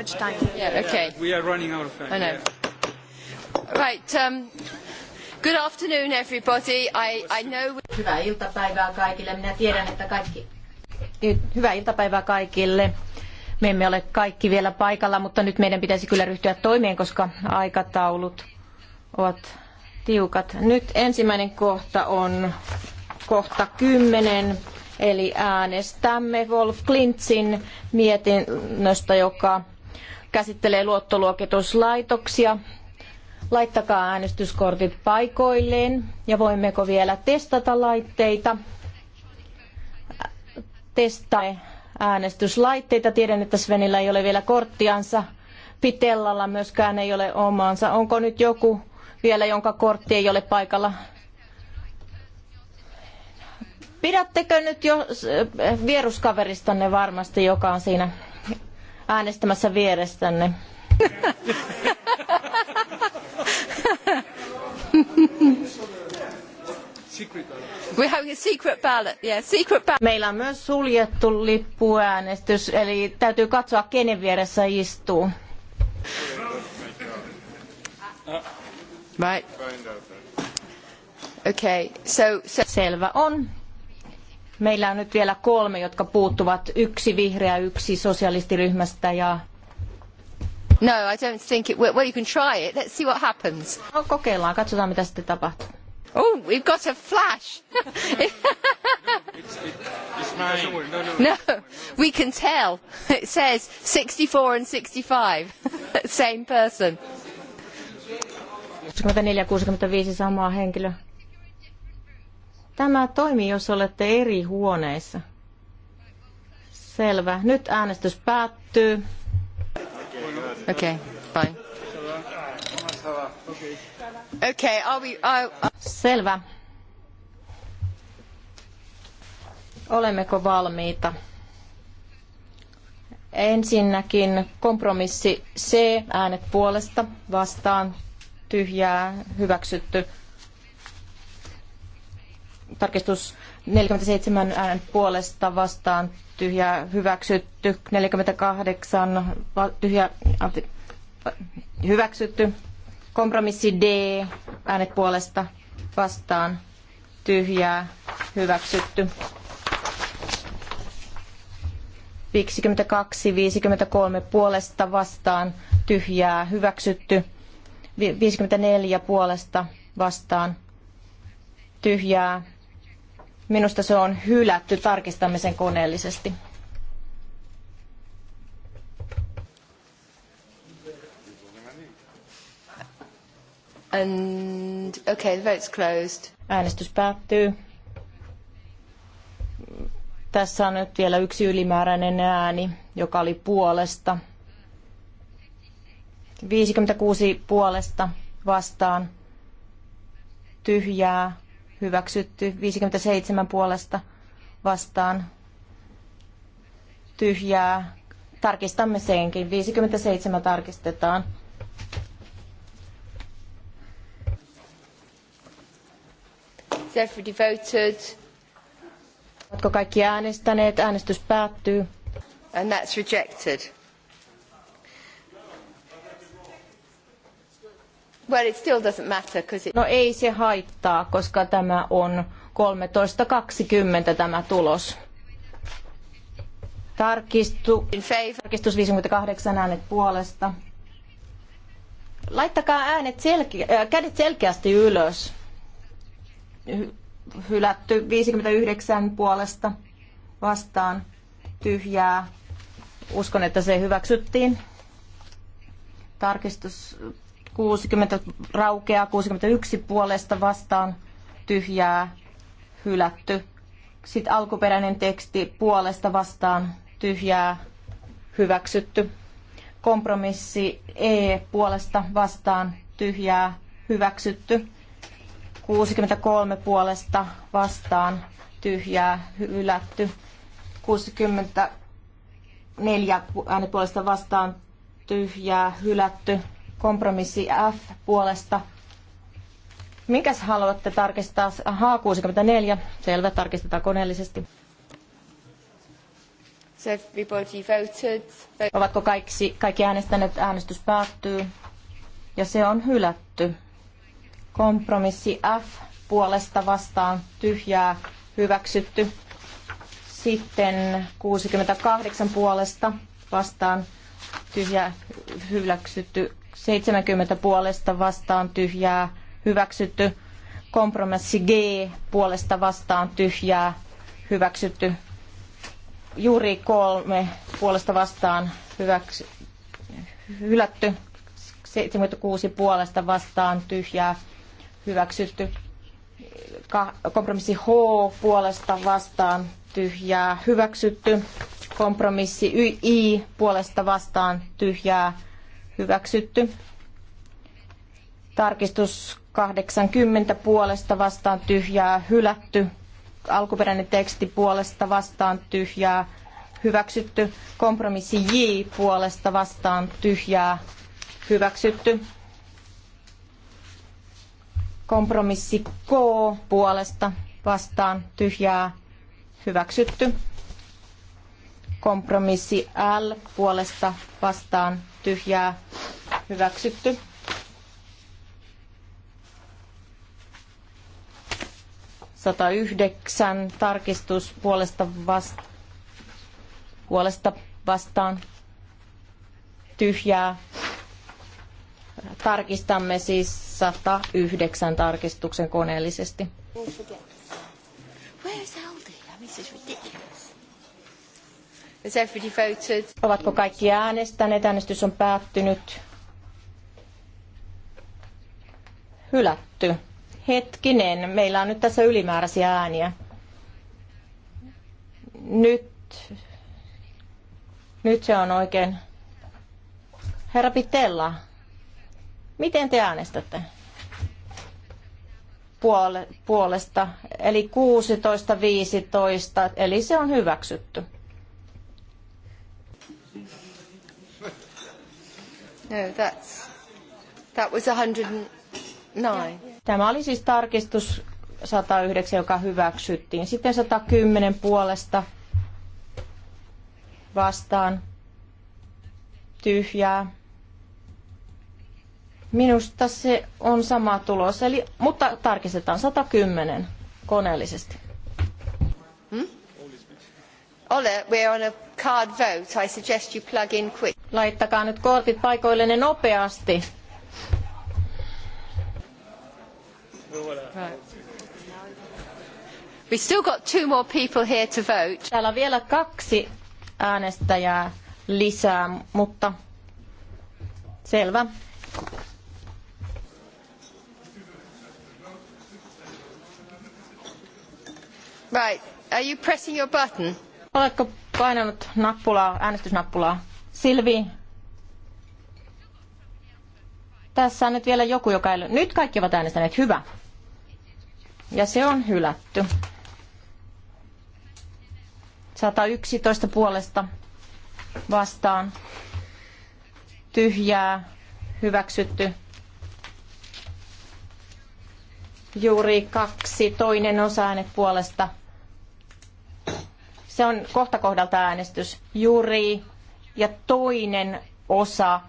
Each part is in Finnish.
much time. Yeah, okay. We are running out of time. I know. Yeah. Right. Um, good afternoon everybody. I, I know... Hyvää iltapäivää kaikille. Minä tiedän, että kaikki... Niin, hyvää iltapäivää kaikille. Me emme ole kaikki vielä paikalla, mutta nyt meidän pitäisi kyllä ryhtyä toimeen, koska aikataulut ovat tiukat. Nyt ensimmäinen kohta on kohta 10, eli äänestämme Wolf Klintzin mietinnöstä, joka käsittelee luottoluokituslaitoksia. Laittakaa äänestyskortit paikoilleen ja voimmeko vielä testata laitteita. Testaamme äänestyslaitteita. Tiedän, että Svenillä ei ole vielä korttiansa. Pitellalla myöskään ei ole omaansa. Onko nyt joku vielä, jonka kortti ei ole paikalla? Pidättekö nyt jo äh, vieruskaveristanne varmasti, joka on siinä äänestämässä vierestänne. We have a secret ballot. Yeah, secret ballot. Meillä on myös suljettu lippuäänestys, eli täytyy katsoa, kenen vieressä istuu. Right. Okay, so, so... Selvä on. Meillä on nyt vielä kolme, jotka puuttuvat. Yksi vihreä, yksi sosialistiryhmästä ja... No, I don't think it will. Well, you can try it. Let's see what happens. No, kokeillaan. Katsotaan, mitä sitten tapahtuu. Oh, we've got a flash. no, it's, it, it's No, no, no. no, we can tell. It says 64 and 65. Same person. 64-65 samaa henkilöä. Tämä toimii, jos olette eri huoneissa. Selvä. Nyt äänestys päättyy. Okei, okay, bye. Okay, I'll Selvä. Olemmeko valmiita? Ensinnäkin kompromissi C, äänet puolesta, vastaan, tyhjää, hyväksytty tarkistus 47 äänen puolesta vastaan tyhjää hyväksytty, 48 tyhjä hyväksytty, kompromissi D äänet puolesta vastaan tyhjää hyväksytty. 52, 53 puolesta vastaan tyhjää hyväksytty, 54 puolesta vastaan tyhjää Minusta se on hylätty tarkistamisen koneellisesti. And, okay, the vote's closed. Äänestys päättyy. Tässä on nyt vielä yksi ylimääräinen ääni, joka oli puolesta. 56 puolesta vastaan tyhjää hyväksytty 57 puolesta vastaan tyhjää. Tarkistamme senkin. 57 tarkistetaan. Everybody voted. Oletko kaikki äänestäneet? Äänestys päättyy. And that's rejected. it still doesn't matter, it... No ei se haittaa, koska tämä on 13.20 tämä tulos. Tarkistu, tarkistus 58 äänet puolesta. Laittakaa äänet selke- äh, kädet selkeästi ylös. Hy- hylätty 59 puolesta vastaan tyhjää. Uskon, että se hyväksyttiin. Tarkistus 60 raukeaa, 61 puolesta vastaan tyhjää, hylätty. Sitten alkuperäinen teksti puolesta vastaan tyhjää, hyväksytty. Kompromissi E puolesta vastaan tyhjää, hyväksytty. 63 puolesta vastaan tyhjää, hylätty. 64 äänet puolesta vastaan tyhjää, hylätty kompromissi F puolesta. Minkäs haluatte tarkistaa? H64. Selvä, tarkistetaan koneellisesti. Ovatko kaikki, kaikki äänestäneet? Äänestys päättyy. Ja se on hylätty. Kompromissi F puolesta vastaan tyhjää hyväksytty. Sitten 68 puolesta vastaan tyhjää hyväksytty. 70 puolesta vastaan tyhjää hyväksytty. Kompromissi G puolesta vastaan tyhjää hyväksytty. Juuri kolme puolesta vastaan hyväksy, hylätty. 76 puolesta vastaan tyhjää hyväksytty. Kompromissi H puolesta vastaan tyhjää hyväksytty. Kompromissi I puolesta vastaan tyhjää hyväksytty. Tarkistus 80 puolesta vastaan tyhjää hylätty. Alkuperäinen teksti puolesta vastaan tyhjää hyväksytty. Kompromissi J puolesta vastaan tyhjää hyväksytty. Kompromissi K puolesta vastaan tyhjää hyväksytty. Kompromissi L puolesta vastaan tyhjää hyväksytty. Sata yhdeksän tarkistus puolesta, vast, puolesta vastaan tyhjää. Tarkistamme siis 109 tarkistuksen koneellisesti. Where is Aldi? I mean, this is ridiculous. Ovatko kaikki äänestäneet? Äänestys on päättynyt. Hylätty. Hetkinen, meillä on nyt tässä ylimääräisiä ääniä. Nyt, nyt se on oikein. Herra Pitella, miten te äänestätte? Puole, puolesta, eli 16.15, eli se on hyväksytty. No, Tämä oli siis tarkistus 109, joka hyväksyttiin. Sitten 110 puolesta vastaan tyhjää. Minusta se on sama tulos, eli, mutta tarkistetaan 110 koneellisesti. Hmm? Ole, we're on a card vote. I suggest you plug in quick. Laittakaa nyt kortit paikoillenne nopeasti. We still got two more people here to vote. Täällä on vielä kaksi äänestäjää lisää, mutta selvä. Right. Are you pressing your button? Oletko painanut nappulaa, äänestysnappulaa? Silvi, tässä on nyt vielä joku, joka ei... Nyt kaikki ovat äänestäneet. Hyvä. Ja se on hylätty. 111 puolesta vastaan. Tyhjää. Hyväksytty. Juuri kaksi. Toinen osa äänet puolesta. Se on kohta kohdalta äänestys. Juuri ja toinen osa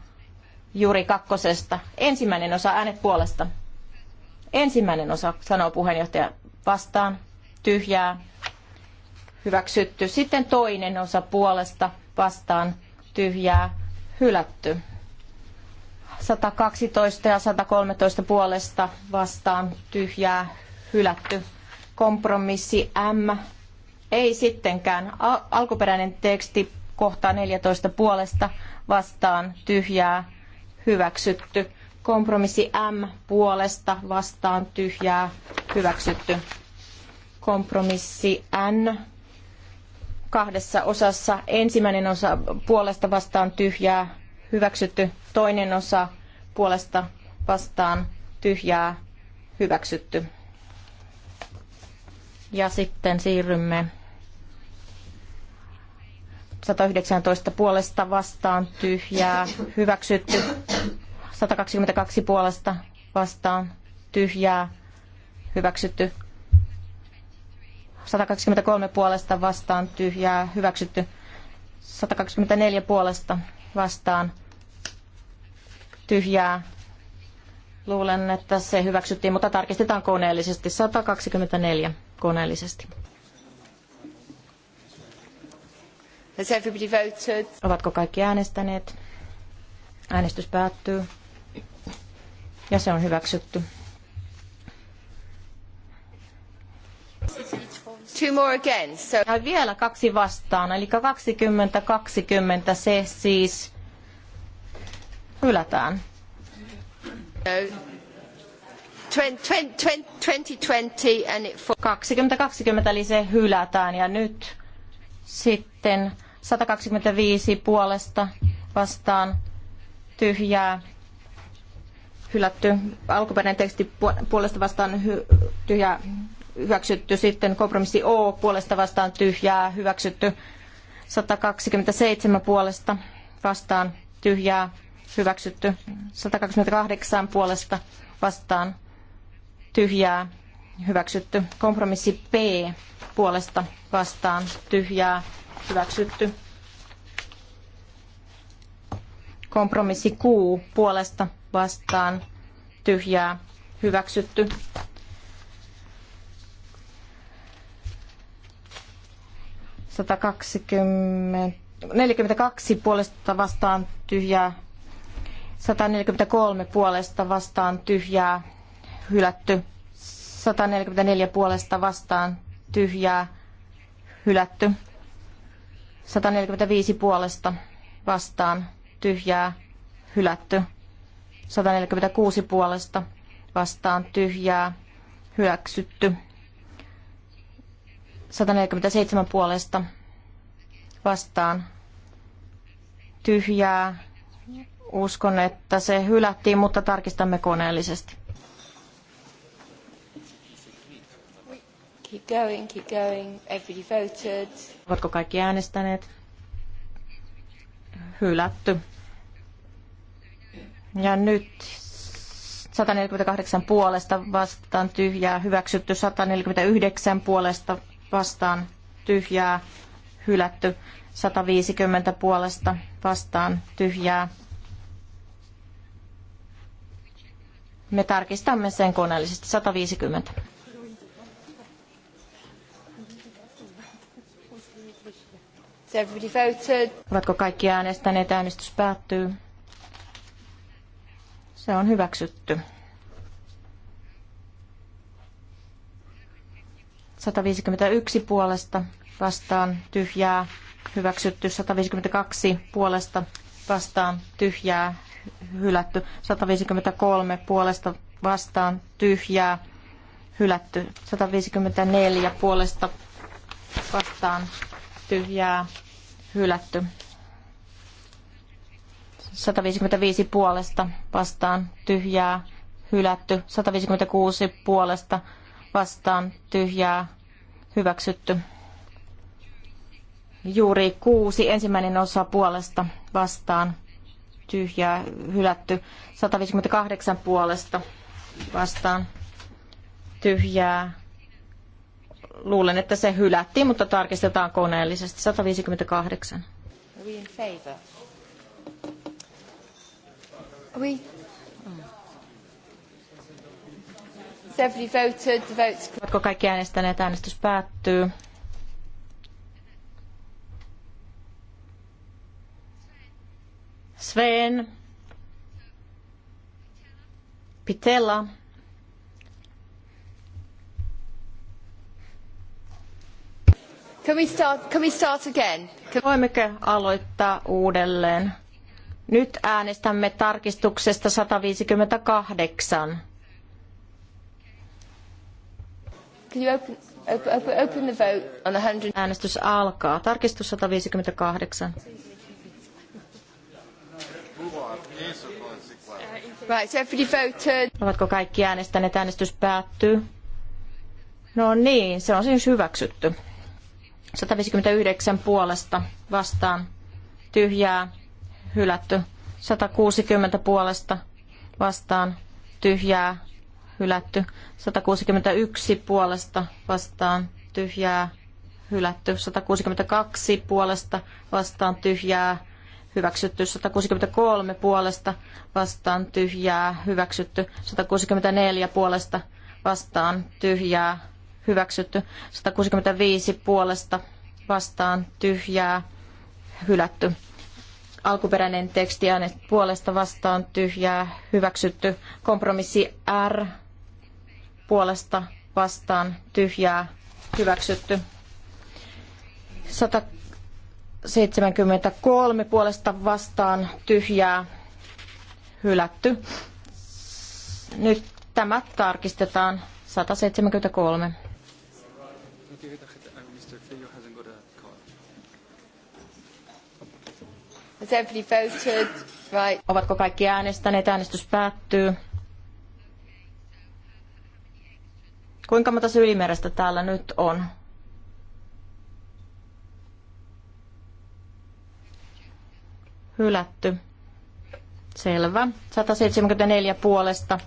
juuri kakkosesta. Ensimmäinen osa äänet puolesta. Ensimmäinen osa, sanoo puheenjohtaja vastaan. Tyhjää. Hyväksytty. Sitten toinen osa puolesta vastaan. Tyhjää. Hylätty. 112 ja 113 puolesta vastaan. Tyhjää. Hylätty. Kompromissi M. Ei sittenkään. Alkuperäinen teksti kohtaa 14 puolesta vastaan tyhjää hyväksytty. Kompromissi M puolesta vastaan tyhjää hyväksytty. Kompromissi N kahdessa osassa. Ensimmäinen osa puolesta vastaan tyhjää hyväksytty. Toinen osa puolesta vastaan tyhjää hyväksytty. Ja sitten siirrymme 119 puolesta vastaan tyhjää, hyväksytty 122 puolesta vastaan tyhjää, hyväksytty 123 puolesta vastaan tyhjää, hyväksytty 124 puolesta vastaan tyhjää. Luulen, että se hyväksyttiin, mutta tarkistetaan koneellisesti. 124 koneellisesti. Ovatko kaikki äänestäneet? Äänestys päättyy. Ja se on hyväksytty. Two more again, so... Ja vielä kaksi vastaan, eli 20-20 se siis hylätään. No. 2020 20, 20, 20, eli se hylätään ja nyt sitten 125 puolesta vastaan tyhjää hylätty. Alkuperäinen teksti puolesta vastaan tyhjää hyväksytty. Sitten kompromissi O puolesta vastaan tyhjää hyväksytty. 127 puolesta vastaan tyhjää hyväksytty. 128 puolesta vastaan tyhjää hyväksytty. Kompromissi P puolesta vastaan tyhjää hyväksytty. Kompromissi Q puolesta vastaan tyhjää hyväksytty. kaksi puolesta vastaan tyhjää, 143 puolesta vastaan tyhjää, hylätty, 144 puolesta vastaan tyhjää, hylätty. 145 puolesta vastaan tyhjää hylätty. 146 puolesta vastaan tyhjää hyväksytty. 147 puolesta vastaan tyhjää. Uskon, että se hylättiin, mutta tarkistamme koneellisesti. Keep going, keep going. Everybody voted. Ovatko kaikki äänestäneet? Hylätty. Ja nyt 148 puolesta vastaan tyhjää, hyväksytty 149 puolesta vastaan tyhjää, hylätty 150 puolesta vastaan tyhjää. Me tarkistamme sen koneellisesti 150. Ovatko kaikki äänestäneet? Äänestys päättyy. Se on hyväksytty. 151 puolesta vastaan tyhjää hyväksytty, 152 puolesta vastaan tyhjää hylätty, 153 puolesta vastaan tyhjää hylätty, 154 puolesta vastaan tyhjää hylätty. 155 puolesta vastaan tyhjää hylätty. 156 puolesta vastaan tyhjää hyväksytty. Juuri kuusi ensimmäinen osa puolesta vastaan tyhjää hylätty. 158 puolesta vastaan tyhjää luulen, että se hylättiin, mutta tarkistetaan koneellisesti. 158. We in favor. We... Hmm. Every voted, the votes... Ovatko kaikki äänestäneet? Äänestys päättyy. Sven. Pitella. Can we start, can we start again? Can... Voimmeko aloittaa uudelleen? Nyt äänestämme tarkistuksesta 158. Can you open, open, open the vote on 100? Äänestys alkaa. Tarkistus 158. Right, so everybody voted. Ovatko kaikki äänestäneet? Äänestys päättyy. No niin, se on siis hyväksytty. 159 puolesta vastaan tyhjää hylätty. 160 puolesta vastaan tyhjää hylätty. 161 puolesta vastaan tyhjää hylätty. 162 puolesta vastaan tyhjää hyväksytty. 163 puolesta vastaan tyhjää hyväksytty. 164 puolesta vastaan tyhjää hyväksytty. 165 puolesta vastaan tyhjää hylätty. Alkuperäinen teksti äänet puolesta vastaan tyhjää hyväksytty. Kompromissi R puolesta vastaan tyhjää hyväksytty. 173 puolesta vastaan tyhjää hylätty. Nyt tämä tarkistetaan 173. Has everybody voted? Right. Ovatko kaikki äänestäneet? Äänestys päättyy. Kuinka monta sylimerestä täällä nyt on? Hylätty. Selvä. 174 puolesta.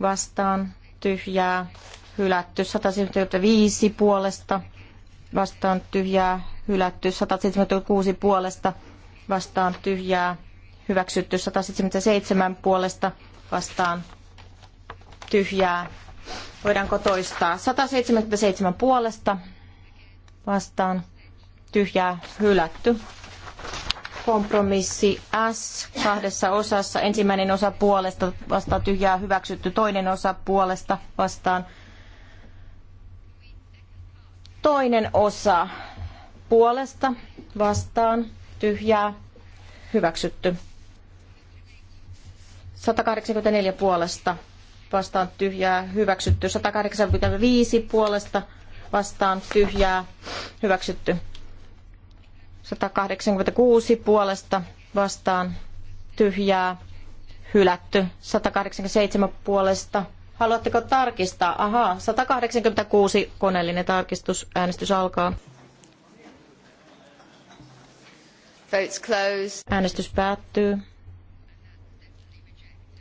Vastaan. Tyhjää. Hylätty. 175 puolesta. Vastaan. Tyhjää hylätty 176 puolesta vastaan tyhjää, hyväksytty 177 puolesta vastaan tyhjää. Voidaanko toistaa? 177 puolesta vastaan tyhjää hylätty. Kompromissi S kahdessa osassa. Ensimmäinen osa puolesta vastaan tyhjää hyväksytty. Toinen osa puolesta vastaan. Toinen osa puolesta vastaan tyhjää hyväksytty. 184 puolesta vastaan tyhjää hyväksytty. 185 puolesta vastaan tyhjää hyväksytty. 186 puolesta vastaan tyhjää hylätty. 187 puolesta Haluatteko tarkistaa? Ahaa, 186 koneellinen tarkistus. Äänestys alkaa. Votes closed. Äänestys päättyy.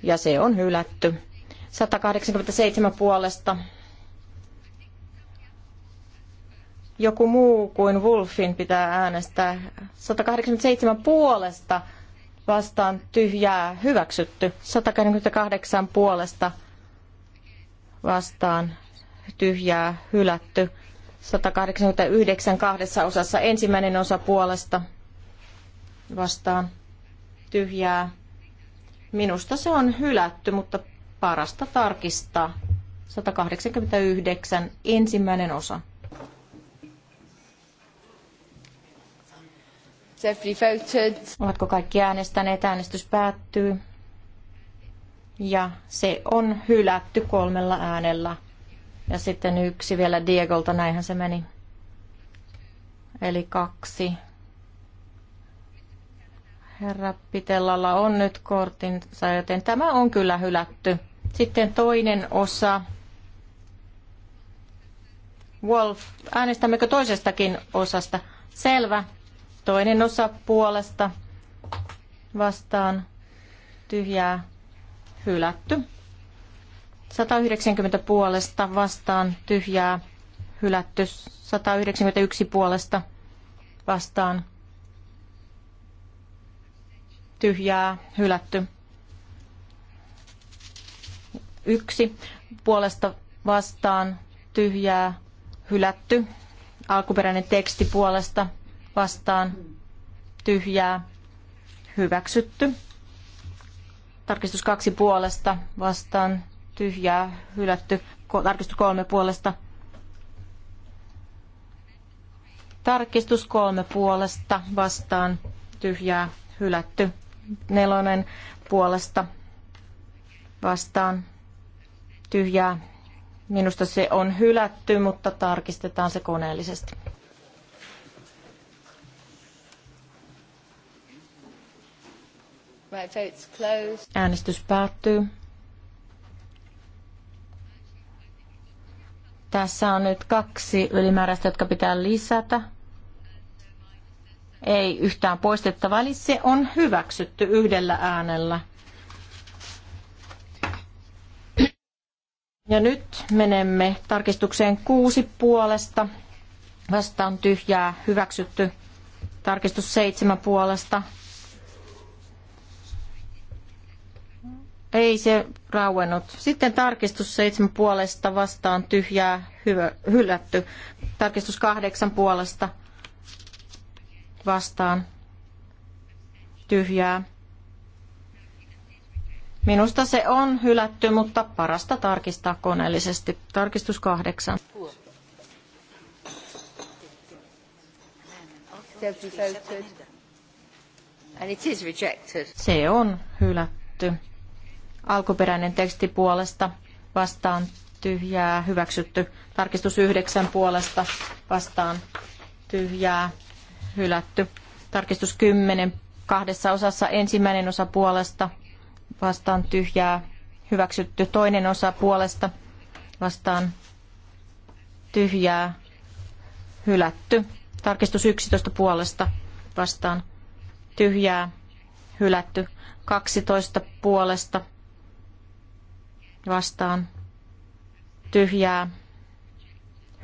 Ja se on hylätty. 187 puolesta. Joku muu kuin Wolfin pitää äänestää. 187 puolesta vastaan tyhjää hyväksytty. 188 puolesta vastaan tyhjää hylätty. 189 kahdessa osassa ensimmäinen osa puolesta vastaan tyhjää. Minusta se on hylätty, mutta parasta tarkistaa. 189 ensimmäinen osa. Ovatko kaikki äänestäneet? Äänestys päättyy. Ja se on hylätty kolmella äänellä. Ja sitten yksi vielä Diegolta, näinhän se meni. Eli kaksi Herra Pitellalla on nyt kortinsa, joten tämä on kyllä hylätty. Sitten toinen osa. Wolf, äänestämmekö toisestakin osasta? Selvä. Toinen osa puolesta vastaan tyhjää hylätty. 190 puolesta vastaan tyhjää hylätty. 191 puolesta vastaan tyhjää, hylätty. Yksi puolesta vastaan, tyhjää, hylätty. Alkuperäinen teksti puolesta vastaan, tyhjää, hyväksytty. Tarkistus kaksi puolesta vastaan, tyhjää, hylätty. Tarkistus kolme puolesta Tarkistus kolme puolesta vastaan tyhjää hylätty nelonen puolesta vastaan tyhjää. Minusta se on hylätty, mutta tarkistetaan se koneellisesti. Äänestys päättyy. Tässä on nyt kaksi ylimääräistä, jotka pitää lisätä ei yhtään poistettavaa, eli se on hyväksytty yhdellä äänellä. Ja nyt menemme tarkistukseen kuusi puolesta. Vastaan tyhjää hyväksytty. Tarkistus seitsemän puolesta. Ei se rauennut. Sitten tarkistus seitsemän puolesta vastaan tyhjää hyvä, hylätty. Tarkistus kahdeksan puolesta vastaan tyhjää. Minusta se on hylätty, mutta parasta tarkistaa koneellisesti. Tarkistus kahdeksan. Se on hylätty. Alkuperäinen teksti puolesta vastaan tyhjää hyväksytty. Tarkistus yhdeksän puolesta vastaan tyhjää hylätty. Tarkistus 10 kahdessa osassa ensimmäinen osa puolesta vastaan tyhjää hyväksytty. Toinen osa puolesta vastaan tyhjää hylätty. Tarkistus 11 puolesta vastaan tyhjää hylätty. 12 puolesta vastaan tyhjää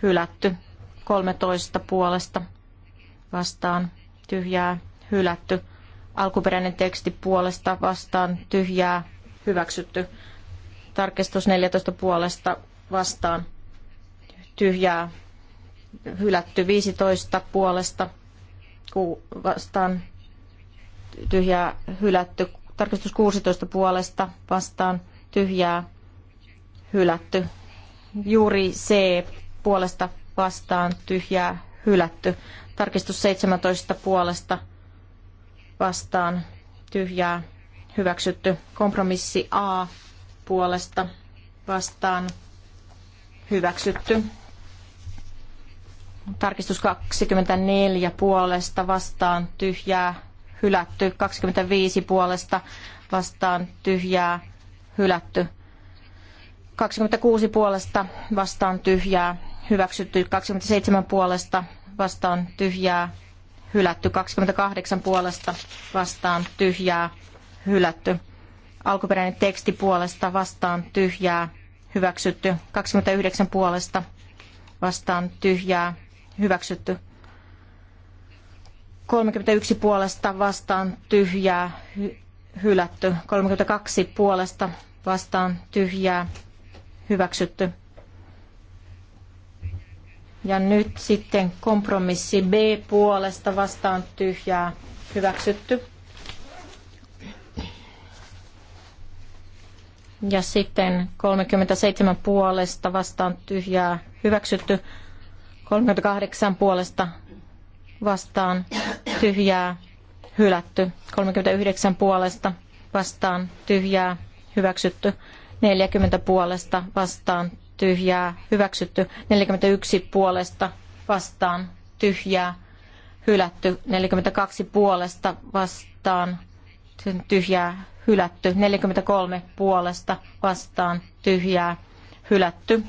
hylätty. 13 puolesta vastaan tyhjää hylätty. Alkuperäinen teksti puolesta vastaan tyhjää hyväksytty. Tarkistus 14 puolesta vastaan tyhjää hylätty. 15 puolesta vastaan tyhjää hylätty. Tarkistus 16 puolesta vastaan tyhjää hylätty. Juuri C puolesta vastaan tyhjää hylätty. Tarkistus 17 puolesta vastaan tyhjää hyväksytty. Kompromissi A puolesta vastaan hyväksytty. Tarkistus 24 puolesta vastaan tyhjää hylätty. 25 puolesta vastaan tyhjää hylätty. 26 puolesta vastaan tyhjää hyväksytty 27 puolesta, vastaan tyhjää, hylätty 28 puolesta, vastaan tyhjää, hylätty. Alkuperäinen teksti puolesta, vastaan tyhjää, hyväksytty 29 puolesta, vastaan tyhjää, hyväksytty 31 puolesta, vastaan tyhjää, hy- hylätty 32 puolesta, vastaan tyhjää, hyväksytty ja nyt sitten kompromissi B puolesta vastaan tyhjää hyväksytty. Ja sitten 37 puolesta vastaan tyhjää hyväksytty. 38 puolesta vastaan tyhjää hylätty. 39 puolesta vastaan tyhjää hyväksytty. 40 puolesta vastaan tyhjää, hyväksytty 41 puolesta vastaan, tyhjää, hylätty 42 puolesta vastaan, tyhjää, hylätty 43 puolesta vastaan, tyhjää, hylätty.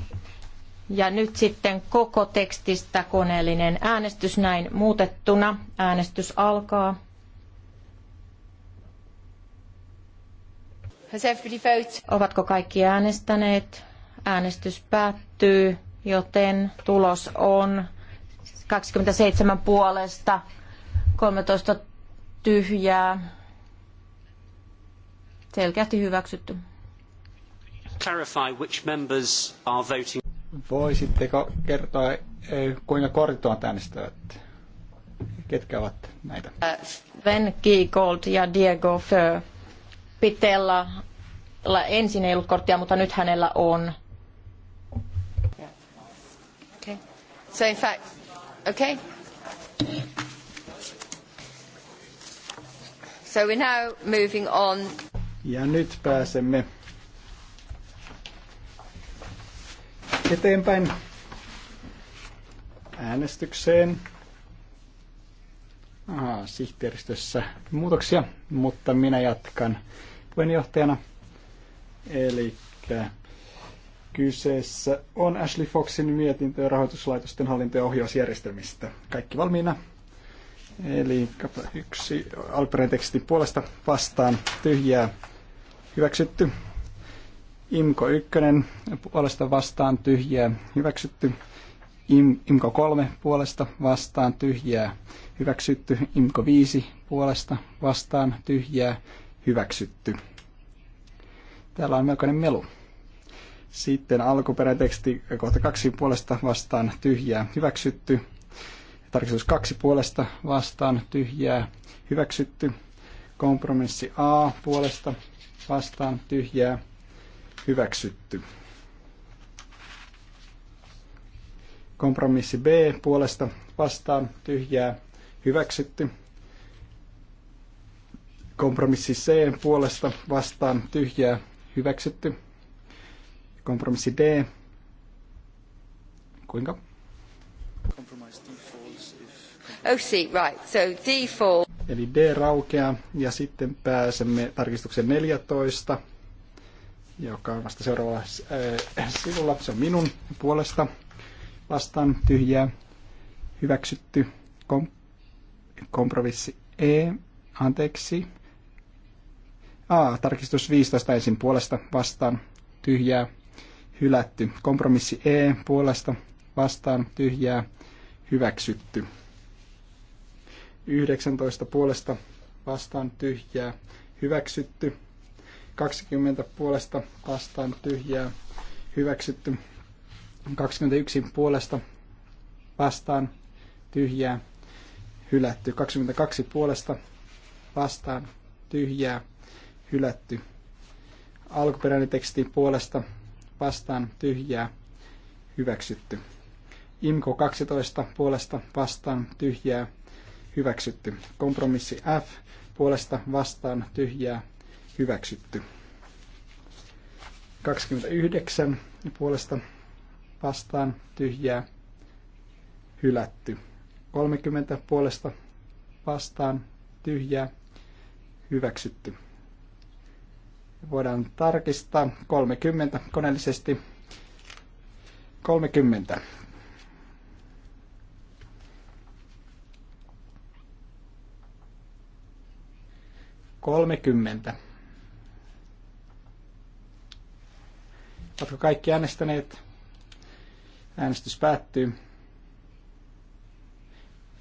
Ja nyt sitten koko tekstistä koneellinen äänestys näin muutettuna. Äänestys alkaa. Ovatko kaikki äänestäneet? Äänestys päättyy, joten tulos on 27 puolesta, 13 tyhjää. Selkeästi hyväksytty. Clarify which members are voting. Voisitteko kertoa, eh, kuinka kortit ovat äänestävät? Ketkä ovat näitä? Äh, Sven Giegold ja Diego Föö Pitellä ensin ei ollut korttia, mutta nyt hänellä on. So in fact, okay. So we're now moving on. Ja nyt pääsemme eteenpäin äänestykseen. Aha, sihteeristössä muutoksia, mutta minä jatkan puheenjohtajana. Eli Kyseessä on Ashley Foxin mietintö rahoituslaitosten hallinto- ja ohjausjärjestelmistä. Kaikki valmiina. Eli yksi alperen tekstin puolesta vastaan tyhjää hyväksytty. Imko 1 puolesta vastaan tyhjää hyväksytty. Im, Imko 3 puolesta vastaan tyhjää hyväksytty. Imko 5 puolesta vastaan tyhjää hyväksytty. Täällä on melkoinen melu. Sitten alkuperäteksti kohta kaksi puolesta vastaan tyhjää hyväksytty. Tarkistus kaksi puolesta vastaan tyhjää hyväksytty. Kompromissi A puolesta vastaan tyhjää hyväksytty. Kompromissi B puolesta vastaan tyhjää hyväksytty. Kompromissi C puolesta vastaan tyhjää hyväksytty. Kompromissi D. Kuinka? Oh, see, right. So D falls. Eli D raukeaa ja sitten pääsemme tarkistuksen 14, joka on vasta seuraavalla äh, sivulla. Se on minun puolesta vastaan tyhjää hyväksytty kom- kompromissi E, anteeksi. A, tarkistus 15 ensin puolesta vastaan tyhjää hylätty. Kompromissi E puolesta vastaan tyhjää hyväksytty. 19 puolesta vastaan tyhjää hyväksytty. 20 puolesta vastaan tyhjää hyväksytty. 21 puolesta vastaan tyhjää hylätty. 22 puolesta vastaan tyhjää hylätty. Alkuperäinen teksti puolesta vastaan tyhjää hyväksytty. IMKO 12 puolesta vastaan tyhjää hyväksytty. Kompromissi F puolesta vastaan tyhjää hyväksytty. 29 puolesta vastaan tyhjää hylätty. 30 puolesta vastaan tyhjää hyväksytty. Voidaan tarkistaa 30 koneellisesti. 30. Kolmekymmentä. Oletko kaikki äänestäneet? Äänestys päättyy.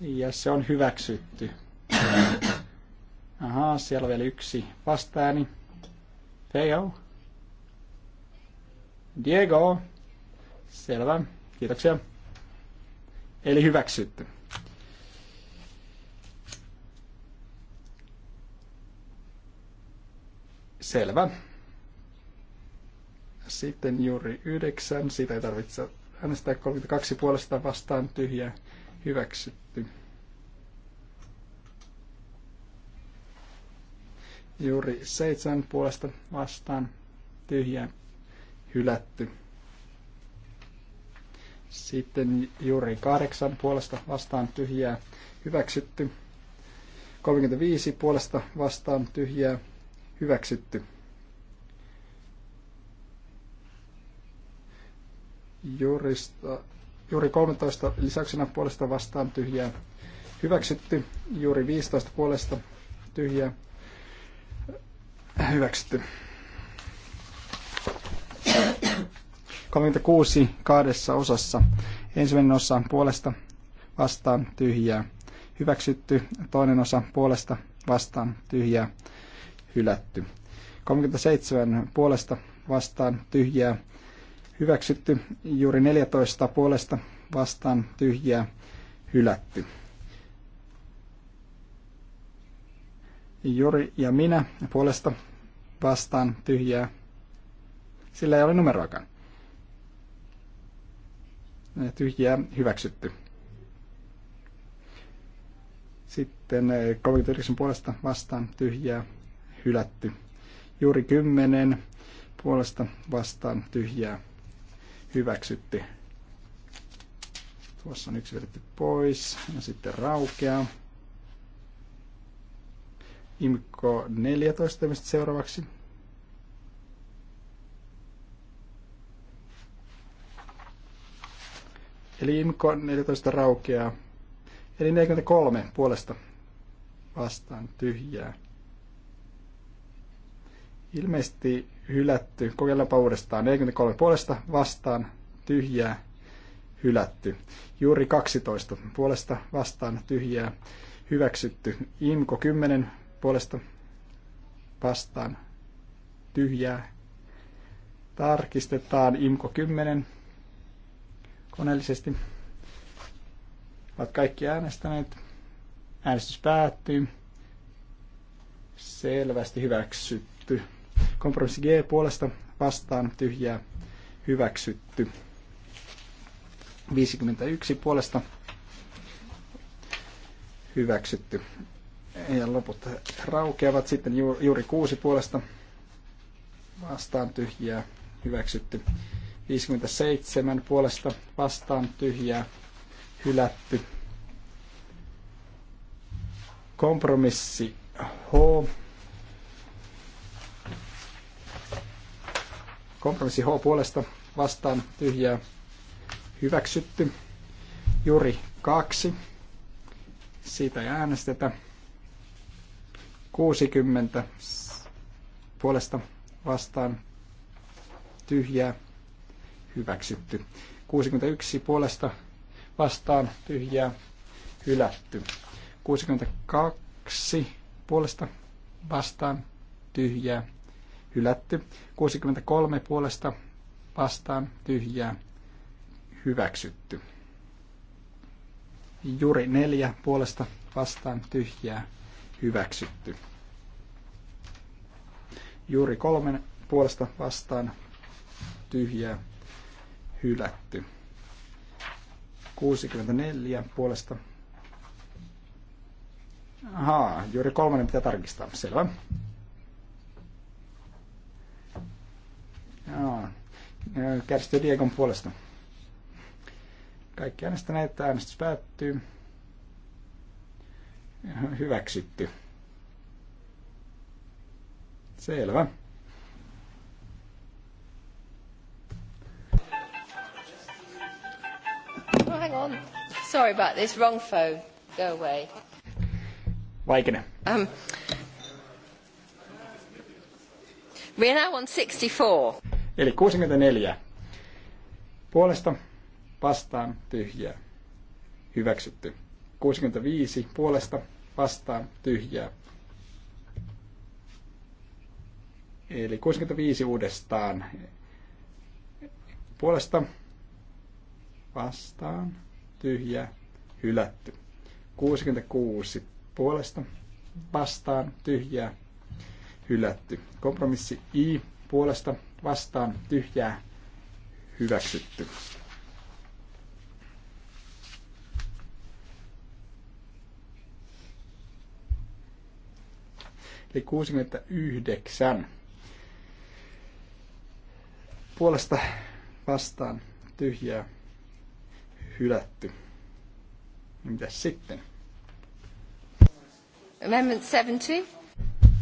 Ja se on hyväksytty. Ahaa, siellä on vielä yksi vastaääni. Teo. Diego. Selvä. Kiitoksia. Eli hyväksytty. Selvä. Sitten juuri yhdeksän. Sitä ei tarvitse äänestää 32 puolesta vastaan tyhjä, Hyväksytty. Juuri seitsemän puolesta vastaan tyhjä hylätty. Sitten juuri kahdeksan puolesta vastaan tyhjää hyväksytty. 35 puolesta vastaan tyhjää hyväksytty. Jurista, juuri 13 lisäksenä puolesta vastaan tyhjää hyväksytty. Juuri 15 puolesta tyhjää Hyväksytty. 36 kahdessa osassa. Ensimmäinen osa puolesta vastaan tyhjää. Hyväksytty. Toinen osa puolesta vastaan tyhjää. Hylätty. 37 puolesta vastaan tyhjää. Hyväksytty. Juuri 14 puolesta vastaan tyhjää. Hylätty. Juri ja minä puolesta vastaan tyhjää. Sillä ei ole numeroakaan. Äh, tyhjää hyväksytty. Sitten 39 äh, puolesta vastaan tyhjää hylätty. Juuri 10 puolesta vastaan tyhjää hyväksytty. Tuossa on yksi vedetty pois ja sitten raukeaa. IMKO 14 seuraavaksi. Eli IMKO 14 raukeaa. Eli 43 puolesta vastaan tyhjää. Ilmeisesti hylätty. Kokeillaanpa uudestaan. 43 puolesta vastaan tyhjää hylätty. Juuri 12 puolesta vastaan tyhjää hyväksytty. IMKO 10 puolesta vastaan tyhjää. Tarkistetaan IMKO 10 koneellisesti. Olet kaikki äänestäneet. Äänestys päättyy. Selvästi hyväksytty. Kompromissi G puolesta vastaan tyhjää hyväksytty. 51 puolesta hyväksytty ja loput raukeavat. Sitten juuri kuusi puolesta vastaan tyhjää hyväksytty. 57 puolesta vastaan tyhjää hylätty. Kompromissi H. Kompromissi H puolesta vastaan tyhjää hyväksytty. Juri 2. Siitä ei äänestetä. 60 puolesta vastaan tyhjää hyväksytty. 61 puolesta vastaan tyhjää hylätty. 62 puolesta vastaan tyhjää hylätty. 63 puolesta vastaan tyhjää hyväksytty. Juri 4 puolesta vastaan tyhjää hyväksytty. Juuri kolmen puolesta vastaan tyhjää hylätty. 64 puolesta. Ahaa, juuri kolmannen pitää tarkistaa. Selvä. Kärsitö Diegon puolesta. Kaikki äänestäneet, äänestys päättyy hyväksytty. Selvä. Oh, hang on. Sorry about this. Wrong phone. Go away. Vaikene. Um, we are now on 64. Eli 64. Puolesta vastaan tyhjää. Hyväksytty. 65 puolesta vastaan tyhjää. Eli 65 uudestaan puolesta vastaan tyhjää hylätty. 66 puolesta vastaan tyhjää hylätty. Kompromissi I puolesta vastaan tyhjää hyväksytty. eli 69 puolesta vastaan tyhjää hylätty. Ja mitäs sitten? 70.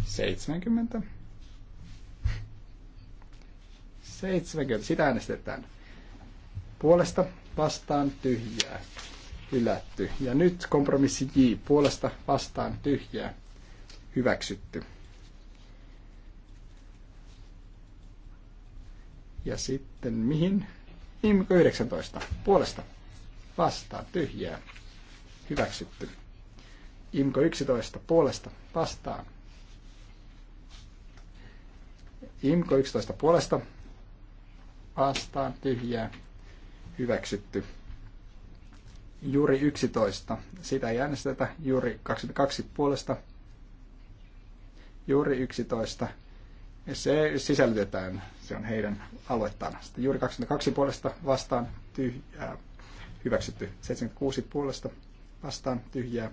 70. 70. Sitä äänestetään. Puolesta vastaan tyhjää. Hylätty. Ja nyt kompromissi J. Puolesta vastaan tyhjää hyväksytty. Ja sitten mihin? Imko 19. Puolesta. Vastaan. Tyhjää. Hyväksytty. Imko 11. Puolesta. Vastaan. Imko 11. Puolesta. Vastaan. Tyhjää. Hyväksytty. Juuri 11. Sitä ei äänestetä. Juuri 22. Puolesta Juuri 11. Se sisällytetään, se on heidän aloittaan. Sitten juuri 22 puolesta vastaan tyhjää, hyväksytty. 76 puolesta vastaan tyhjää,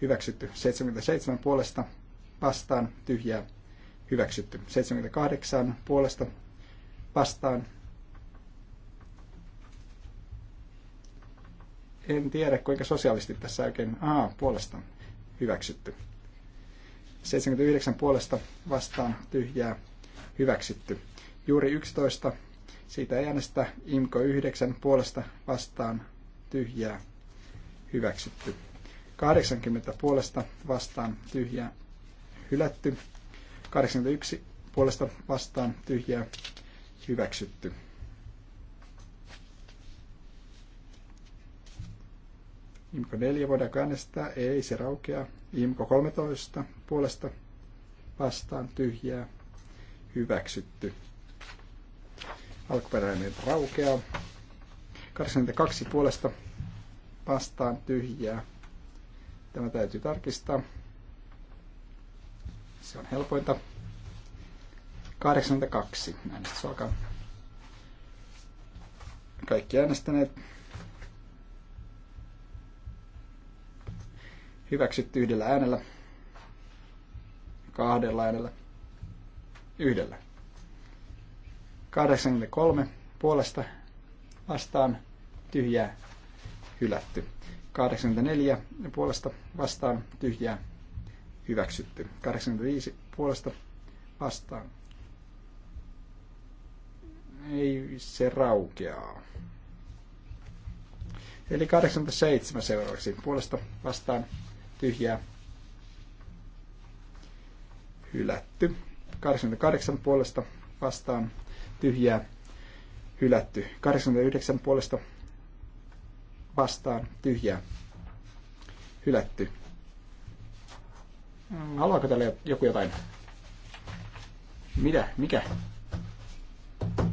hyväksytty. 77 puolesta vastaan tyhjää, hyväksytty. 78 puolesta vastaan en tiedä, kuinka sosiaalisti tässä oikein, aa, puolesta hyväksytty. 79 puolesta vastaan tyhjää hyväksytty. Juuri 11, siitä ei äänestä IMKO 9 puolesta vastaan tyhjää hyväksytty. 80 puolesta vastaan tyhjää hylätty. 81 puolesta vastaan tyhjää hyväksytty. Imko 4 voidaan äänestää? Ei, se raukeaa. Imko 13 puolesta vastaan tyhjää. Hyväksytty. Alkuperäinen raukeaa. 82 puolesta vastaan tyhjää. Tämä täytyy tarkistaa. Se on helpointa. 82. Äänestys alkaa. Kaikki äänestäneet. Hyväksytty yhdellä äänellä. Kahdella äänellä. Yhdellä. 83 puolesta vastaan tyhjää hylätty. 84 puolesta vastaan tyhjää hyväksytty. 85 puolesta vastaan. Ei se raukeaa. Eli 87 seuraavaksi puolesta vastaan tyhjää hylätty. 88 puolesta vastaan tyhjää hylätty. 89 puolesta vastaan tyhjää hylätty. Haluaako täällä joku jotain? Mitä? Mikä?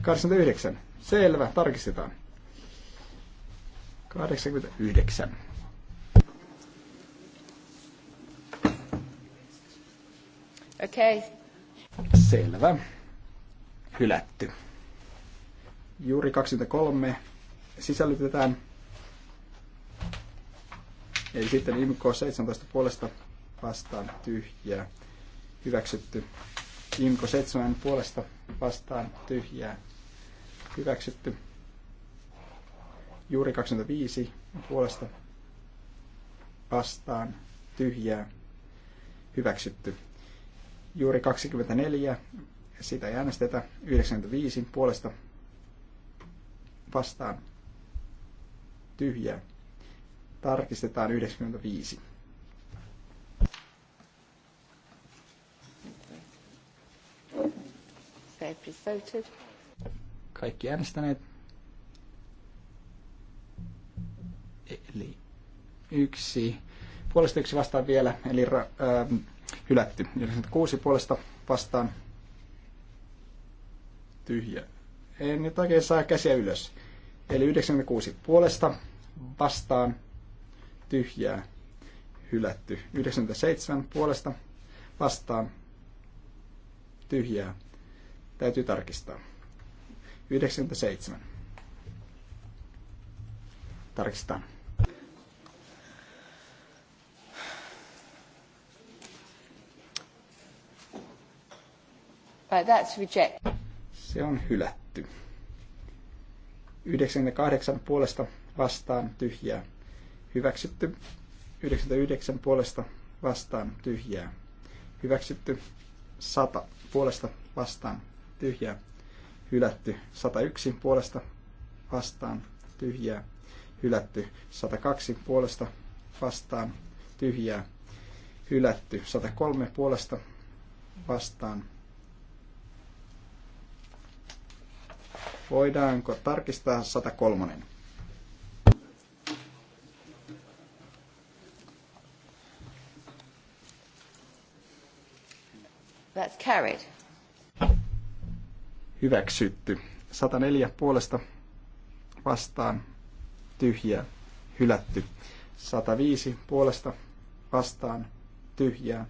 89. Selvä, tarkistetaan. 89. Okay. Selvä. Hylätty. Juuri 23 sisällytetään. Eli sitten IMK 17 puolesta vastaan tyhjää. Hyväksytty. IMK 7 puolesta vastaan tyhjää. Hyväksytty. Juuri 25 puolesta vastaan tyhjää. Hyväksytty. Juuri 24, sitä ei äänestetä. 95 puolesta vastaan tyhjää. Tarkistetaan 95. Kaikki äänestäneet. Eli yksi. Puolesta yksi vastaan vielä, eli ra- ähm, Hylätty. 96 puolesta vastaan. Tyhjä. En nyt oikein saa käsiä ylös. Eli 96 puolesta vastaan. Tyhjää. Hylätty. 97 puolesta vastaan. Tyhjää. Täytyy tarkistaa. 97. Tarkistetaan. But that's reject. Se on hylätty. 98 puolesta vastaan tyhjää. Hyväksytty. 99 puolesta vastaan tyhjää. Hyväksytty. 100 puolesta vastaan tyhjää. Hylätty. 101 puolesta vastaan tyhjää. Hylätty. 102 puolesta vastaan tyhjää. Hylätty. 103 puolesta vastaan tyhjää. Voidaanko tarkistaa 103? That's carried. Hyväksytty. 104 puolesta vastaan tyhjä, hylätty. 105 puolesta vastaan tyhjää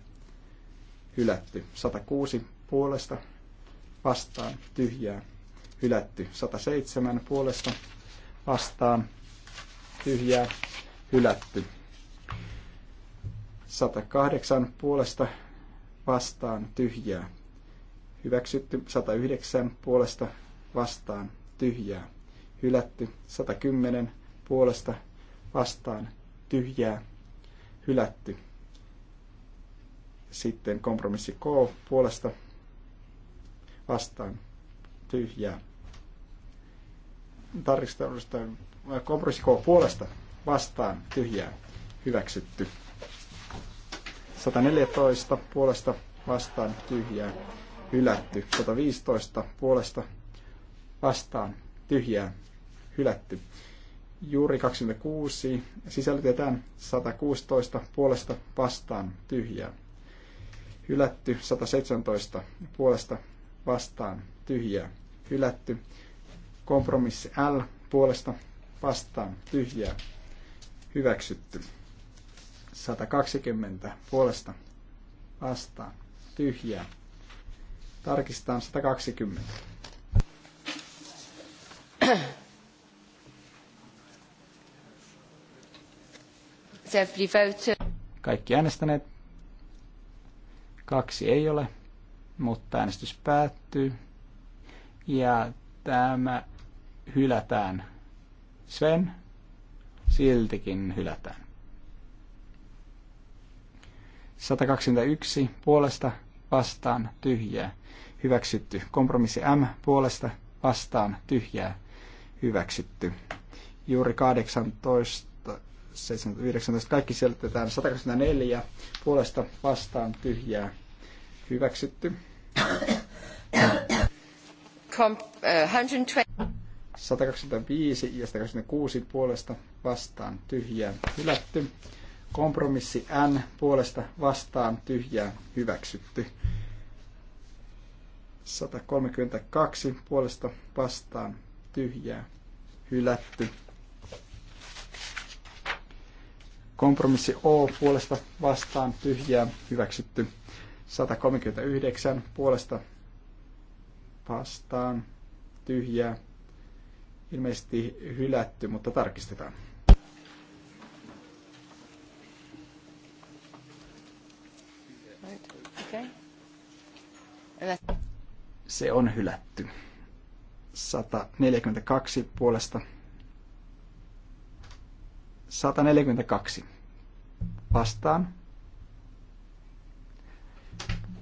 hylätty. 106 puolesta vastaan tyhjää hylätty. 107 puolesta vastaan tyhjää hylätty. 108 puolesta vastaan tyhjää hyväksytty. 109 puolesta vastaan tyhjää hylätty. 110 puolesta vastaan tyhjää hylätty. Sitten kompromissi K puolesta vastaan tyhjää tarkistelusta kompromissi puolesta vastaan tyhjää hyväksytty. 114 puolesta vastaan tyhjää hylätty. 115 puolesta vastaan tyhjää hylätty. Juuri 26 sisällytetään 116 puolesta vastaan tyhjää hylätty. 117 puolesta vastaan tyhjää hylätty. Kompromissi L puolesta vastaan tyhjää hyväksytty. 120 puolesta vastaan tyhjää. Tarkistetaan 120. Kaikki äänestäneet. Kaksi ei ole, mutta äänestys päättyy. Ja tämä hylätään. Sven siltikin hylätään. 121 puolesta vastaan tyhjää. Hyväksytty. Kompromissi M puolesta vastaan tyhjää. Hyväksytty. Juuri 18 19, kaikki selitetään 124 puolesta vastaan tyhjää hyväksytty. Kom, 120. Äh, 125 ja 126 puolesta vastaan tyhjää hylätty. Kompromissi N puolesta vastaan tyhjää hyväksytty. 132 puolesta vastaan tyhjää hylätty. Kompromissi O puolesta vastaan tyhjää hyväksytty. 139 puolesta vastaan tyhjää ilmeisesti hylätty, mutta tarkistetaan. Se on hylätty. 142 puolesta. 142 vastaan.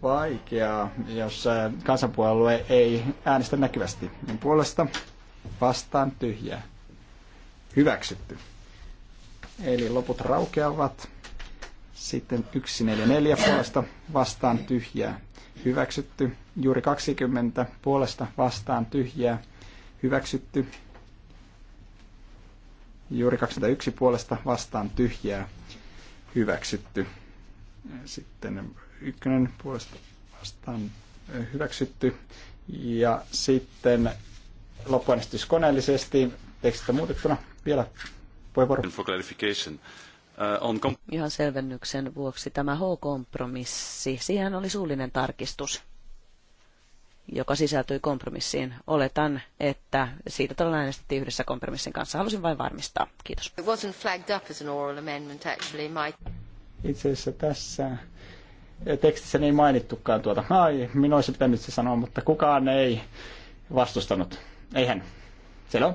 Vaikeaa, jos äh, kansanpuolue ei äänestä näkyvästi. Niin puolesta vastaan tyhjää. Hyväksytty. Eli loput raukeavat. Sitten 144 puolesta vastaan tyhjää. Hyväksytty. Juuri 20 puolesta vastaan tyhjää. Hyväksytty. Juuri 21 puolesta vastaan tyhjää. Hyväksytty. Sitten ykkönen puolesta vastaan eh, hyväksytty. Ja sitten loppuäänestys koneellisesti tekstistä muutettuna. Vielä puheenvuoro. For Uh, on Ihan selvennyksen vuoksi tämä H-kompromissi, siihen oli suullinen tarkistus, joka sisältyi kompromissiin. Oletan, että siitä todella äänestettiin yhdessä kompromissin kanssa. Halusin vain varmistaa. Kiitos. It wasn't flagged up as an oral amendment actually, Mike. Itse asiassa tässä eh, tekstissä niin ei mainittukaan tuota. Ai, minä olisin pitänyt se sanoa, mutta kukaan ei vastustanut Eihän. Selvä.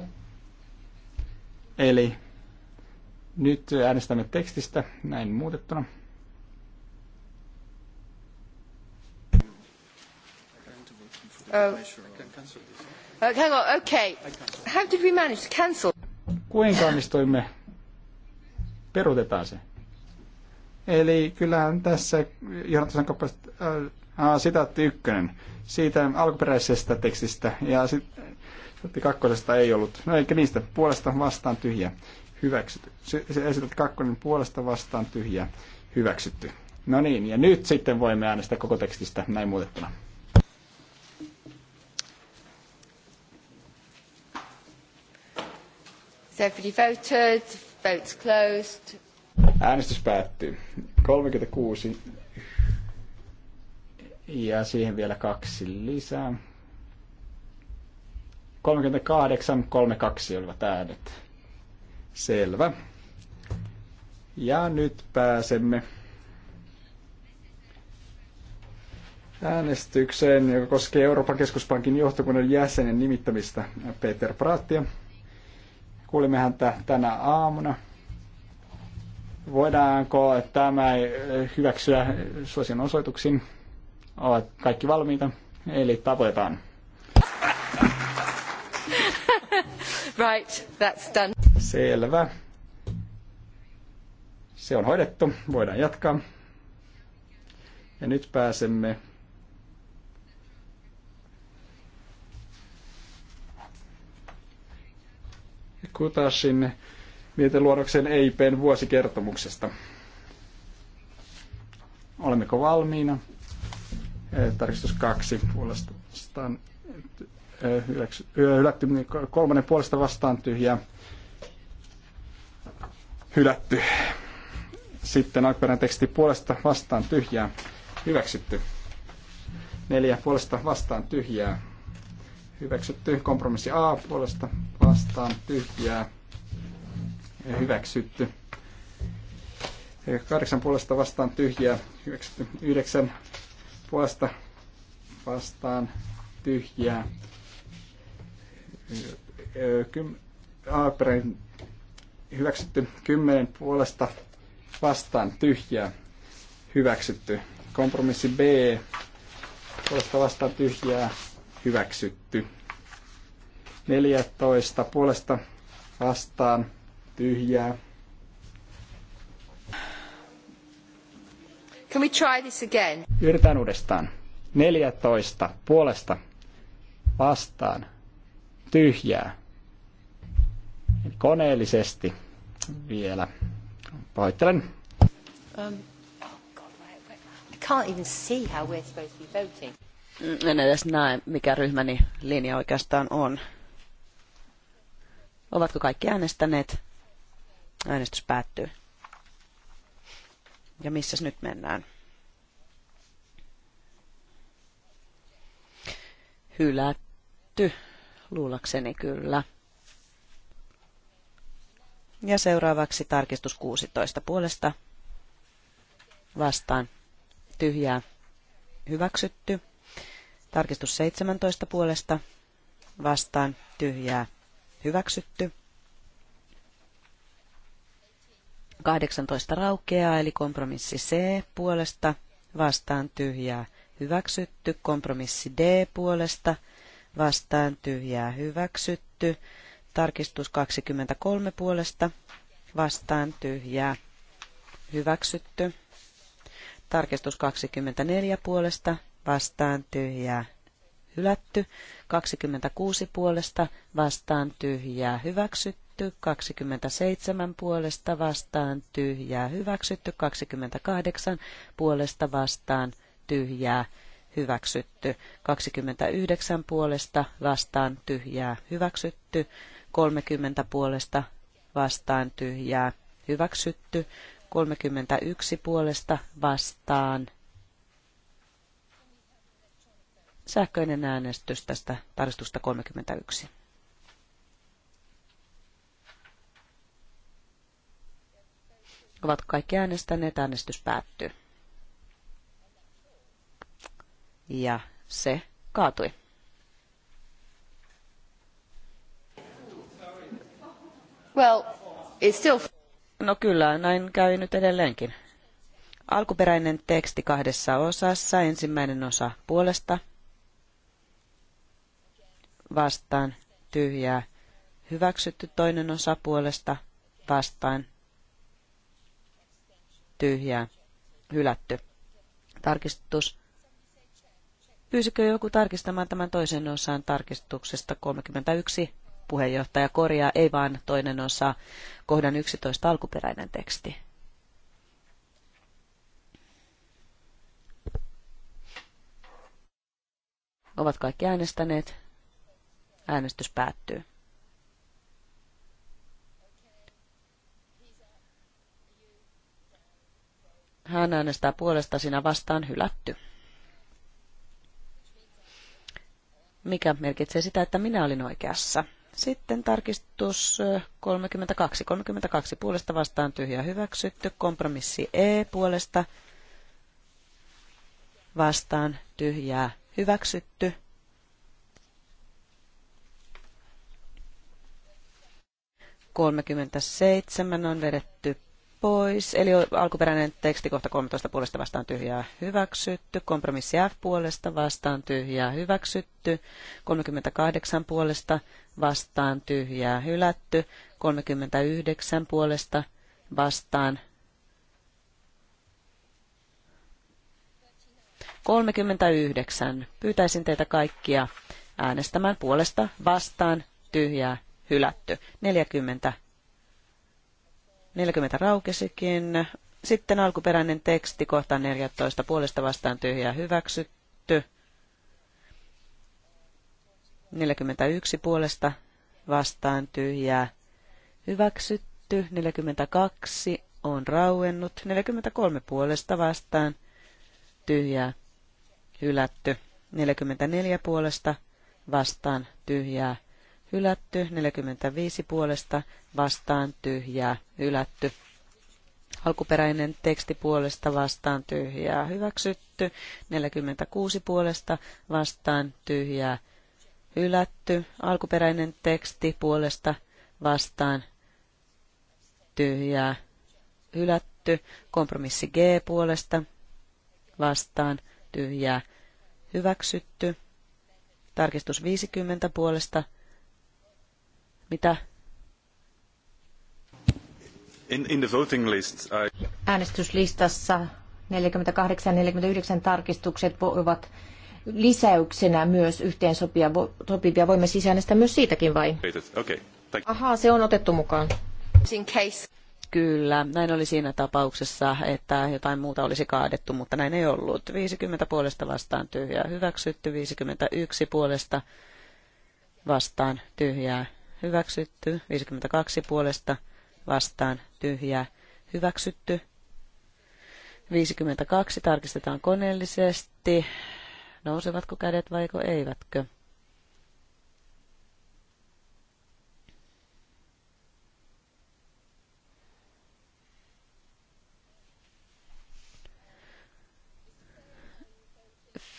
Eli nyt äänestämme tekstistä näin muutettuna. Oh. Uh, hang on, okay. How did we manage to cancel? Kuinka onnistuimme? Perutetaan se. Eli kyllähän tässä Jonathan kappaleesta äh, sitaatti ykkönen siitä alkuperäisestä tekstistä ja sit, Setti kakkosesta ei ollut. No eikä niistä puolesta vastaan tyhjä. Hyväksytty. Esitetty kakkonen puolesta vastaan tyhjä. Hyväksytty. No niin, ja nyt sitten voimme äänestää koko tekstistä näin muutettuna. voted, votes closed. Äänestys päättyy. 36 ja siihen vielä kaksi lisää. 38, 32 olivat äänet. Selvä. Ja nyt pääsemme äänestykseen, joka koskee Euroopan keskuspankin johtokunnan jäsenen nimittämistä Peter Prattia. Kuulimme häntä tänä aamuna. Voidaanko tämä hyväksyä suosion osoituksiin? Ovat kaikki valmiita, eli tapetaan. Right, that's done. Selvä. Se on hoidettu. Voidaan jatkaa. Ja nyt pääsemme Kutashin mieteluodoksen EIPn vuosikertomuksesta. Olemmeko valmiina? Eh, tarkistus kaksi puolestaan hyväksy, hylätty, niin, kolmannen puolesta vastaan tyhjää, hylätty. Sitten alkuperäinen teksti puolesta vastaan tyhjää, hyväksytty. Neljä puolesta vastaan tyhjää, hyväksytty. Kompromissi A puolesta vastaan tyhjää, hyväksytty. Kahdeksan puolesta vastaan tyhjää, hyväksytty. Yhdeksän puolesta vastaan tyhjää, Aaperin hyväksytty, kymmenen puolesta vastaan tyhjää, hyväksytty. Kompromissi B, puolesta vastaan tyhjää, hyväksytty. 14 puolesta vastaan tyhjää. Can we try this again? Yritetään uudestaan. 14 puolesta vastaan tyhjää. Koneellisesti vielä. Pahoittelen. Um, oh, can't even see how we're supposed to be voting. Mm, en edes näe, mikä ryhmäni linja oikeastaan on. Ovatko kaikki äänestäneet? Äänestys päättyy. Ja missäs nyt mennään? Hylätty luulakseni kyllä. Ja seuraavaksi tarkistus 16 puolesta vastaan tyhjää hyväksytty. Tarkistus 17 puolesta vastaan tyhjää hyväksytty. 18 raukeaa, eli kompromissi C puolesta vastaan tyhjää hyväksytty. Kompromissi D puolesta vastaan tyhjää hyväksytty. Tarkistus 23 puolesta vastaan tyhjää hyväksytty. Tarkistus 24 puolesta vastaan tyhjää hylätty. 26 puolesta vastaan tyhjää hyväksytty. 27 puolesta vastaan tyhjää hyväksytty. 28 puolesta vastaan tyhjää hyväksytty. 29 puolesta vastaan tyhjää hyväksytty. 30 puolesta vastaan tyhjää hyväksytty. 31 puolesta vastaan. Sähköinen äänestys tästä tarkistusta 31. Ovat kaikki äänestäneet, äänestys päättyy ja se kaatui. Well, it's still... No kyllä, näin käy nyt edelleenkin. Alkuperäinen teksti kahdessa osassa, ensimmäinen osa puolesta, vastaan, tyhjää, hyväksytty toinen osa puolesta, vastaan, tyhjää, hylätty. Tarkistus Pyysikö joku tarkistamaan tämän toisen osan tarkistuksesta 31? Puheenjohtaja korjaa, ei vaan toinen osa, kohdan 11 alkuperäinen teksti. Ovat kaikki äänestäneet. Äänestys päättyy. Hän äänestää puolesta, sinä vastaan hylätty. mikä merkitsee sitä, että minä olin oikeassa. Sitten tarkistus 32. 32 puolesta vastaan tyhjä hyväksytty. Kompromissi E puolesta vastaan tyhjää hyväksytty. seitsemän on vedetty pois. Eli alkuperäinen teksti kohta 13 puolesta vastaan tyhjää hyväksytty. Kompromissi F puolesta vastaan tyhjää hyväksytty. 38 puolesta vastaan tyhjää hylätty. 39 puolesta vastaan 39. Pyytäisin teitä kaikkia äänestämään puolesta vastaan tyhjää hylätty. 40 40 raukesikin. Sitten alkuperäinen teksti kohta 14 puolesta vastaan tyhjää hyväksytty. 41 puolesta vastaan tyhjää hyväksytty. 42 on rauennut. 43 puolesta vastaan tyhjää hylätty. 44 puolesta vastaan tyhjää hylätty, 45 puolesta vastaan tyhjää, hylätty. Alkuperäinen teksti puolesta vastaan tyhjää, hyväksytty, 46 puolesta vastaan tyhjää, hylätty. Alkuperäinen teksti puolesta vastaan tyhjää, hylätty. Kompromissi G puolesta vastaan tyhjää, hyväksytty. Tarkistus 50 puolesta mitä? In, in the voting list, I... Äänestyslistassa 48-49 tarkistukset ovat lisäyksenä myös yhteensopivia sopivia. Voimme sisäänestää myös siitäkin vai? Okay. Ahaa, se on otettu mukaan. In case. Kyllä, näin oli siinä tapauksessa, että jotain muuta olisi kaadettu, mutta näin ei ollut. 50 puolesta vastaan tyhjää hyväksytty, 51 puolesta vastaan tyhjää hyväksytty. 52 puolesta vastaan tyhjää hyväksytty. 52 tarkistetaan koneellisesti. Nousevatko kädet vaiko eivätkö?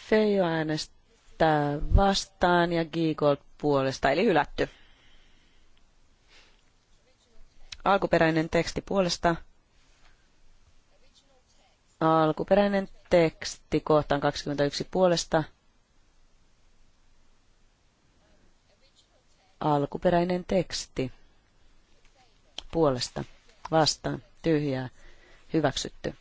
Feijo äänestää vastaan ja Giegold puolesta, eli hylätty alkuperäinen teksti puolesta. Alkuperäinen teksti kohtaan 21 puolesta. Alkuperäinen teksti puolesta vastaan tyhjää hyväksytty.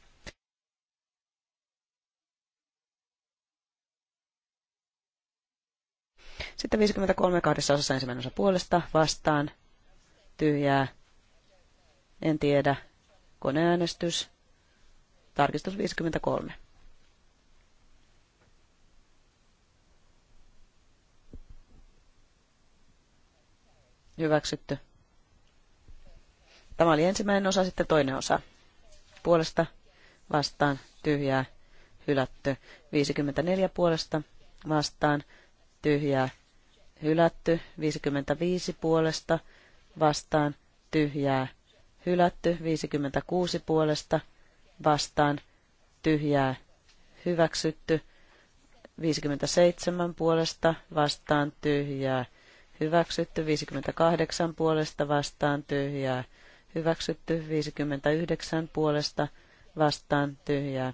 Sitten 53 kahdessa osassa ensimmäinen osa puolesta vastaan tyhjää en tiedä. Koneäänestys. Tarkistus 53. Hyväksytty. Tämä oli ensimmäinen osa, sitten toinen osa. Puolesta vastaan tyhjää hylätty. 54 puolesta vastaan tyhjää hylätty. 55 puolesta vastaan tyhjää hylätty, 56 puolesta vastaan tyhjää hyväksytty, 57 puolesta vastaan tyhjää hyväksytty, 58 puolesta vastaan tyhjää hyväksytty, 59 puolesta vastaan tyhjää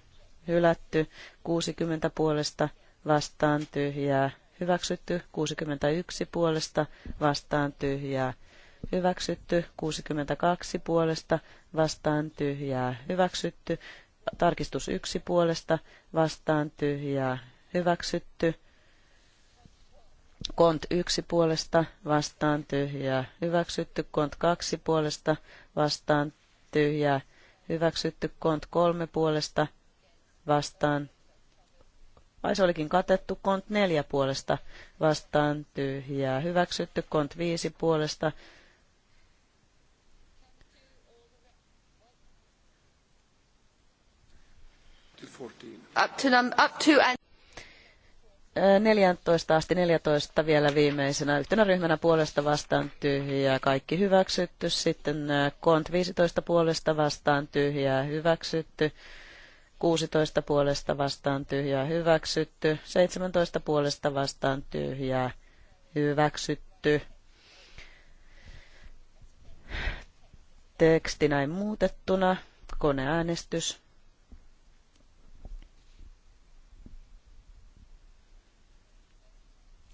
hylätty, 60 puolesta vastaan tyhjää hyväksytty, 61 puolesta vastaan tyhjää hyväksytty, 62 puolesta vastaan tyhjää hyväksytty, tarkistus 1 puolesta vastaan tyhjää hyväksytty, kont 1 puolesta vastaan tyhjää hyväksytty, kont 2 puolesta vastaan tyhjää hyväksytty, kont 3 puolesta vastaan vai se olikin katettu kont 4 puolesta vastaan tyhjää, hyväksytty kont 5 puolesta Up 14 asti 14 vielä viimeisenä yhtenä ryhmänä puolesta vastaan tyhjää, kaikki hyväksytty. Sitten kont 15 puolesta vastaan tyhjää, hyväksytty. 16 puolesta vastaan tyhjää, hyväksytty. 17 puolesta vastaan tyhjää, hyväksytty. Teksti näin muutettuna, koneäänestys.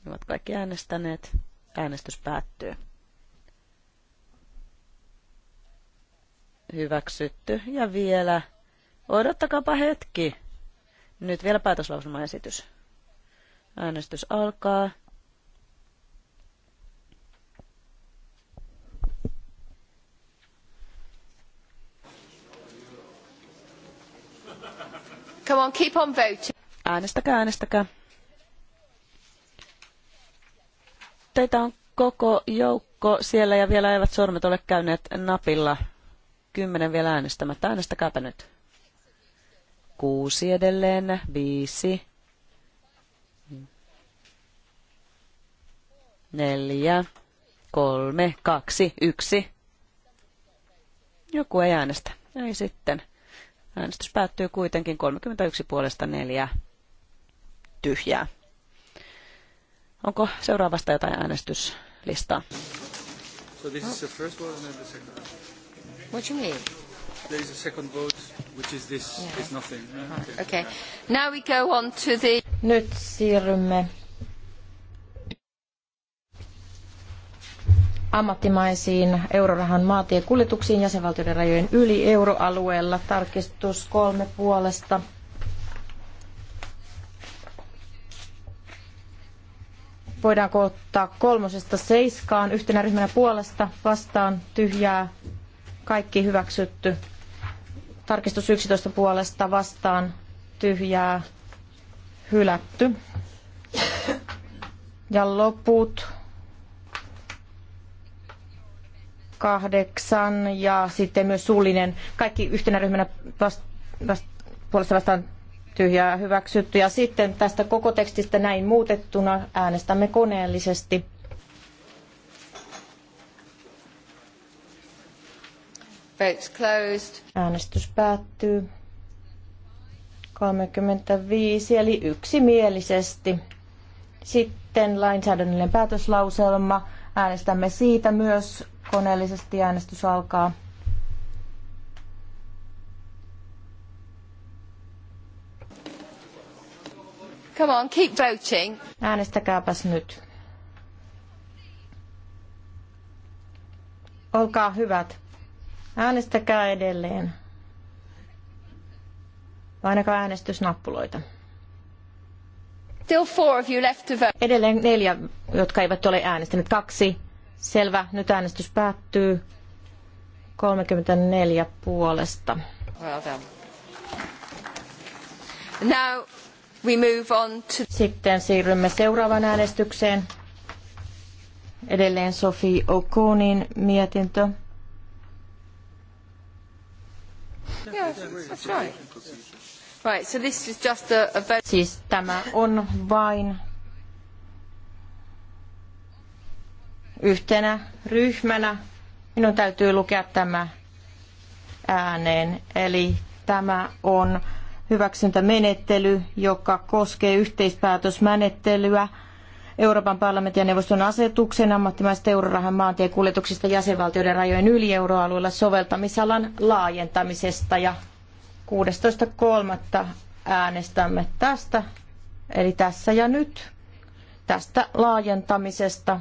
Ovat kaikki äänestäneet. Äänestys päättyy. Hyväksytty. Ja vielä. Odottakaapa hetki. Nyt vielä päätöslausumaesitys. Äänestys alkaa. Come on, keep on voting. Äänestäkää, äänestäkää. Teitä on koko joukko siellä ja vielä eivät sormet ole käyneet napilla. Kymmenen vielä äänestämättä. Äänestäkääpä nyt. Kuusi edelleen, viisi, neljä, kolme, kaksi, yksi. Joku ei äänestä. Ei sitten. Äänestys päättyy kuitenkin 31 puolesta neljä tyhjää. Onko seuraavasta jotain äänestyslistaa? So this is the first vote and the second vote. What do you mean? There is a second vote, which is this, yeah. is nothing. No? Uh-huh. Okay. okay. Now we go on to the... Nyt siirrymme ammattimaisiin eurorahan maatiekuljetuksiin jäsenvaltioiden rajojen yli euroalueella. Tarkistus kolme puolesta voidaanko ottaa kolmosesta seiskaan yhtenä ryhmänä puolesta vastaan tyhjää kaikki hyväksytty. Tarkistus 11 puolesta vastaan tyhjää hylätty. Ja loput kahdeksan ja sitten myös suullinen. Kaikki yhtenä ryhmänä vast, vast, puolesta vastaan tyhjää hyväksytty. Ja sitten tästä koko tekstistä näin muutettuna äänestämme koneellisesti. Votes closed. Äänestys päättyy. 35 eli yksimielisesti. Sitten lainsäädännöllinen päätöslauselma. Äänestämme siitä myös koneellisesti. Äänestys alkaa. Come on, keep voting. Äänestäkääpäs nyt. Olkaa hyvät. Äänestäkää edelleen. Painakaa äänestysnappuloita. Still four of you left to vote. Edelleen neljä, jotka eivät ole äänestäneet. Kaksi. Selvä. Nyt äänestys päättyy. 34 puolesta. Well done. Now We move on to... Sitten siirrymme seuraavaan äänestykseen. Edelleen Sophie Okunin mietintö. Yeah, that's right. Right, so this is just a, a... Siis tämä on vain yhtenä ryhmänä. Minun täytyy lukea tämä ääneen. Eli tämä on hyväksyntämenettely, joka koskee yhteispäätösmenettelyä Euroopan parlamentin ja neuvoston asetuksen ammattimaisesta eurorahan maantiekuljetuksista jäsenvaltioiden rajojen yli euroalueella soveltamisalan laajentamisesta ja 16.3. äänestämme tästä, eli tässä ja nyt, tästä laajentamisesta.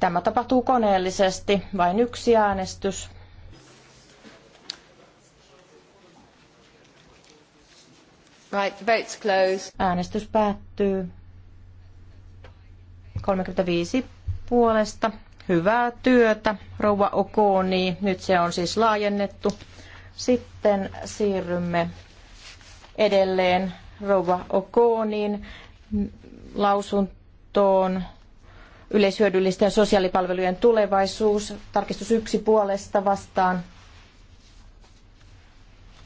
Tämä tapahtuu koneellisesti, vain yksi äänestys. Right, the vote's closed. Äänestys päättyy. 35 puolesta. Hyvää työtä, rouva Okoni. Nyt se on siis laajennettu. Sitten siirrymme edelleen rouva Okonin lausuntoon yleishyödyllisten sosiaalipalvelujen tulevaisuus. Tarkistus yksi puolesta vastaan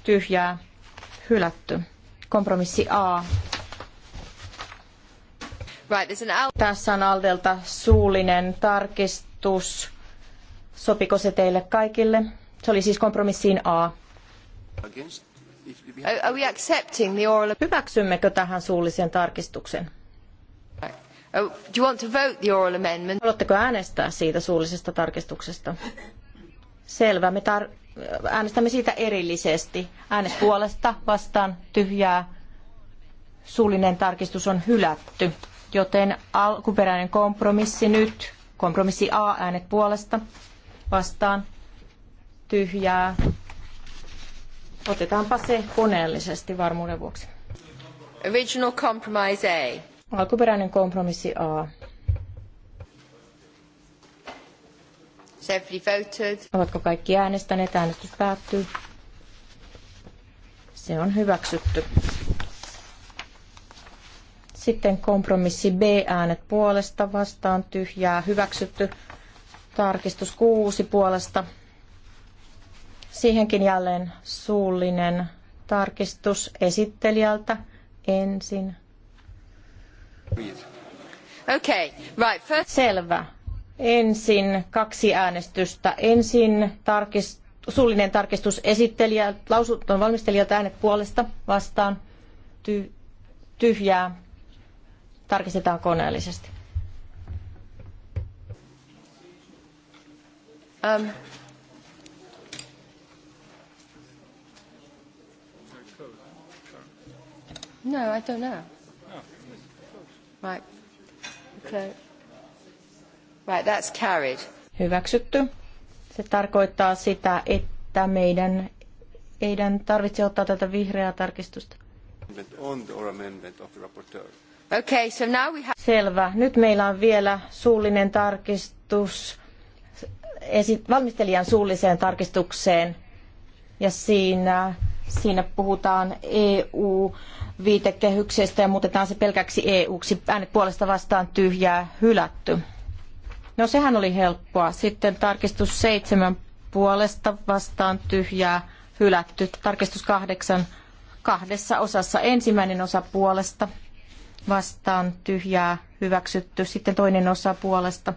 tyhjää hylätty. Kompromissi A. Tässä on Aldelta suullinen tarkistus. Sopiko se teille kaikille? Se oli siis kompromissiin A. Hyväksymmekö tähän suullisen tarkistuksen? Oh, do you want to vote the oral amendment? Haluatteko äänestää siitä suullisesta tarkistuksesta? Selvä, me tar- äänestämme siitä erillisesti. Äänet puolesta vastaan tyhjää. Suullinen tarkistus on hylätty, joten alkuperäinen kompromissi nyt, kompromissi A, äänet puolesta vastaan tyhjää. Otetaanpa se koneellisesti varmuuden vuoksi. Original compromise A. Alkuperäinen kompromissi A. Ovatko kaikki äänestäneet? Äänestys päättyy. Se on hyväksytty. Sitten kompromissi B, äänet puolesta, vastaan tyhjää, hyväksytty. Tarkistus 6 puolesta. Siihenkin jälleen suullinen tarkistus esittelijältä ensin. Okay, right, first... Selvä ensin kaksi äänestystä. Ensin tarkist, suullinen tarkistus esittelijä, lausunnon valmistelijat äänet puolesta vastaan ty, tyhjää. Tarkistetaan koneellisesti. Um. No, I don't know. Ah. Right. Okay. Right, that's carried. Hyväksytty. Se tarkoittaa sitä, että meidän ei tarvitse ottaa tätä vihreää tarkistusta. Okay, so now we have... Selvä. Nyt meillä on vielä suullinen tarkistus esi- valmistelijan suulliseen tarkistukseen. Ja siinä, siinä puhutaan EU-viitekehyksestä ja muutetaan se pelkäksi EU-ksi. Äänet puolesta vastaan tyhjää hylätty. No sehän oli helppoa. Sitten tarkistus seitsemän puolesta vastaan tyhjää hylätty. Tarkistus kahdeksan kahdessa osassa. Ensimmäinen osa puolesta vastaan tyhjää hyväksytty. Sitten toinen osa puolesta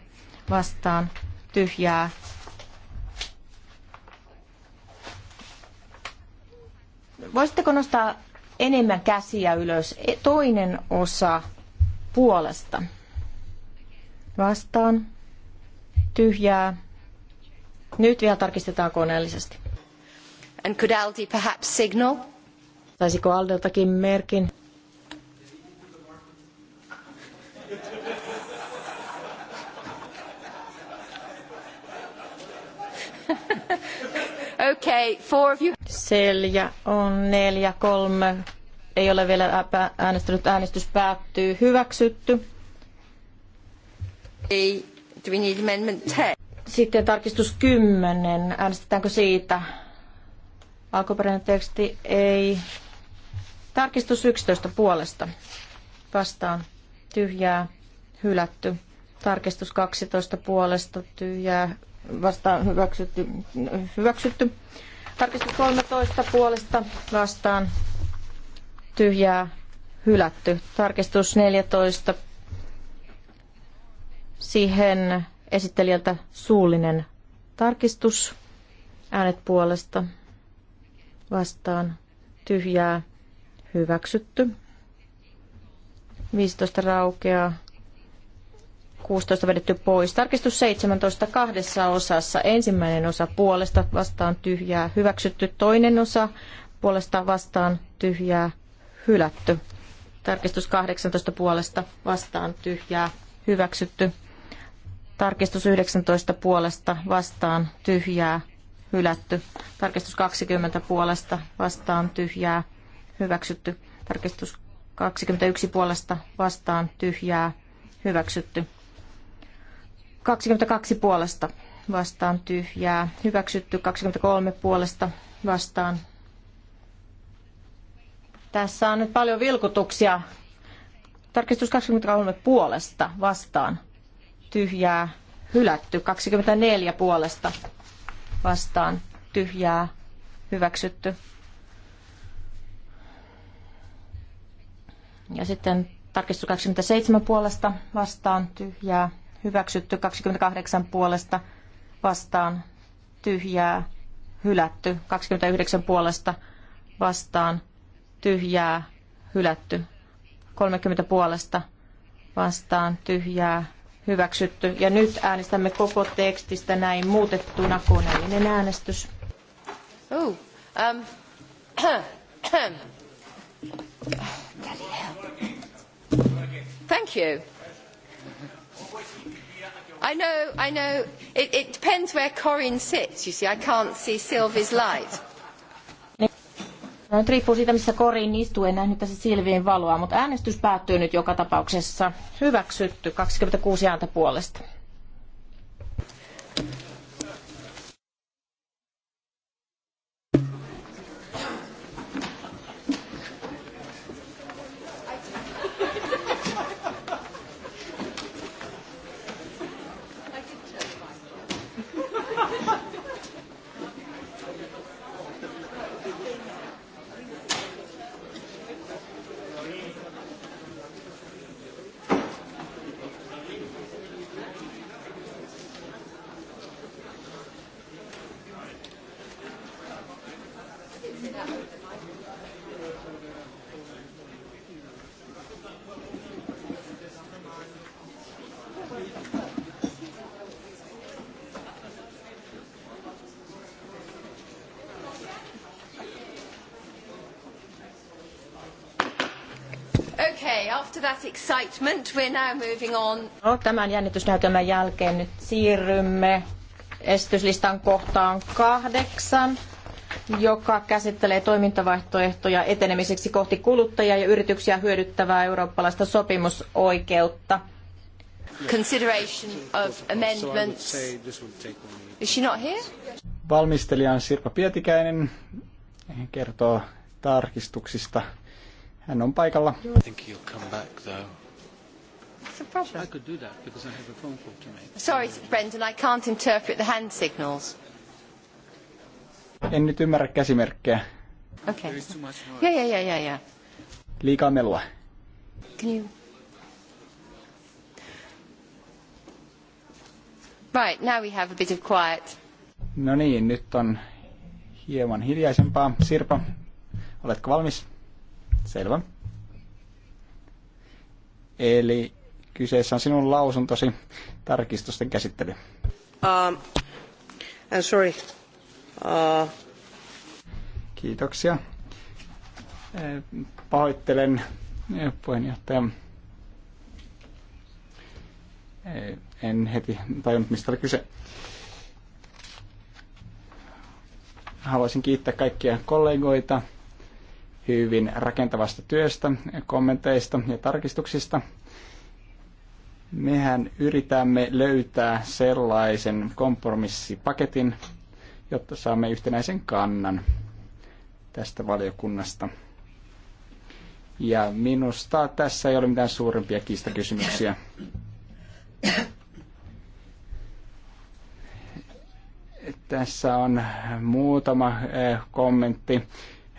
vastaan tyhjää Voisitteko nostaa enemmän käsiä ylös? E, toinen osa puolesta. Vastaan tyhjää. Nyt vielä tarkistetaan koneellisesti. And could Aldi perhaps signal? Saisiko Aldeltakin merkin? okay, four of you. Selja on neljä, kolme. Ei ole vielä äänestänyt. Äänestys päättyy. Hyväksytty. Ei. Do we need amendment 10? Sitten tarkistus 10. Äänestetäänkö siitä? Alkuperäinen teksti ei. Tarkistus 11 puolesta. Vastaan. Tyhjää. Hylätty. Tarkistus 12 puolesta. Tyhjää. Vastaan. Hyväksytty. Hyväksytty. Tarkistus 13 puolesta. Vastaan. Tyhjää. Hylätty. Tarkistus 14 Siihen esittelijältä suullinen tarkistus. Äänet puolesta vastaan tyhjää hyväksytty. 15 raukeaa. 16 vedetty pois. Tarkistus 17 kahdessa osassa. Ensimmäinen osa puolesta vastaan tyhjää hyväksytty. Toinen osa puolesta vastaan tyhjää hylätty. Tarkistus 18 puolesta vastaan tyhjää hyväksytty. Tarkistus 19 puolesta vastaan tyhjää hylätty. Tarkistus 20 puolesta vastaan tyhjää hyväksytty. Tarkistus 21 puolesta vastaan tyhjää hyväksytty. 22 puolesta vastaan tyhjää hyväksytty. 23 puolesta vastaan. Tässä on nyt paljon vilkutuksia. Tarkistus 23 puolesta vastaan tyhjää hylätty. 24 puolesta vastaan tyhjää hyväksytty. Ja sitten tarkistus 27 puolesta vastaan tyhjää hyväksytty. 28 puolesta vastaan tyhjää hylätty. 29 puolesta vastaan tyhjää hylätty. 30 puolesta vastaan tyhjää hyväksytty. Ja nyt äänestämme koko tekstistä näin muutettuna koneellinen äänestys. Ooh, um, Thank you. I know, I know, it, it depends where Corinne sits, you see, I can't see Sylvie's light. No nyt riippuu siitä, missä koriin istuu. En nähnyt tässä silvien valoa, mutta äänestys päättyy nyt joka tapauksessa. Hyväksytty 26 ääntä puolesta. that excitement, we're now moving on. No, tämän jännitysnäytelmän jälkeen nyt siirrymme esityslistan kohtaan kahdeksan joka käsittelee toimintavaihtoehtoja etenemiseksi kohti kuluttajia ja yrityksiä hyödyttävää eurooppalaista sopimusoikeutta. Consideration of amendments. Is she not here? Valmistelija on Sirpa Pietikäinen. kertoo tarkistuksista hän on paikalla. Sorry, Brendan, I can't interpret the hand signals. En nyt ymmärrä käsimerkkejä. Okay. Yeah, yeah, yeah, yeah, yeah. Liikaa mellua. Can you... Right, now we have a bit of quiet. No niin, nyt on hieman hiljaisempaa. Sirpa, oletko valmis? Selvä. Eli kyseessä on sinun lausuntosi tarkistusten käsittely. Uh, I'm sorry. Uh... Kiitoksia. Eh, pahoittelen eh, puheenjohtaja. Eh, en heti tajunnut, mistä oli kyse. Haluaisin kiittää kaikkia kollegoita hyvin rakentavasta työstä, kommenteista ja tarkistuksista. Mehän yritämme löytää sellaisen kompromissipaketin, jotta saamme yhtenäisen kannan tästä valiokunnasta. Ja minusta tässä ei ole mitään suurempia kiistakysymyksiä. Tässä on muutama eh, kommentti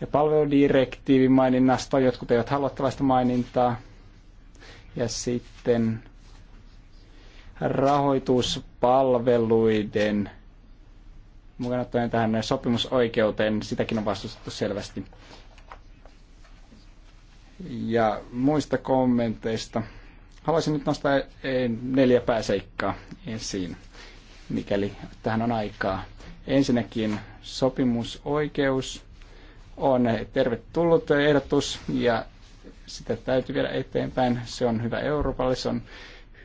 ja palveludirektiivin maininnasta, jotkut eivät halua tällaista mainintaa. Ja sitten rahoituspalveluiden mukana ottaen tähän sopimusoikeuteen, sitäkin on vastustettu selvästi. Ja muista kommenteista. Haluaisin nyt nostaa neljä pääseikkaa esiin, mikäli tähän on aikaa. Ensinnäkin sopimusoikeus on tervetullut ehdotus ja sitä täytyy viedä eteenpäin. Se on hyvä Euroopalle, se on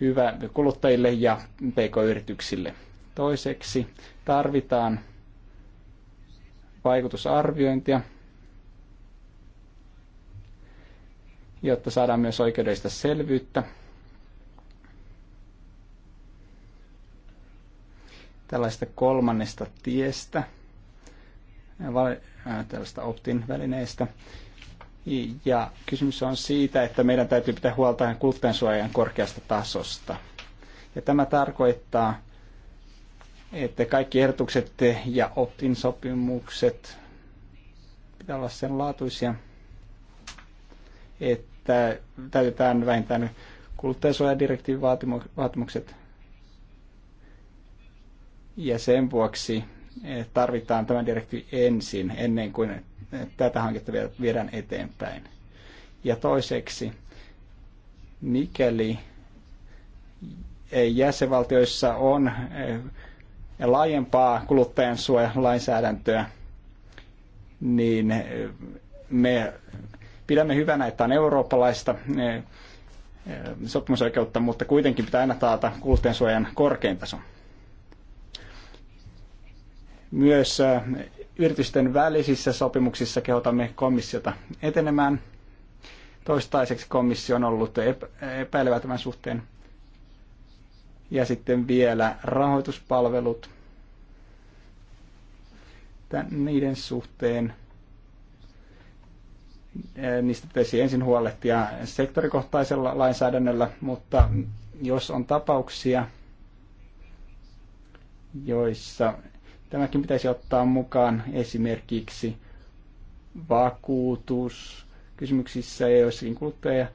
hyvä kuluttajille ja pk-yrityksille. Toiseksi tarvitaan vaikutusarviointia, jotta saadaan myös oikeudellista selvyyttä. Tällaista kolmannesta tiestä tällaista optin välineistä. Ja kysymys on siitä, että meidän täytyy pitää huolta kuluttajansuojan korkeasta tasosta. Ja tämä tarkoittaa, että kaikki ehdotukset ja optin sopimukset pitää olla sen laatuisia, että täytetään vähintään kuluttajansuojadirektiivin vaatimukset. Ja sen vuoksi tarvitaan tämä direktiivi ensin, ennen kuin tätä hanketta viedään eteenpäin. Ja toiseksi, mikäli jäsenvaltioissa on eh, laajempaa kuluttajan lainsäädäntöä, niin eh, me pidämme hyvänä, että on eurooppalaista eh, sopimusoikeutta, mutta kuitenkin pitää aina taata kuluttajansuojan korkein taso. Myös yritysten välisissä sopimuksissa kehotamme komissiota etenemään. Toistaiseksi komissio on ollut epäilevä tämän suhteen. Ja sitten vielä rahoituspalvelut. Tän, niiden suhteen niistä pitäisi ensin huolehtia sektorikohtaisella lainsäädännöllä, mutta jos on tapauksia, joissa Tämäkin pitäisi ottaa mukaan esimerkiksi vakuutuskysymyksissä ja joissakin kuluttaja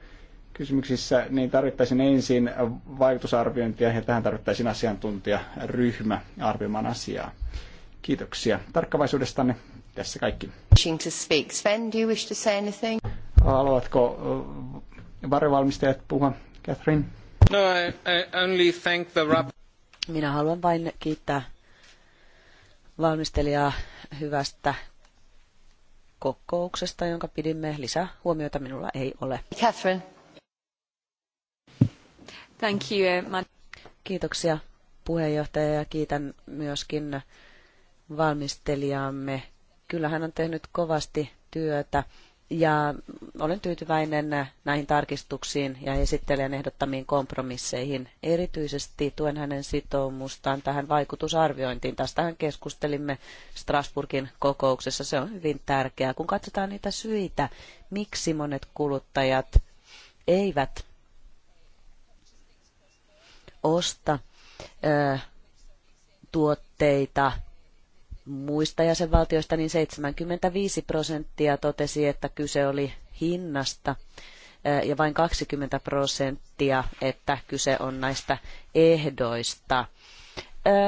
kysymyksissä, niin tarvittaisiin ensin vaikutusarviointia ja tähän tarvittaisiin asiantuntijaryhmä arvioimaan asiaa. Kiitoksia tarkkavaisuudestanne. Tässä kaikki. Haluatko varovalmistajat puhua, Catherine? No, I, I only thank the Minä haluan vain kiittää valmistelijaa hyvästä kokouksesta, jonka pidimme. Lisää huomiota minulla ei ole. Catherine. Thank you. Eh, Kiitoksia puheenjohtaja ja kiitän myöskin valmistelijaamme. Kyllä hän on tehnyt kovasti työtä ja olen tyytyväinen näihin tarkistuksiin ja esittelijän ehdottamiin kompromisseihin. Erityisesti tuen hänen sitoumustaan tähän vaikutusarviointiin. Tästähän keskustelimme Strasburgin kokouksessa. Se on hyvin tärkeää, kun katsotaan niitä syitä, miksi monet kuluttajat eivät osta tuotteita – muista jäsenvaltioista, niin 75 prosenttia totesi, että kyse oli hinnasta ja vain 20 prosenttia, että kyse on näistä ehdoista.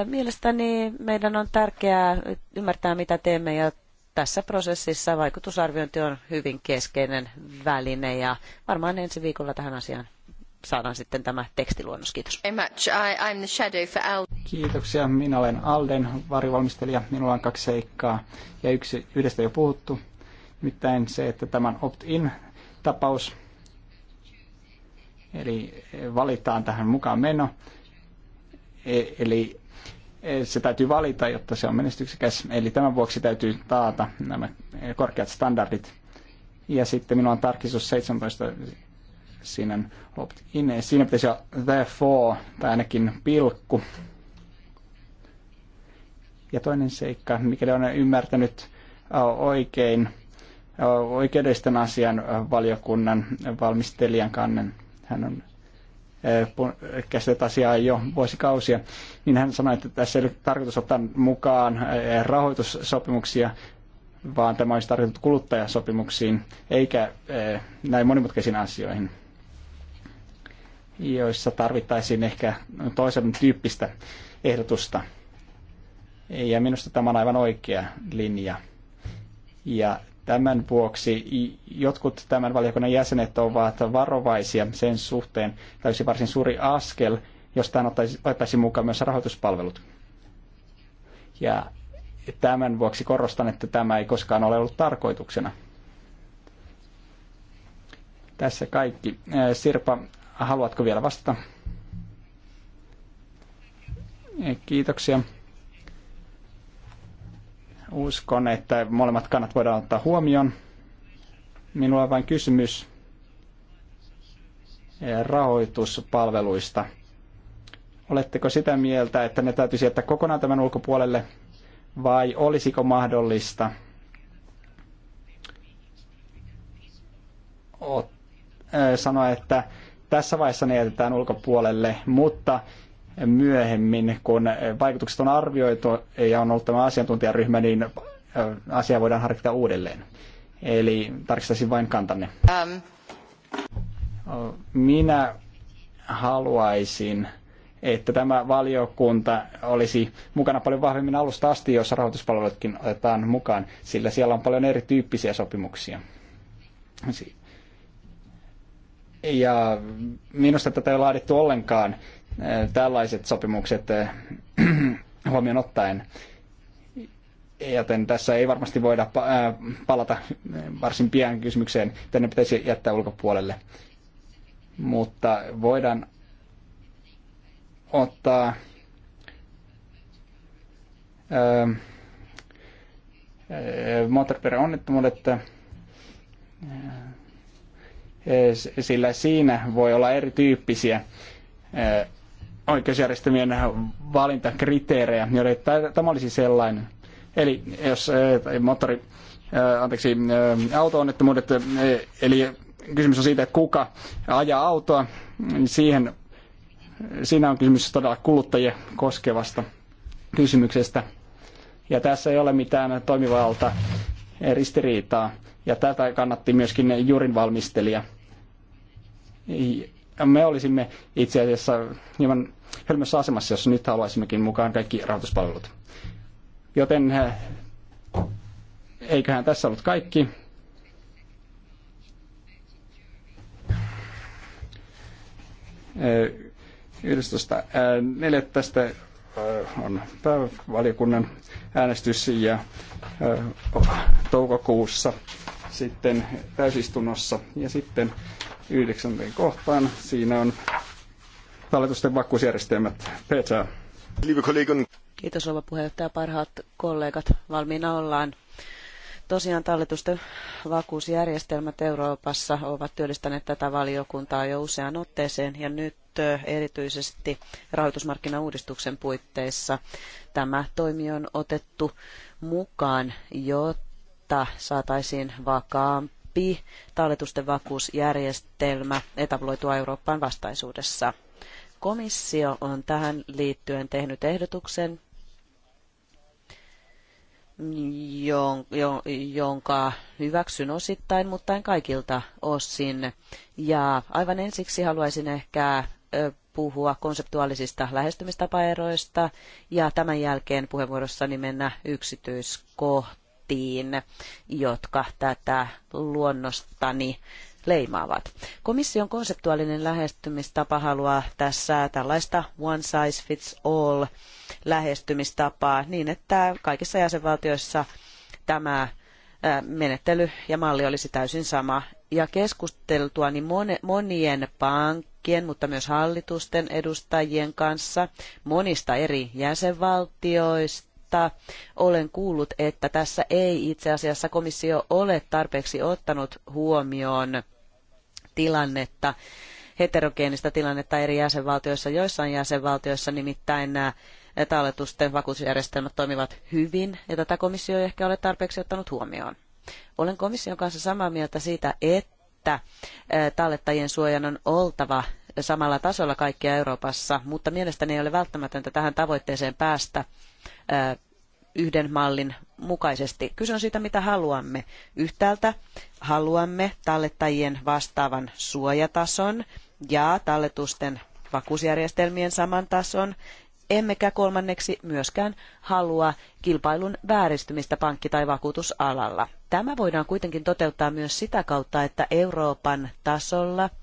Mielestäni meidän on tärkeää ymmärtää, mitä teemme ja tässä prosessissa vaikutusarviointi on hyvin keskeinen väline ja varmaan ensi viikolla tähän asiaan saadaan sitten tämä tekstiluonnos. Kiitos. Kiitoksia. Minä olen Alden varjovalmistelija. Minulla on kaksi seikkaa ja yksi yhdestä jo puhuttu. Nimittäin se, että tämän opt-in tapaus, eli valitaan tähän mukaan meno, e, eli e, se täytyy valita, jotta se on menestyksekäs. Eli tämän vuoksi täytyy taata nämä korkeat standardit. Ja sitten minulla on tarkistus 17 siinä opt-in, siinä pitäisi olla therefore, tai ainakin pilkku. Ja toinen seikka, mikä on ymmärtänyt oikein, oikeudellisten asian valiokunnan valmistelijan kannen, hän on käsitellyt asiaa jo vuosikausia, niin hän sanoi, että tässä ei ole tarkoitus ottaa mukaan rahoitussopimuksia, vaan tämä olisi tarkoitettu kuluttajasopimuksiin, eikä näin monimutkaisiin asioihin joissa tarvittaisiin ehkä toisen tyyppistä ehdotusta. Ja minusta tämä on aivan oikea linja. Ja tämän vuoksi jotkut tämän valiokunnan jäsenet ovat varovaisia sen suhteen. olisi varsin suuri askel, jos tämän ottaisiin mukaan myös rahoituspalvelut. Ja tämän vuoksi korostan, että tämä ei koskaan ole ollut tarkoituksena. Tässä kaikki. Sirpa Haluatko vielä vastata? Kiitoksia. Uskon, että molemmat kannat voidaan ottaa huomioon. Minulla on vain kysymys eh, rahoituspalveluista. Oletteko sitä mieltä, että ne täytyisi jättää kokonaan tämän ulkopuolelle vai olisiko mahdollista eh, sanoa, että tässä vaiheessa ne jätetään ulkopuolelle, mutta myöhemmin, kun vaikutukset on arvioitu ja on ollut tämä asiantuntijaryhmä, niin asia voidaan harkita uudelleen. Eli tarkistaisin vain kantanne. Um. Minä haluaisin, että tämä valiokunta olisi mukana paljon vahvemmin alusta asti, jos rahoituspalvelutkin otetaan mukaan, sillä siellä on paljon erityyppisiä sopimuksia. Ja minusta tätä ei laadittu ollenkaan tällaiset sopimukset huomioon ottaen. Joten tässä ei varmasti voida palata varsin pian kysymykseen, tänne pitäisi jättää ulkopuolelle. Mutta voidaan ottaa moottoripyörän onnettomuudet sillä siinä voi olla erityyppisiä e, oikeusjärjestelmien valintakriteerejä, joiden tämä olisi sellainen. Eli jos e, moottori, e, anteeksi, auto-onnettomuudet, eli kysymys on siitä, että kuka ajaa autoa, niin siihen, siinä on kysymys todella kuluttajia koskevasta kysymyksestä. Ja tässä ei ole mitään toimivalta ristiriitaa ja tätä kannatti myöskin jurin valmistelija. Me olisimme itse asiassa hieman hölmössä asemassa, jos nyt haluaisimmekin mukaan kaikki rahoituspalvelut. Joten eh, eiköhän tässä ollut kaikki. Eh, tästä eh, on päävaliokunnan äänestys ja toukokuussa sitten täysistunnossa. Ja sitten yhdeksänteen kohtaan siinä on talletusten vakuusjärjestelmät. Petra. Kiitos rouva puheenjohtaja. Parhaat kollegat, valmiina ollaan. Tosiaan talletusten vakuusjärjestelmät Euroopassa ovat työllistäneet tätä valiokuntaa jo useaan otteeseen ja nyt erityisesti rahoitusmarkkinauudistuksen puitteissa tämä toimi on otettu mukaan, jotta että saataisiin vakaampi talletusten vakuusjärjestelmä etabloitua Eurooppaan vastaisuudessa. Komissio on tähän liittyen tehnyt ehdotuksen, jonka hyväksyn osittain, mutta en kaikilta osin. Ja aivan ensiksi haluaisin ehkä puhua konseptuaalisista lähestymistapaeroista ja tämän jälkeen puheenvuorossani mennä yksityiskohtiin kommenttiin, jotka tätä luonnostani leimaavat. Komission konseptuaalinen lähestymistapa haluaa tässä tällaista one size fits all lähestymistapaa niin, että kaikissa jäsenvaltioissa tämä menettely ja malli olisi täysin sama. Ja keskusteltua niin monien pankkien, mutta myös hallitusten edustajien kanssa monista eri jäsenvaltioista, mutta olen kuullut, että tässä ei itse asiassa komissio ole tarpeeksi ottanut huomioon tilannetta, heterogeenista tilannetta eri jäsenvaltioissa. Joissain jäsenvaltioissa nimittäin nämä talletusten vakuusjärjestelmät toimivat hyvin, ja tätä komissio ei ehkä ole tarpeeksi ottanut huomioon. Olen komission kanssa samaa mieltä siitä, että tallettajien suojan on oltava samalla tasolla kaikkia Euroopassa, mutta mielestäni ei ole välttämätöntä tähän tavoitteeseen päästä yhden mallin mukaisesti. Kyse on siitä, mitä haluamme. Yhtäältä haluamme tallettajien vastaavan suojatason ja talletusten vakuusjärjestelmien saman tason, emmekä kolmanneksi myöskään halua kilpailun vääristymistä pankki- tai vakuutusalalla. Tämä voidaan kuitenkin toteuttaa myös sitä kautta, että Euroopan tasolla –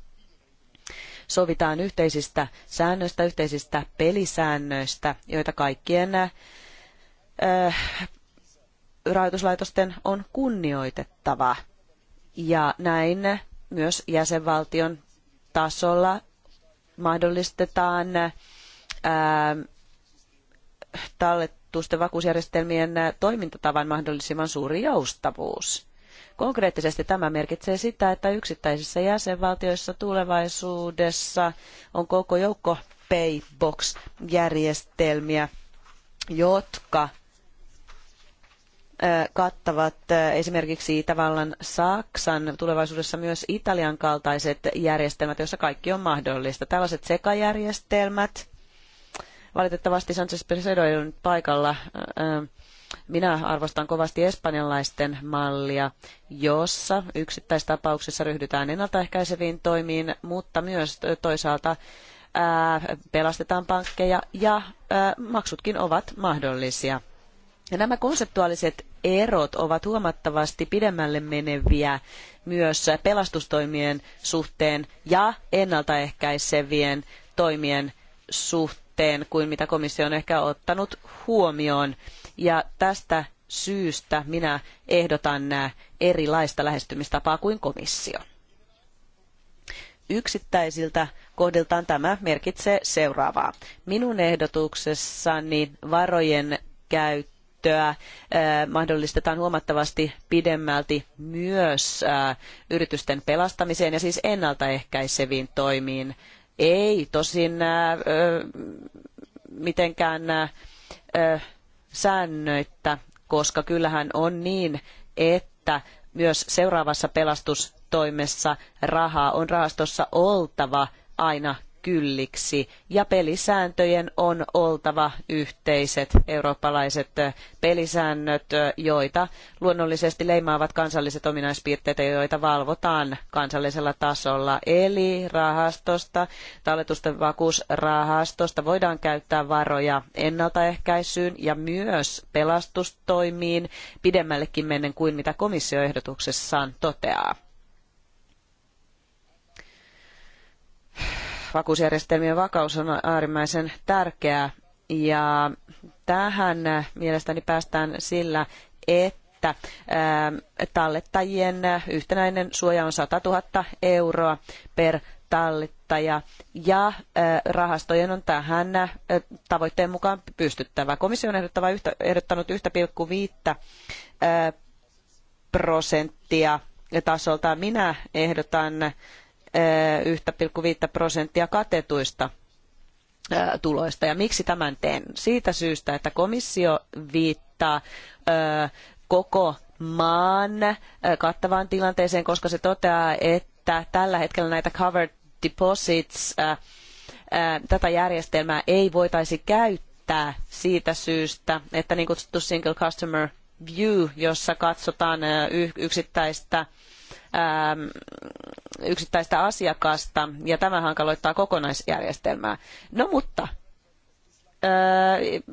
sovitaan yhteisistä säännöistä, yhteisistä pelisäännöistä, joita kaikkien äh, rahoituslaitosten on kunnioitettava. Ja näin myös jäsenvaltion tasolla mahdollistetaan äh, talletusten vakuusjärjestelmien äh, toimintatavan mahdollisimman suuri joustavuus. Konkreettisesti tämä merkitsee sitä, että yksittäisissä jäsenvaltioissa tulevaisuudessa on koko joukko paybox-järjestelmiä, jotka kattavat esimerkiksi Itävallan, Saksan, tulevaisuudessa myös Italian kaltaiset järjestelmät, joissa kaikki on mahdollista. Tällaiset sekajärjestelmät, valitettavasti Sanchez Presedo ei ole nyt paikalla, minä arvostan kovasti espanjalaisten mallia, jossa yksittäistapauksissa ryhdytään ennaltaehkäiseviin toimiin, mutta myös toisaalta pelastetaan pankkeja ja maksutkin ovat mahdollisia. Ja nämä konseptuaaliset erot ovat huomattavasti pidemmälle meneviä myös pelastustoimien suhteen ja ennaltaehkäisevien toimien suhteen kuin mitä komissio on ehkä ottanut huomioon. Ja tästä syystä minä ehdotan äh, erilaista lähestymistapaa kuin komissio. Yksittäisiltä kohdiltaan tämä merkitsee seuraavaa. Minun ehdotuksessani varojen käyttöä äh, mahdollistetaan huomattavasti pidemmälti myös äh, yritysten pelastamiseen ja siis ennaltaehkäiseviin toimiin. Ei tosin mitenkään säännöittä, koska kyllähän on niin, että myös seuraavassa pelastustoimessa rahaa on rahastossa oltava aina kylliksi ja pelisääntöjen on oltava yhteiset eurooppalaiset pelisäännöt, joita luonnollisesti leimaavat kansalliset ominaispiirteet, joita valvotaan kansallisella tasolla. Eli rahastosta, talletusten vakuusrahastosta voidaan käyttää varoja ennaltaehkäisyyn ja myös pelastustoimiin pidemmällekin mennen kuin mitä komissio ehdotuksessaan toteaa vakuusjärjestelmien vakaus on äärimmäisen tärkeää ja tähän mielestäni päästään sillä, että tallettajien yhtenäinen suoja on 100 000 euroa per tallettaja ja rahastojen on tähän tavoitteen mukaan pystyttävä. Komissio on ehdottanut 1,5 prosenttia tasolta. Minä ehdotan 1,5 eh, prosenttia katetuista eh, tuloista. Ja miksi tämän teen? Siitä syystä, että komissio viittaa eh, koko maan kattavaan tilanteeseen, koska se toteaa, että tällä hetkellä näitä covered deposits, tätä järjestelmää ei voitaisi käyttää siitä syystä, että niin kutsuttu single customer view, jossa katsotaan yksittäistä yksittäistä asiakasta ja tämä hankaloittaa kokonaisjärjestelmää. No mutta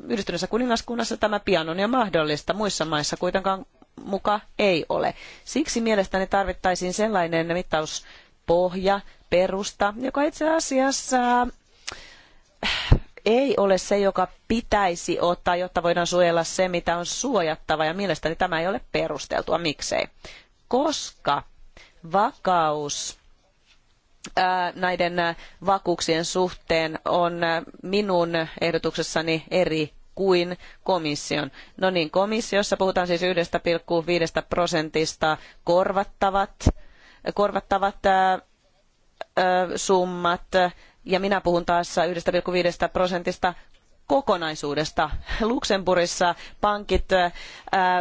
yhdistyneessä kuningaskunnassa tämä pian on jo mahdollista, muissa maissa kuitenkaan muka ei ole. Siksi mielestäni tarvittaisiin sellainen mittauspohja, perusta, joka itse asiassa äh, ei ole se, joka pitäisi ottaa, jotta voidaan suojella se, mitä on suojattava, ja mielestäni tämä ei ole perusteltua. Miksei? Koska vakaus näiden vakuuksien suhteen on minun ehdotuksessani eri kuin komission. No niin, komissiossa puhutaan siis 1,5 prosentista korvattavat, korvattavat summat ja minä puhun taas 1,5 prosentista kokonaisuudesta. Luxemburgissa pankit äh,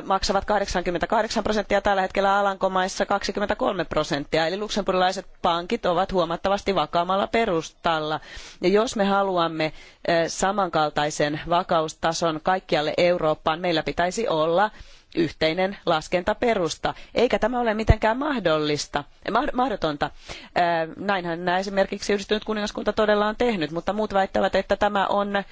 maksavat 88 prosenttia, tällä hetkellä Alankomaissa 23 prosenttia. Eli luxemburilaiset pankit ovat huomattavasti vakaammalla perustalla. Ja jos me haluamme äh, samankaltaisen vakaustason kaikkialle Eurooppaan, meillä pitäisi olla yhteinen laskentaperusta. Eikä tämä ole mitenkään mahdollista, mahdotonta. Äh, näinhän esimerkiksi yhdistynyt kuningaskunta todella on tehnyt, mutta muut väittävät, että tämä on äh,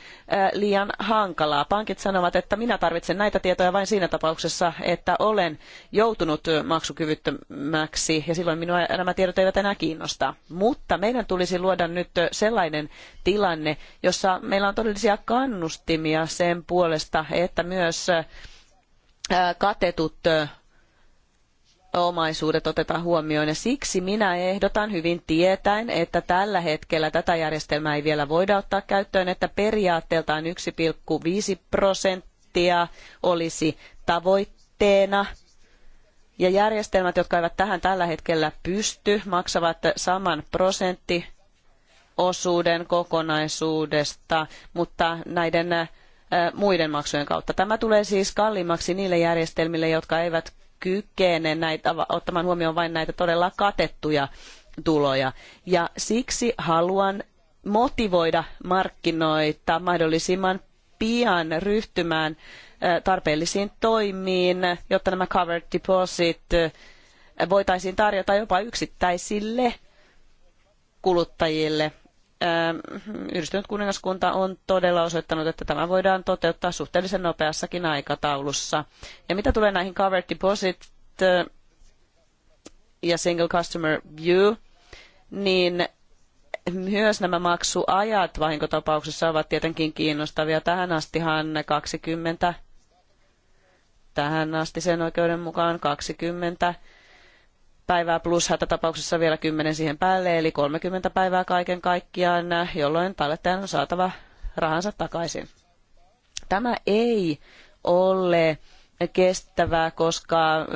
liian hankalaa. Pankit sanovat, että minä tarvitsen näitä tietoja vain siinä tapauksessa, että olen joutunut maksukyvyttömäksi ja silloin minua nämä tiedot eivät enää kiinnosta. Mutta meidän tulisi luoda nyt sellainen tilanne, jossa meillä on todellisia kannustimia sen puolesta, että myös katetut omaisuudet otetaan huomioon ja siksi minä ehdotan hyvin tietäen, että tällä hetkellä tätä järjestelmää ei vielä voida ottaa käyttöön, että periaatteeltaan 1,5 prosenttia olisi tavoitteena ja järjestelmät, jotka eivät tähän tällä hetkellä pysty, maksavat saman prosenttiosuuden kokonaisuudesta, mutta näiden muiden maksujen kautta. Tämä tulee siis kalliimmaksi niille järjestelmille, jotka eivät kykene näitä, ottamaan huomioon vain näitä todella katettuja tuloja. Ja siksi haluan motivoida markkinoita mahdollisimman pian ryhtymään tarpeellisiin toimiin, jotta nämä covered deposit voitaisiin tarjota jopa yksittäisille kuluttajille Ähm, yhdistynyt kuningaskunta on todella osoittanut, että tämä voidaan toteuttaa suhteellisen nopeassakin aikataulussa. Ja mitä tulee näihin covered deposit äh, ja single customer view, niin myös nämä maksuajat vahinkotapauksessa ovat tietenkin kiinnostavia. Tähän astihan 20, tähän asti sen oikeuden mukaan 20 päivää plus hätätapauksessa vielä 10 siihen päälle, eli 30 päivää kaiken kaikkiaan, jolloin tallettajan on saatava rahansa takaisin. Tämä ei ole kestävää, koska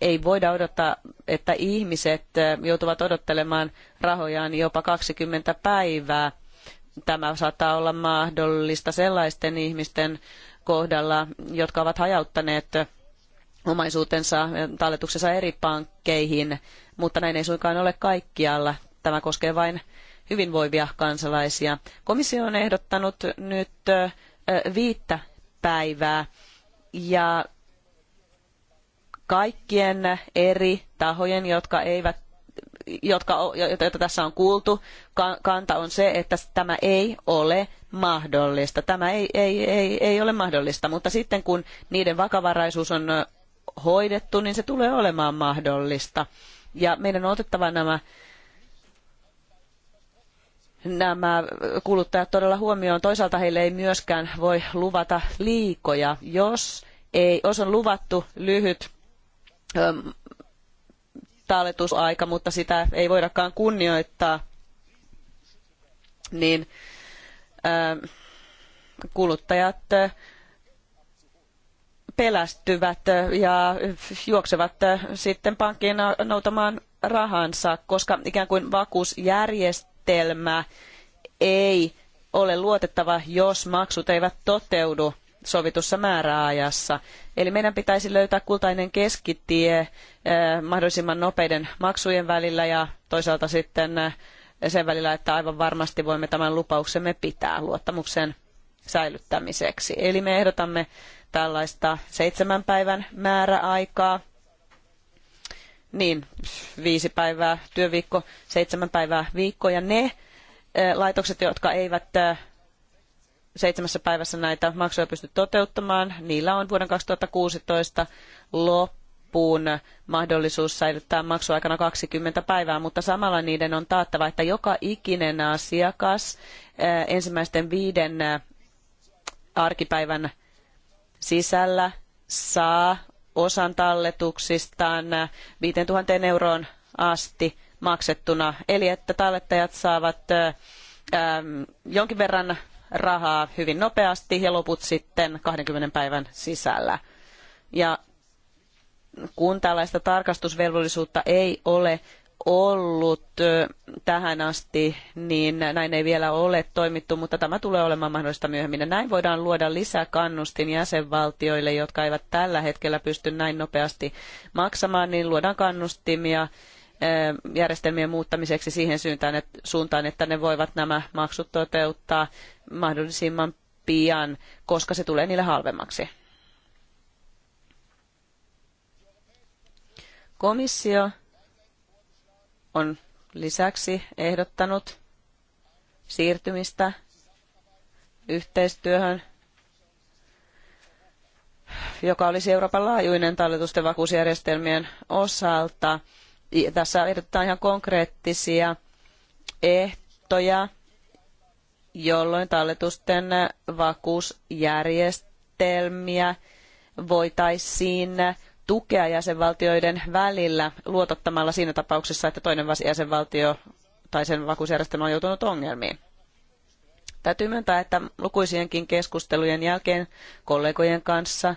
ei voida odottaa, että ihmiset joutuvat odottelemaan rahojaan jopa 20 päivää. Tämä saattaa olla mahdollista sellaisten ihmisten kohdalla, jotka ovat hajauttaneet omaisuutensa talletuksensa eri pankkeihin, mutta näin ei suinkaan ole kaikkialla. Tämä koskee vain hyvinvoivia kansalaisia. Komissio on ehdottanut nyt viittä päivää ja kaikkien eri tahojen, jotka eivät jotka, joita tässä on kuultu, kanta on se, että tämä ei ole mahdollista. Tämä ei, ei, ei, ei ole mahdollista, mutta sitten kun niiden vakavaraisuus on hoidettu, niin se tulee olemaan mahdollista. Ja meidän on otettava nämä nämä kuluttajat todella huomioon. Toisaalta heille ei myöskään voi luvata liikoja, jos, ei, jos on luvattu lyhyt öm, talletusaika, mutta sitä ei voidakaan kunnioittaa, niin ö, kuluttajat pelästyvät ja juoksevat sitten pankkiin noutamaan rahansa, koska ikään kuin vakuusjärjestelmä ei ole luotettava, jos maksut eivät toteudu sovitussa määräajassa. Eli meidän pitäisi löytää kultainen keskitie mahdollisimman nopeiden maksujen välillä ja toisaalta sitten sen välillä, että aivan varmasti voimme tämän lupauksemme pitää luottamuksen säilyttämiseksi. Eli me ehdotamme tällaista seitsemän päivän määräaikaa, niin viisi päivää työviikko, seitsemän päivää viikko ja ne laitokset, jotka eivät seitsemässä päivässä näitä maksuja pysty toteuttamaan, niillä on vuoden 2016 loppuun mahdollisuus säilyttää maksuaikana 20 päivää, mutta samalla niiden on taattava, että joka ikinen asiakas ensimmäisten viiden arkipäivän sisällä saa osan talletuksistaan 5000 euroon asti maksettuna. Eli että tallettajat saavat jonkin verran rahaa hyvin nopeasti ja loput sitten 20 päivän sisällä. Ja kun tällaista tarkastusvelvollisuutta ei ole, ollut tähän asti, niin näin ei vielä ole toimittu, mutta tämä tulee olemaan mahdollista myöhemmin. Ja näin voidaan luoda lisää kannustin jäsenvaltioille, jotka eivät tällä hetkellä pysty näin nopeasti maksamaan, niin luodaan kannustimia järjestelmien muuttamiseksi siihen suuntaan, että ne voivat nämä maksut toteuttaa mahdollisimman pian, koska se tulee niille halvemmaksi. Komissio on lisäksi ehdottanut siirtymistä yhteistyöhön, joka olisi Euroopan laajuinen talletusten vakuusjärjestelmien osalta. Tässä ehdotetaan ihan konkreettisia ehtoja, jolloin talletusten vakuusjärjestelmiä voitaisiin tukea jäsenvaltioiden välillä luotottamalla siinä tapauksessa, että toinen jäsenvaltio tai sen vakuusjärjestelmä on joutunut ongelmiin. Täytyy myöntää, että lukuisienkin keskustelujen jälkeen kollegojen kanssa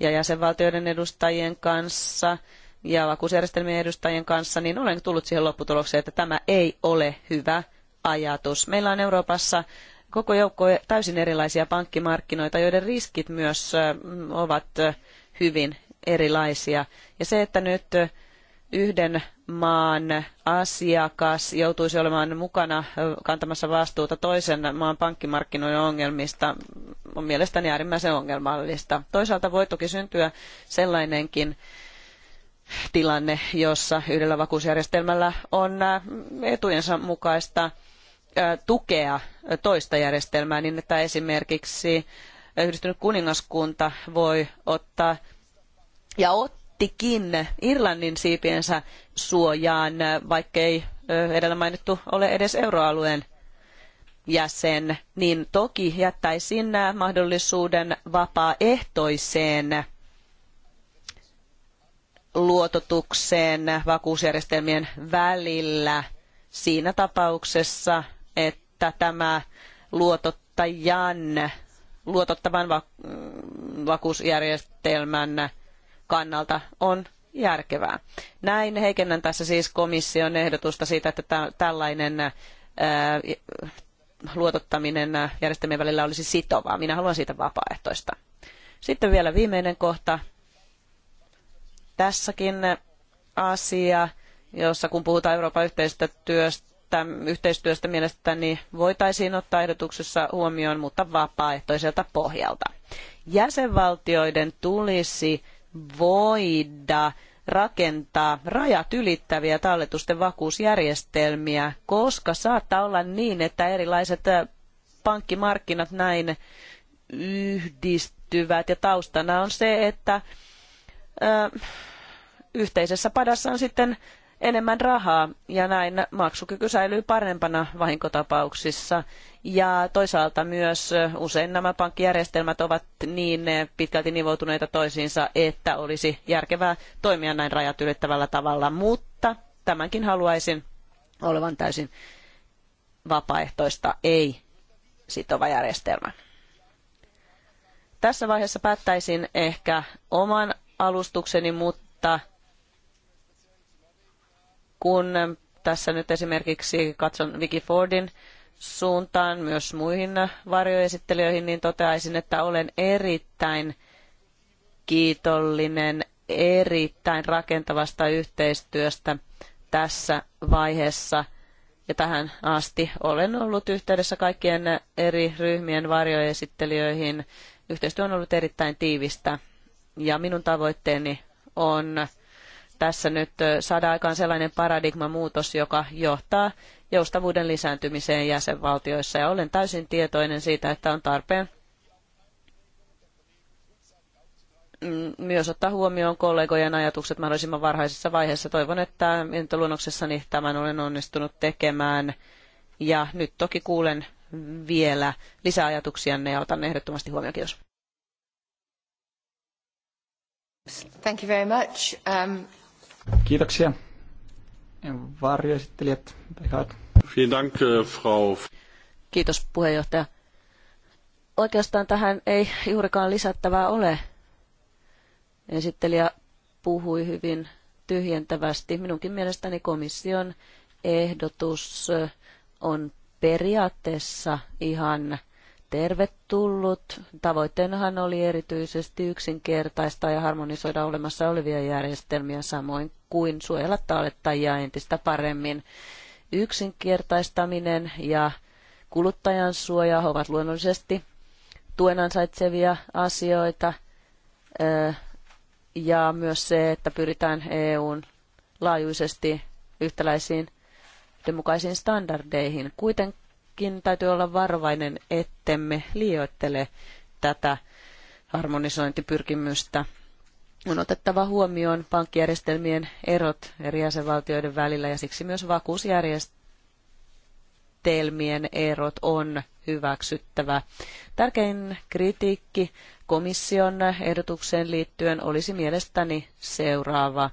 ja jäsenvaltioiden edustajien kanssa ja vakuusjärjestelmien edustajien kanssa, niin olen tullut siihen lopputulokseen, että tämä ei ole hyvä ajatus. Meillä on Euroopassa koko joukko täysin erilaisia pankkimarkkinoita, joiden riskit myös ovat hyvin erilaisia. Ja se, että nyt yhden maan asiakas joutuisi olemaan mukana kantamassa vastuuta toisen maan pankkimarkkinoiden ongelmista on mielestäni äärimmäisen ongelmallista. Toisaalta voi toki syntyä sellainenkin tilanne, jossa yhdellä vakuusjärjestelmällä on etujensa mukaista tukea toista järjestelmää niin, että esimerkiksi yhdistynyt kuningaskunta voi ottaa ja ottikin Irlannin siipiensä suojaan, vaikkei edellä mainittu ole edes euroalueen jäsen, niin toki jättäisin mahdollisuuden vapaaehtoiseen luototukseen vakuusjärjestelmien välillä siinä tapauksessa, että tämä luotottajan, luotottavan vakuusjärjestelmän kannalta on järkevää. Näin heikennän tässä siis komission ehdotusta siitä, että tällainen luotottaminen järjestelmien välillä olisi sitovaa. Minä haluan siitä vapaaehtoista. Sitten vielä viimeinen kohta. Tässäkin asia, jossa kun puhutaan Euroopan yhteistyöstä, yhteistyöstä mielestäni niin voitaisiin ottaa ehdotuksessa huomioon, mutta vapaaehtoiselta pohjalta. Jäsenvaltioiden tulisi voida rakentaa rajat ylittäviä talletusten vakuusjärjestelmiä, koska saattaa olla niin, että erilaiset pankkimarkkinat näin yhdistyvät. Ja taustana on se, että ö, yhteisessä padassa on sitten enemmän rahaa ja näin maksukyky säilyy parempana vahinkotapauksissa. Ja toisaalta myös usein nämä pankkijärjestelmät ovat niin pitkälti nivoutuneita toisiinsa, että olisi järkevää toimia näin rajat ylittävällä tavalla, mutta tämänkin haluaisin olevan täysin vapaaehtoista, ei sitova järjestelmä. Tässä vaiheessa päättäisin ehkä oman alustukseni, mutta kun tässä nyt esimerkiksi katson Vicky Fordin suuntaan myös muihin varjoesittelijöihin, niin toteaisin, että olen erittäin kiitollinen erittäin rakentavasta yhteistyöstä tässä vaiheessa. Ja tähän asti olen ollut yhteydessä kaikkien eri ryhmien varjoesittelijöihin. Yhteistyö on ollut erittäin tiivistä ja minun tavoitteeni on tässä nyt saada aikaan sellainen paradigma muutos, joka johtaa joustavuuden lisääntymiseen jäsenvaltioissa. Ja olen täysin tietoinen siitä, että on tarpeen mm, myös ottaa huomioon kollegojen ajatukset mahdollisimman varhaisessa vaiheessa. Toivon, että mietintöluonnoksessani tämän olen onnistunut tekemään. Ja nyt toki kuulen vielä lisäajatuksianne ja otan ne ehdottomasti huomioon. Kiitos. Thank you very much. Um... Kiitoksia. Varjoesittelijät. Vielen Dank, äh, Frau. Kiitos puheenjohtaja. Oikeastaan tähän ei juurikaan lisättävää ole. Esittelijä puhui hyvin tyhjentävästi. Minunkin mielestäni komission ehdotus äh, on periaatteessa ihan tervetullut. Tavoitteenahan oli erityisesti yksinkertaista ja harmonisoida olemassa olevia järjestelmiä samoin kuin suojella tallettajia entistä paremmin. Yksinkertaistaminen ja kuluttajan suoja ovat luonnollisesti tuen ansaitsevia asioita ja myös se, että pyritään EUn laajuisesti yhtäläisiin yhdenmukaisiin standardeihin. Kuitenkin kuitenkin täytyy olla varovainen, ettemme liioittele tätä harmonisointipyrkimystä. On otettava huomioon pankkijärjestelmien erot eri jäsenvaltioiden välillä ja siksi myös vakuusjärjestelmien erot on hyväksyttävä. Tärkein kritiikki komission ehdotukseen liittyen olisi mielestäni seuraava.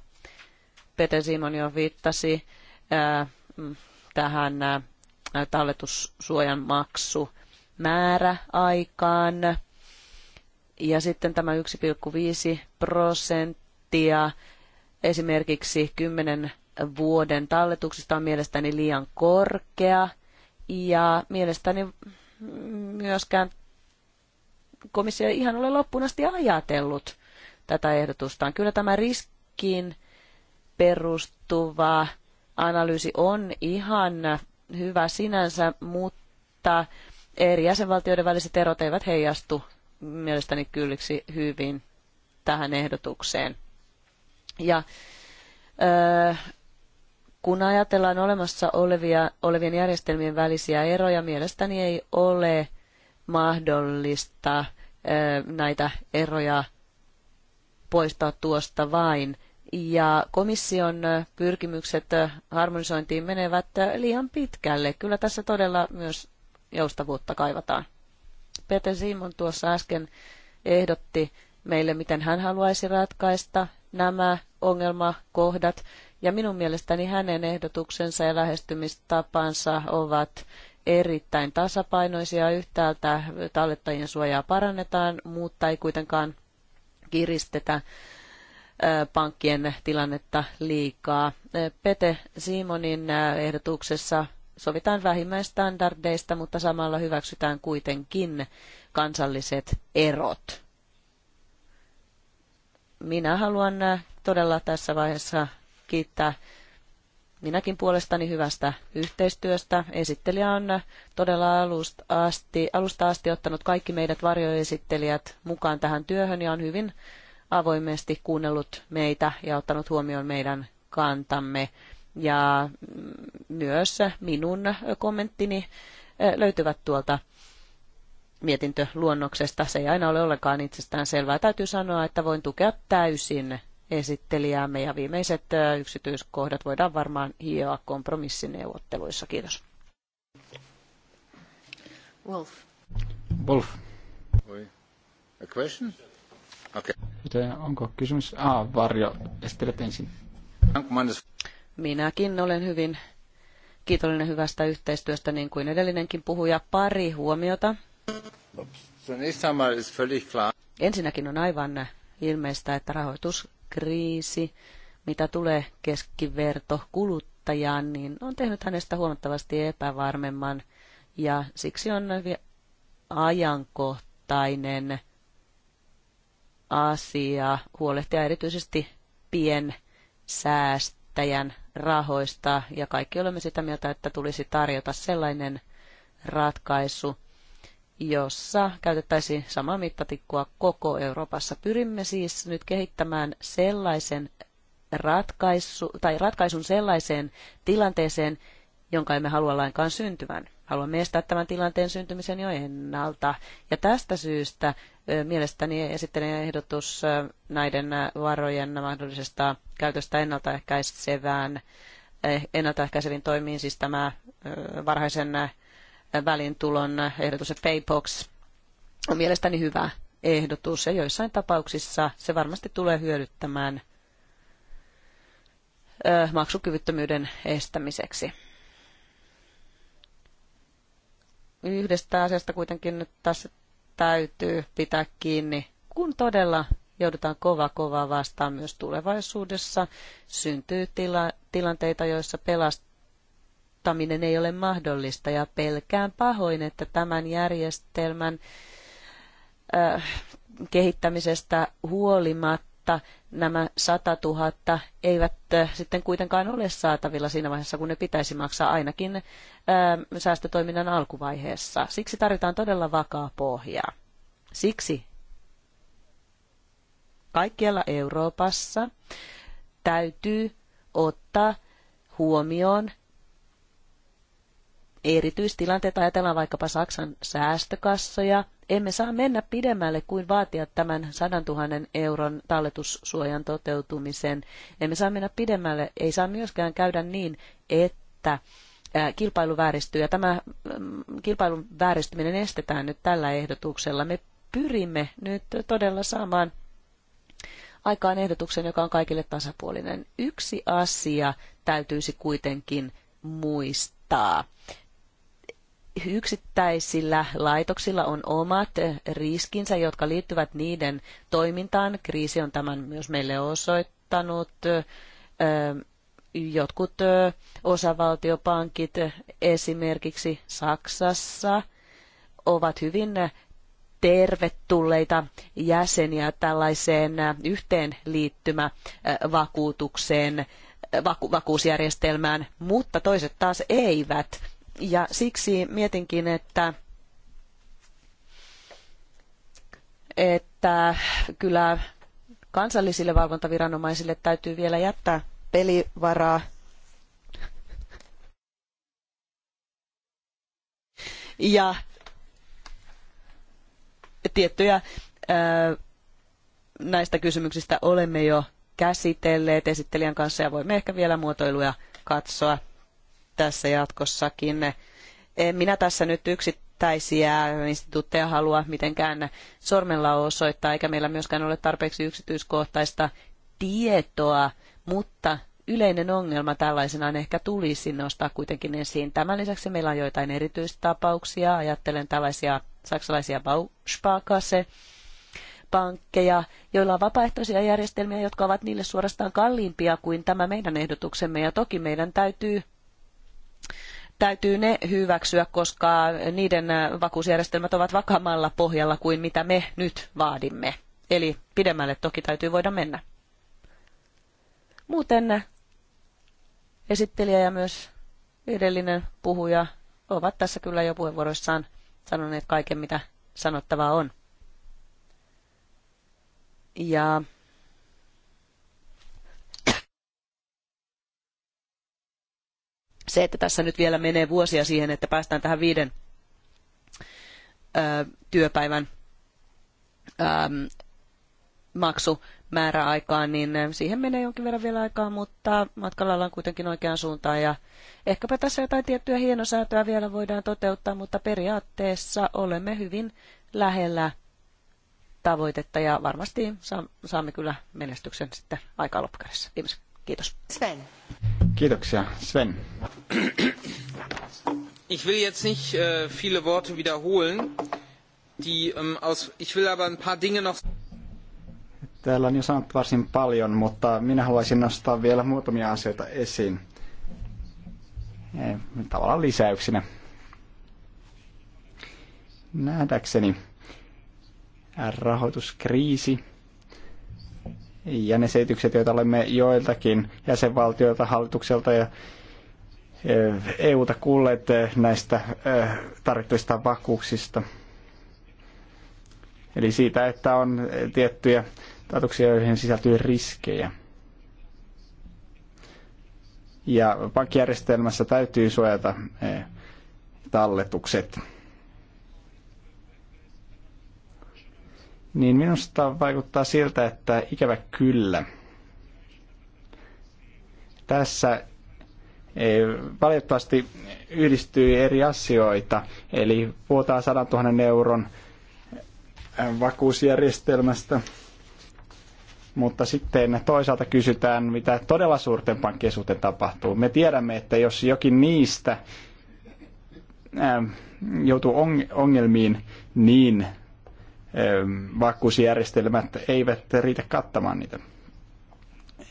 Peter Simon jo viittasi mm, tähän talletussuojan maksu määrä Ja sitten tämä 1,5 prosenttia esimerkiksi 10 vuoden talletuksista on mielestäni liian korkea. Ja mielestäni myöskään komissio ei ihan ole loppuun asti ajatellut tätä ehdotustaan. Kyllä tämä riskiin perustuva analyysi on ihan hyvä sinänsä, mutta eri jäsenvaltioiden väliset erot eivät heijastu mielestäni kylliksi hyvin tähän ehdotukseen. Ja kun ajatellaan olemassa olevia, olevien järjestelmien välisiä eroja, mielestäni ei ole mahdollista näitä eroja poistaa tuosta vain ja komission pyrkimykset harmonisointiin menevät liian pitkälle. Kyllä tässä todella myös joustavuutta kaivataan. Peter Simon tuossa äsken ehdotti meille, miten hän haluaisi ratkaista nämä ongelmakohdat. Ja minun mielestäni hänen ehdotuksensa ja lähestymistapansa ovat erittäin tasapainoisia. Yhtäältä tallettajien suojaa parannetaan, mutta ei kuitenkaan kiristetä pankkien tilannetta liikaa. Pete Simonin ehdotuksessa sovitaan vähimmäistandardeista, mutta samalla hyväksytään kuitenkin kansalliset erot. Minä haluan todella tässä vaiheessa kiittää minäkin puolestani hyvästä yhteistyöstä. Esittelijä on todella alusta asti, alusta asti ottanut kaikki meidät varjoesittelijät mukaan tähän työhön ja on hyvin avoimesti kuunnellut meitä ja ottanut huomioon meidän kantamme. Ja myös minun kommenttini löytyvät tuolta mietintöluonnoksesta. Se ei aina ole ollenkaan itsestään selvää. Täytyy sanoa, että voin tukea täysin esittelijäämme ja viimeiset yksityiskohdat voidaan varmaan hioa kompromissineuvotteluissa. Kiitos. Wolf. Wolf. A question? Okay. onko kysymys? A, Varjo, esittelet ensin. Minäkin olen hyvin kiitollinen hyvästä yhteistyöstä, niin kuin edellinenkin puhuja. Pari huomiota. Ensinnäkin on aivan ilmeistä, että rahoituskriisi, mitä tulee keskiverto kuluttajaan, niin on tehnyt hänestä huomattavasti epävarmemman ja siksi on ajankohtainen – asia huolehtia erityisesti piensäästäjän rahoista ja kaikki olemme sitä mieltä, että tulisi tarjota sellainen ratkaisu, jossa käytettäisiin samaa mittatikkua koko Euroopassa. Pyrimme siis nyt kehittämään sellaisen ratkaisu, tai ratkaisun sellaiseen tilanteeseen, jonka emme halua lainkaan syntyvän. Haluamme estää tämän tilanteen syntymisen jo ennalta. Ja tästä syystä mielestäni esittelen ehdotus näiden varojen mahdollisesta käytöstä ennaltaehkäisevään, ennaltaehkäiseviin toimiin, siis tämä varhaisen välintulon ehdotus, että Paybox on mielestäni hyvä ehdotus ja joissain tapauksissa se varmasti tulee hyödyttämään maksukyvyttömyyden estämiseksi. yhdestä asiasta kuitenkin nyt tässä täytyy pitää kiinni, kun todella joudutaan kova kovaa vastaan myös tulevaisuudessa. Syntyy tila, tilanteita, joissa pelastaminen ei ole mahdollista ja pelkään pahoin, että tämän järjestelmän äh, kehittämisestä huolimatta mutta nämä 100 000 eivät sitten kuitenkaan ole saatavilla siinä vaiheessa, kun ne pitäisi maksaa ainakin säästötoiminnan alkuvaiheessa. Siksi tarvitaan todella vakaa pohja. Siksi kaikkialla Euroopassa täytyy ottaa huomioon erityistilanteita, ajatellaan vaikkapa Saksan säästökassoja, emme saa mennä pidemmälle kuin vaatia tämän 100 000 euron talletussuojan toteutumisen. Emme saa mennä pidemmälle, ei saa myöskään käydä niin, että kilpailu vääristyy. Ja tämä mm, kilpailun vääristyminen estetään nyt tällä ehdotuksella. Me pyrimme nyt todella saamaan aikaan ehdotuksen, joka on kaikille tasapuolinen. Yksi asia täytyisi kuitenkin muistaa yksittäisillä laitoksilla on omat riskinsä, jotka liittyvät niiden toimintaan. Kriisi on tämän myös meille osoittanut. Jotkut osavaltiopankit esimerkiksi Saksassa ovat hyvin tervetulleita jäseniä tällaiseen yhteenliittymävakuutukseen, vaku- vakuusjärjestelmään, mutta toiset taas eivät ja siksi mietinkin, että, että kyllä kansallisille valvontaviranomaisille täytyy vielä jättää pelivaraa ja tiettyjä näistä kysymyksistä olemme jo käsitelleet esittelijän kanssa ja voimme ehkä vielä muotoiluja katsoa tässä jatkossakin. En eh, minä tässä nyt yksittäisiä instituutteja halua mitenkään sormella osoittaa, eikä meillä myöskään ole tarpeeksi yksityiskohtaista tietoa, mutta yleinen ongelma tällaisenaan ehkä tulisi nostaa kuitenkin esiin. Tämän lisäksi meillä on joitain erityistapauksia. Ajattelen tällaisia saksalaisia Bausparkasse, pankkeja, joilla on vapaaehtoisia järjestelmiä, jotka ovat niille suorastaan kalliimpia kuin tämä meidän ehdotuksemme. Ja toki meidän täytyy täytyy ne hyväksyä, koska niiden vakuusjärjestelmät ovat vakaammalla pohjalla kuin mitä me nyt vaadimme. Eli pidemmälle toki täytyy voida mennä. Muuten esittelijä ja myös edellinen puhuja ovat tässä kyllä jo puheenvuoroissaan sanoneet kaiken, mitä sanottavaa on. Ja se, että tässä nyt vielä menee vuosia siihen, että päästään tähän viiden työpäivän maksu määräaikaan, niin siihen menee jonkin verran vielä aikaa, mutta matkalla ollaan kuitenkin oikeaan suuntaan ja ehkäpä tässä jotain tiettyä hienosäätöä vielä voidaan toteuttaa, mutta periaatteessa olemme hyvin lähellä tavoitetta ja varmasti saamme kyllä menestyksen sitten aikaa loppukädessä. Kiitos. Sven. Kiitoksia. Sven. Ich will jetzt nicht äh, viele Worte wiederholen. Die, ähm, aus, ich will aber ein paar Dinge noch... Täällä on jo sanottu varsin paljon, mutta minä haluaisin nostaa vielä muutamia asioita esiin. E, tavallaan lisäyksinä. Nähdäkseni rahoituskriisi ja ne selitykset, joita olemme joiltakin jäsenvaltioilta, hallitukselta ja e, EUta kuulleet e, näistä e, tarvittavista vakuuksista. Eli siitä, että on tiettyjä tatuksia, joihin sisältyy riskejä. Ja pankkijärjestelmässä täytyy suojata talletukset. niin minusta vaikuttaa siltä, että ikävä kyllä. Tässä e, valitettavasti yhdistyy eri asioita, eli puhutaan 100 000 euron e, vakuusjärjestelmästä, mutta sitten toisaalta kysytään, mitä todella suurten pankkien suhteen tapahtuu. Me tiedämme, että jos jokin niistä e, joutuu ongelmiin, niin vakuusjärjestelmät eivät riitä kattamaan niitä.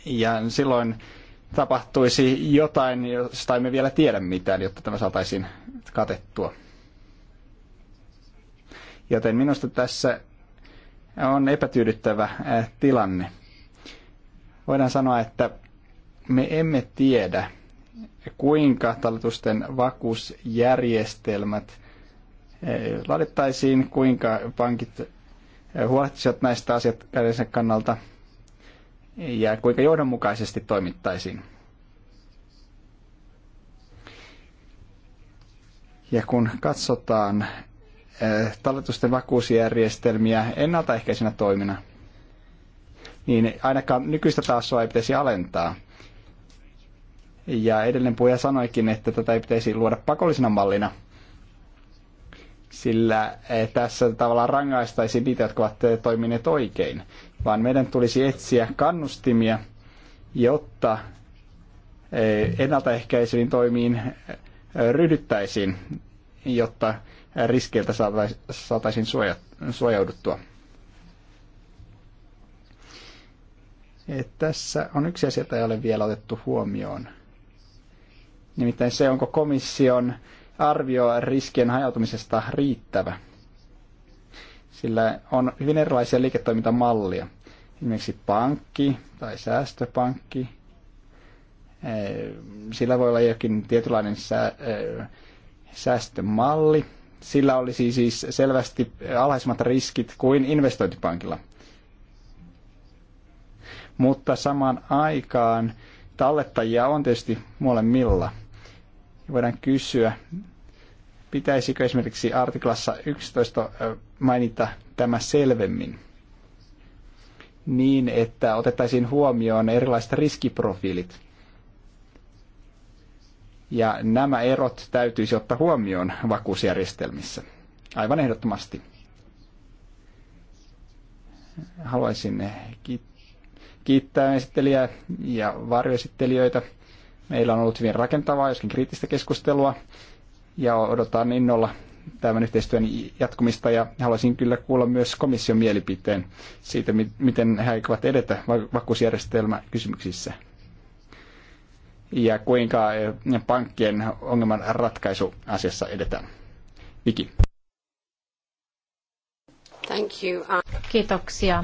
Ja silloin tapahtuisi jotain, josta emme vielä tiedä mitään, jotta tämä saataisiin katettua. Joten minusta tässä on epätyydyttävä tilanne. Voidaan sanoa, että me emme tiedä, kuinka talletusten vakuusjärjestelmät laadittaisiin, kuinka pankit huolehtisivat näistä asiat kädensä kannalta ja kuinka johdonmukaisesti toimittaisiin. Ja kun katsotaan eh, talletusten vakuusjärjestelmiä ennaltaehkäisenä toimina, niin ainakaan nykyistä tasoa ei pitäisi alentaa. Ja edellinen puhuja sanoikin, että tätä ei pitäisi luoda pakollisena mallina – sillä eh, tässä tavallaan rangaistaisiin niitä, jotka ovat eh, toimineet oikein, vaan meidän tulisi etsiä kannustimia, jotta eh, ennaltaehkäiseviin toimiin ryhdyttäisiin, jotta riskeiltä saataisiin suojauduttua. Tässä on yksi asia, jota ei ole vielä otettu huomioon. Nimittäin se, onko komission arvio riskien hajautumisesta riittävä? Sillä on hyvin erilaisia liiketoimintamallia. Esimerkiksi pankki tai säästöpankki. Sillä voi olla jokin tietynlainen e, säästömalli. Sillä olisi siis selvästi alhaisemmat riskit kuin investointipankilla. Mutta samaan aikaan tallettajia on tietysti molemmilla. Voidaan kysyä, Pitäisikö esimerkiksi artiklassa 11 mainita tämä selvemmin? Niin, että otettaisiin huomioon erilaiset riskiprofiilit. Ja nämä erot täytyisi ottaa huomioon vakuusjärjestelmissä. Aivan ehdottomasti. Haluaisin kiittää esittelijää ja varjoesittelijöitä. Meillä on ollut hyvin rakentavaa, joskin kriittistä keskustelua ja odotan innolla tämän yhteistyön jatkumista ja haluaisin kyllä kuulla myös komission mielipiteen siitä, miten he aikovat edetä vakuusjärjestelmäkysymyksissä ja kuinka eh, pankkien ongelman ratkaisu asiassa edetään. Viki. Thank you. Uh, kiitoksia.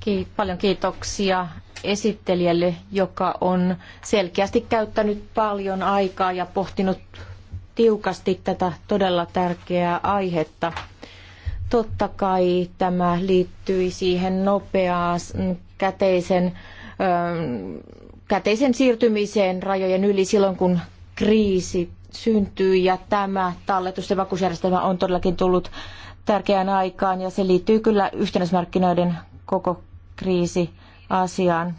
Ki- paljon kiitoksia esittelijälle, joka on selkeästi käyttänyt paljon aikaa ja pohtinut tiukasti tätä todella tärkeää aihetta. Totta kai tämä liittyi siihen nopeaan käteisen, ähm, käteisen siirtymiseen rajojen yli silloin, kun kriisi syntyy ja tämä talletusten vakuusjärjestelmä on todellakin tullut tärkeään aikaan ja se liittyy kyllä yhtenäismarkkinoiden koko kriisi asiaan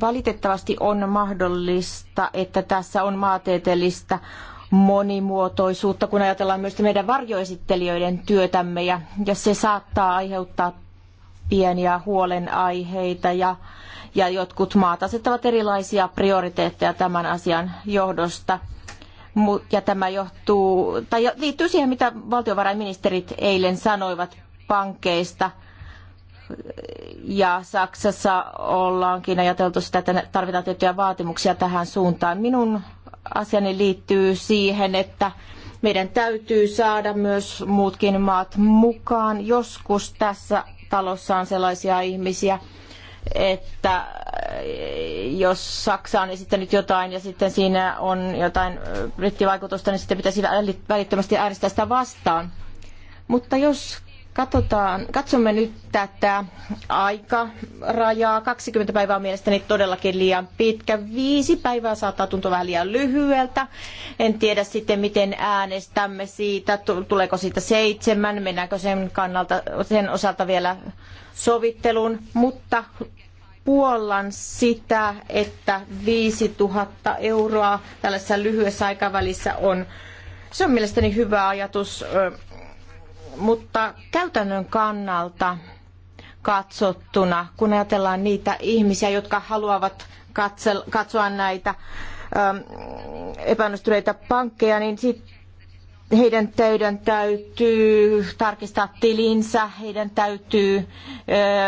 valitettavasti on mahdollista, että tässä on maatieteellistä monimuotoisuutta, kun ajatellaan myös meidän varjoesittelijöiden työtämme ja, ja se saattaa aiheuttaa pieniä huolenaiheita ja, ja jotkut maat asettavat erilaisia prioriteetteja tämän asian johdosta. Ja tämä johtuu, tai liittyy siihen, mitä valtiovarainministerit eilen sanoivat pankeista – ja Saksassa ollaankin ajateltu sitä, että tarvitaan tiettyjä vaatimuksia tähän suuntaan. Minun asiani liittyy siihen, että meidän täytyy saada myös muutkin maat mukaan. Joskus tässä talossa on sellaisia ihmisiä, että eh, jos Saksa on esittänyt jotain ja sitten siinä on jotain eh, brittivaikutusta, niin sitten pitäisi välittömästi äänestää sitä vastaan. Mutta jos Katsotaan, katsomme nyt tätä aikarajaa. 20 päivää on mielestäni todellakin liian pitkä. Viisi päivää saattaa tuntua vähän liian lyhyeltä. En tiedä sitten, miten äänestämme siitä. Tuleeko siitä seitsemän? Mennäänkö sen, kannalta, sen osalta vielä sovitteluun? Mutta puollan sitä, että 5000 euroa tällaisessa lyhyessä aikavälissä on. Se on mielestäni hyvä ajatus mutta käytännön kannalta katsottuna, kun ajatellaan niitä ihmisiä, jotka haluavat katsoa näitä ähm, epäonnistuneita pankkeja, niin sitten heidän töiden täytyy tarkistaa tilinsä, heidän täytyy ö,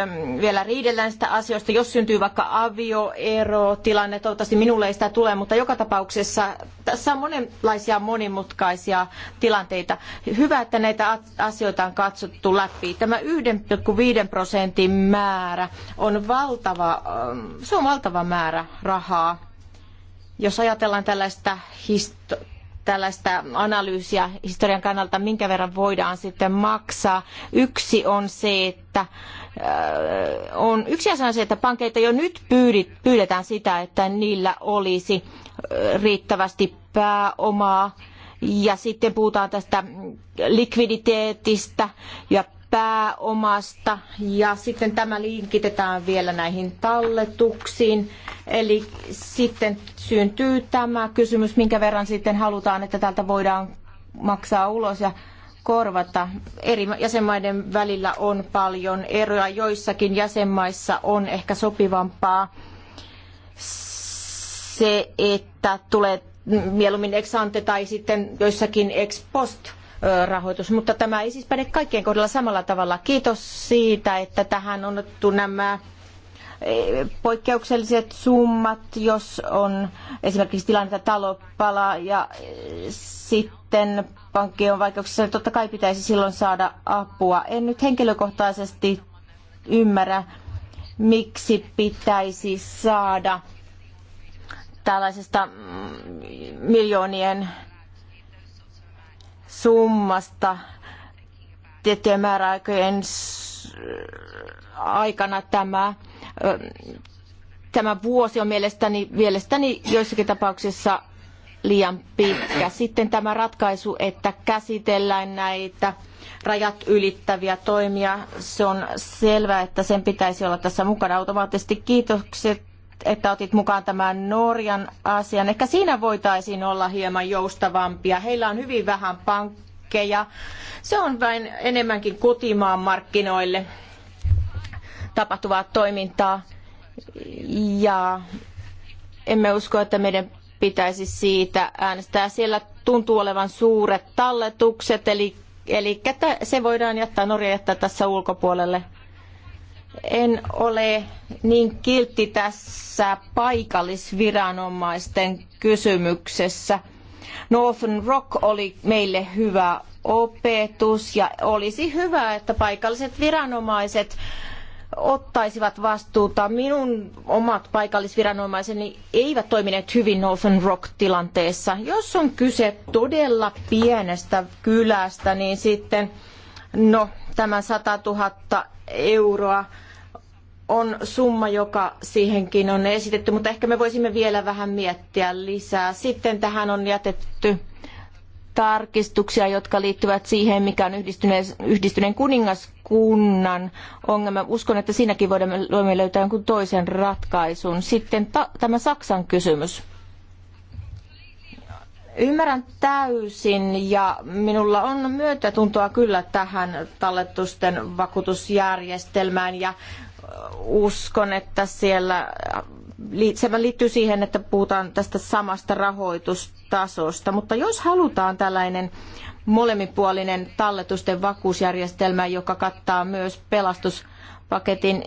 ähm, vielä riidellä näistä asioista, jos syntyy vaikka avioero, tilanne, toivottavasti minulle ei sitä tule, mutta joka tapauksessa tässä on monenlaisia monimutkaisia tilanteita. Hyvä, että näitä asioita on katsottu läpi. Tämä 1,5 prosentin määrä on valtava, ähm, se on valtava määrä rahaa jos ajatellaan tällaista histo- tällaista analyysiä historian kannalta, minkä verran voidaan sitten maksaa. Yksi on se, että äh, on, yksi asia on se, että pankeita jo nyt pyydetään sitä, että niillä olisi äh, riittävästi pääomaa ja sitten puhutaan tästä likviditeetistä ja pääomasta ja sitten tämä linkitetään vielä näihin talletuksiin. Eli sitten syntyy tämä kysymys, minkä verran sitten halutaan, että täältä voidaan maksaa ulos ja korvata. Eri jäsenmaiden välillä on paljon eroja. Joissakin jäsenmaissa on ehkä sopivampaa se, että tulee mieluummin ex ante tai sitten joissakin ex post rahoitus, mutta tämä ei siis päde kaikkien kohdalla samalla tavalla. Kiitos siitä, että tähän on otettu nämä eh, poikkeukselliset summat, jos on esimerkiksi tilanne, että talo palaa ja eh, sitten pankki on vaikeuksissa, niin totta kai pitäisi silloin saada apua. En nyt henkilökohtaisesti ymmärrä, miksi pitäisi saada tällaisesta mm, miljoonien summasta tiettyjen määräaikojen aikana tämä, tämä vuosi on mielestäni, mielestäni joissakin tapauksissa liian pitkä. Sitten tämä ratkaisu, että käsitellään näitä rajat ylittäviä toimia, se on selvää, että sen pitäisi olla tässä mukana automaattisesti. Kiitokset että otit mukaan tämän Norjan asian. Ehkä siinä voitaisiin olla hieman joustavampia. Heillä on hyvin vähän pankkeja. Se on vain enemmänkin kotimaan markkinoille tapahtuvaa toimintaa. Ja emme usko, että meidän pitäisi siitä äänestää. Siellä tuntuu olevan suuret talletukset, eli, eli se voidaan jättää, Norja jättää tässä ulkopuolelle en ole niin kiltti tässä paikallisviranomaisten kysymyksessä. Northern Rock oli meille hyvä opetus ja olisi hyvä, että paikalliset viranomaiset ottaisivat vastuuta. Minun omat paikallisviranomaiseni eivät toimineet hyvin Northern Rock-tilanteessa. Jos on kyse todella pienestä kylästä, niin sitten – No, tämä 100 000 euroa on summa, joka siihenkin on esitetty, mutta ehkä me voisimme vielä vähän miettiä lisää. Sitten tähän on jätetty tarkistuksia, jotka liittyvät siihen, mikä on yhdistyneen, yhdistyneen kuningaskunnan ongelma. Uskon, että siinäkin voimme löytää jonkun toisen ratkaisun. Sitten tämä Saksan kysymys. Ymmärrän täysin ja minulla on myötätuntoa kyllä tähän talletusten vakuutusjärjestelmään ja uskon, että siellä se liittyy siihen, että puhutaan tästä samasta rahoitustasosta, mutta jos halutaan tällainen molemminpuolinen talletusten vakuusjärjestelmä, joka kattaa myös pelastuspaketin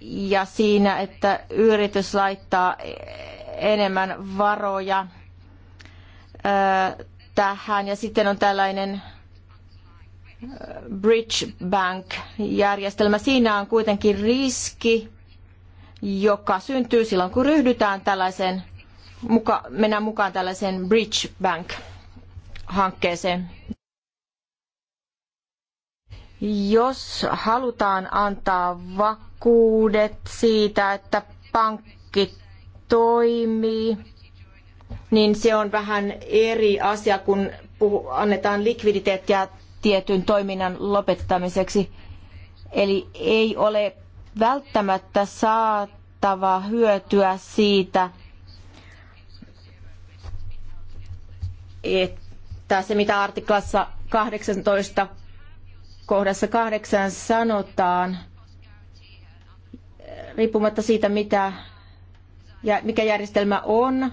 ja siinä, että yritys laittaa e- enemmän varoja tähän. Ja sitten on tällainen äh, Bridge Bank-järjestelmä. Siinä on kuitenkin riski, joka syntyy silloin, kun ryhdytään tällaiseen, muka, mennään mukaan tällaiseen Bridge Bank-hankkeeseen. Jos halutaan antaa vakuudet siitä, että pankki toimii, niin se on vähän eri asia, kun puhu, annetaan likviditeettiä tietyn toiminnan lopettamiseksi. Eli ei ole välttämättä saatava hyötyä siitä, että se mitä artiklassa 18 kohdassa 8 sanotaan, riippumatta siitä mitä, mikä järjestelmä on,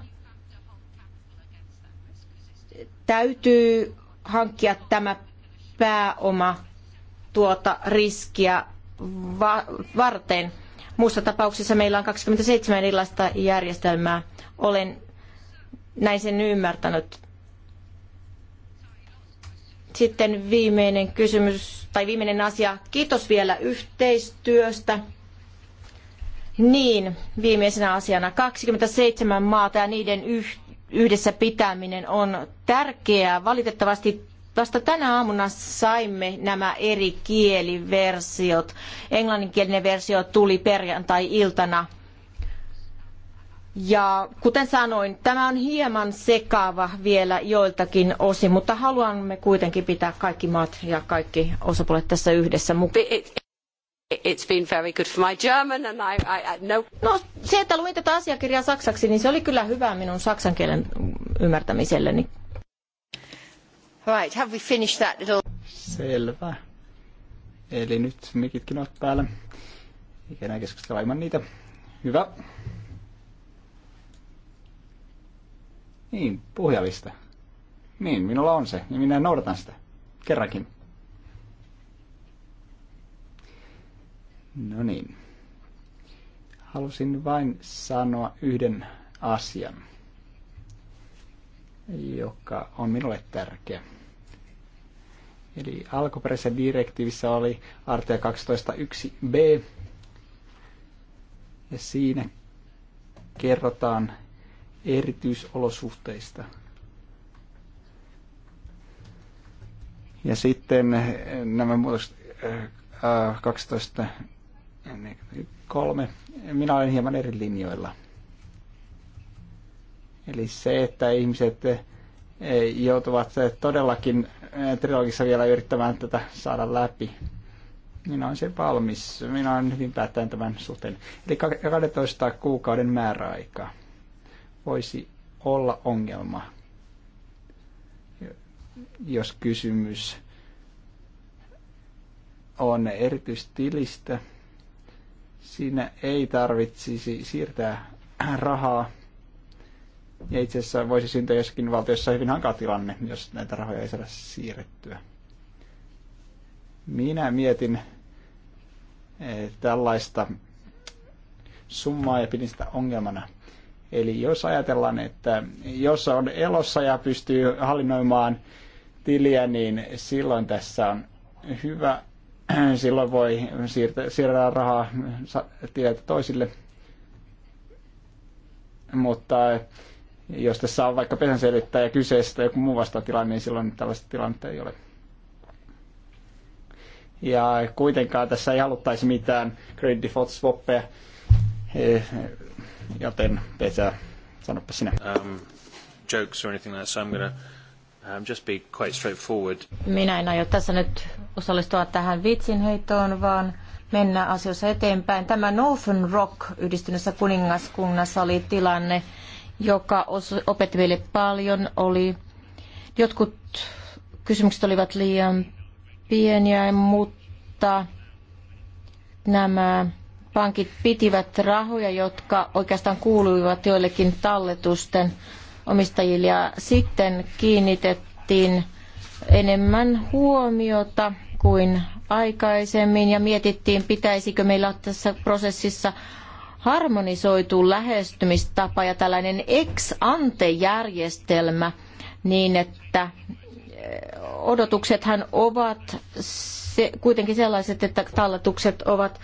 täytyy hankkia tämä pääoma tuota riskiä va varten. Muussa tapauksessa meillä on 27 erilaista järjestelmää. Olen näin sen ymmärtänyt. Sitten viimeinen kysymys tai viimeinen asia. Kiitos vielä yhteistyöstä. Niin, viimeisenä asiana 27 maata ja niiden yhteistyö yhdessä pitäminen on tärkeää. Valitettavasti vasta tänä aamuna saimme nämä eri kieliversiot. Englanninkielinen versio tuli perjantai-iltana. Ja kuten sanoin, tämä on hieman sekava vielä joiltakin osin, mutta haluamme kuitenkin pitää kaikki maat ja kaikki osapuolet tässä yhdessä mukaan. It's been very good for my German and I, I, no. no se, että luin tätä asiakirjaa saksaksi, niin se oli kyllä hyvä minun saksan kielen ymmärtämiselleni. Right, have we finished that little... Selvä. Eli nyt mikitkin on päällä. Eikä enää keskustella ilman niitä. Hyvä. Niin, puhujalista. Niin, minulla on se ja minä noudatan sitä. Kerrankin. No niin. Halusin vain sanoa yhden asian, joka on minulle tärkeä. Eli alkuperäisessä direktiivissä oli artia 12.1b. Ja siinä kerrotaan erityisolosuhteista. Ja sitten nämä muutokset 12 äh, äh, niin, kolme. Minä olen hieman eri linjoilla. Eli se, että ihmiset eh, joutuvat eh, todellakin eh, trilogissa vielä yrittämään tätä saada läpi. Minä olen sen valmis. Minä olen hyvin päättäen tämän suhteen. Eli 12 kuukauden määräaika voisi olla ongelma, jos kysymys on erityistilistä – Siinä ei tarvitsisi siirtää rahaa. Ja itse asiassa voisi syntyä jossakin valtiossa hyvin hankala tilanne, jos näitä rahoja ei saada siirrettyä. Minä mietin eh, tällaista summaa ja pidin sitä ongelmana. Eli jos ajatellaan, että jos on elossa ja pystyy hallinnoimaan tiliä, niin silloin tässä on hyvä Äh, silloin voi siirtää, siirtää rahaa tietä toisille. Mutta äh, jos tässä on vaikka pesänselittäjä kyseessä tai joku muu vasta tilanne, niin silloin tällaista tilannetta ei ole. Ja kuitenkaan tässä ei haluttaisi mitään credit default swappeja, eh, joten Petra, sanoppa sinä. Um, jokes or anything like that, so I'm gonna Um, just be quite straightforward. Minä en aio tässä nyt osallistua tähän vitsinheittoon, vaan mennä asioissa eteenpäin. Tämä Northern Rock yhdistyneessä kuningaskunnassa oli tilanne, joka opetti meille paljon. Oli, jotkut kysymykset olivat liian pieniä, mutta nämä pankit pitivät rahoja, jotka oikeastaan kuuluivat joillekin talletusten omistajille ja sitten kiinnitettiin enemmän huomiota kuin aikaisemmin ja mietittiin, pitäisikö meillä tässä prosessissa harmonisoitu lähestymistapa ja tällainen ex ante järjestelmä niin, että eh, odotuksethan ovat se, kuitenkin sellaiset, että talletukset ovat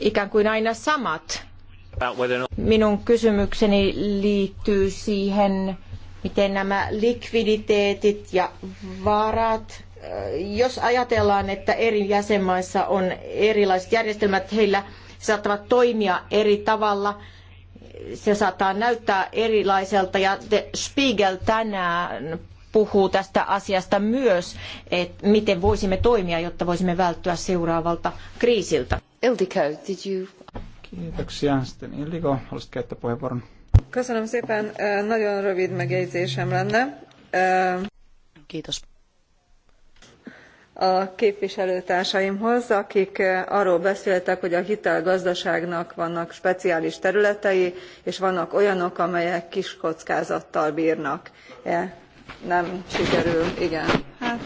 ikään kuin aina samat. Minun kysymykseni liittyy siihen, miten nämä likviditeetit ja varat, äh, jos ajatellaan, että eri jäsenmaissa on erilaiset järjestelmät, heillä saattavat toimia eri tavalla, se saattaa näyttää erilaiselta ja The Spiegel tänään puhuu tästä asiasta myös, että miten voisimme toimia, jotta voisimme välttyä seuraavalta kriisiltä. Ildiko, did you... Kiitoksia. Sitten Illiko, haluaisit käyttää puheenvuoron? Köszönöm szépen. Nagyon rövid megjegyzésem lenne. Kiitos. A képviselőtársaimhoz, akik arról beszéltek, hogy a hitelgazdaságnak vannak speciális területei, és vannak olyanok, amelyek kis kockázattal bírnak. E, nem sikerül, igen. Hát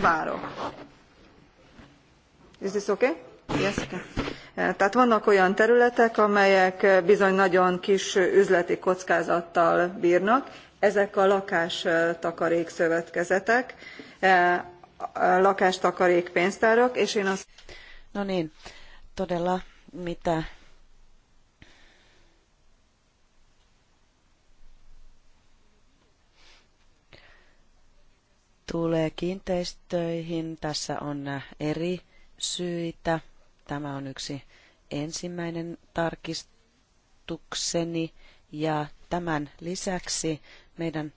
várok. Is this okay? Tehát vannak olyan területek, amelyek bizony nagyon kis üzleti kockázattal brnak ezek a lakástakarék szövetkezetek, eh, lakástakarék pénztárak, és én azt... No niin, todella mitä tulee kiinteistöihin, tässä on eri syitä. Tämä on yksi ensimmäinen tarkistukseni ja tämän lisäksi meidän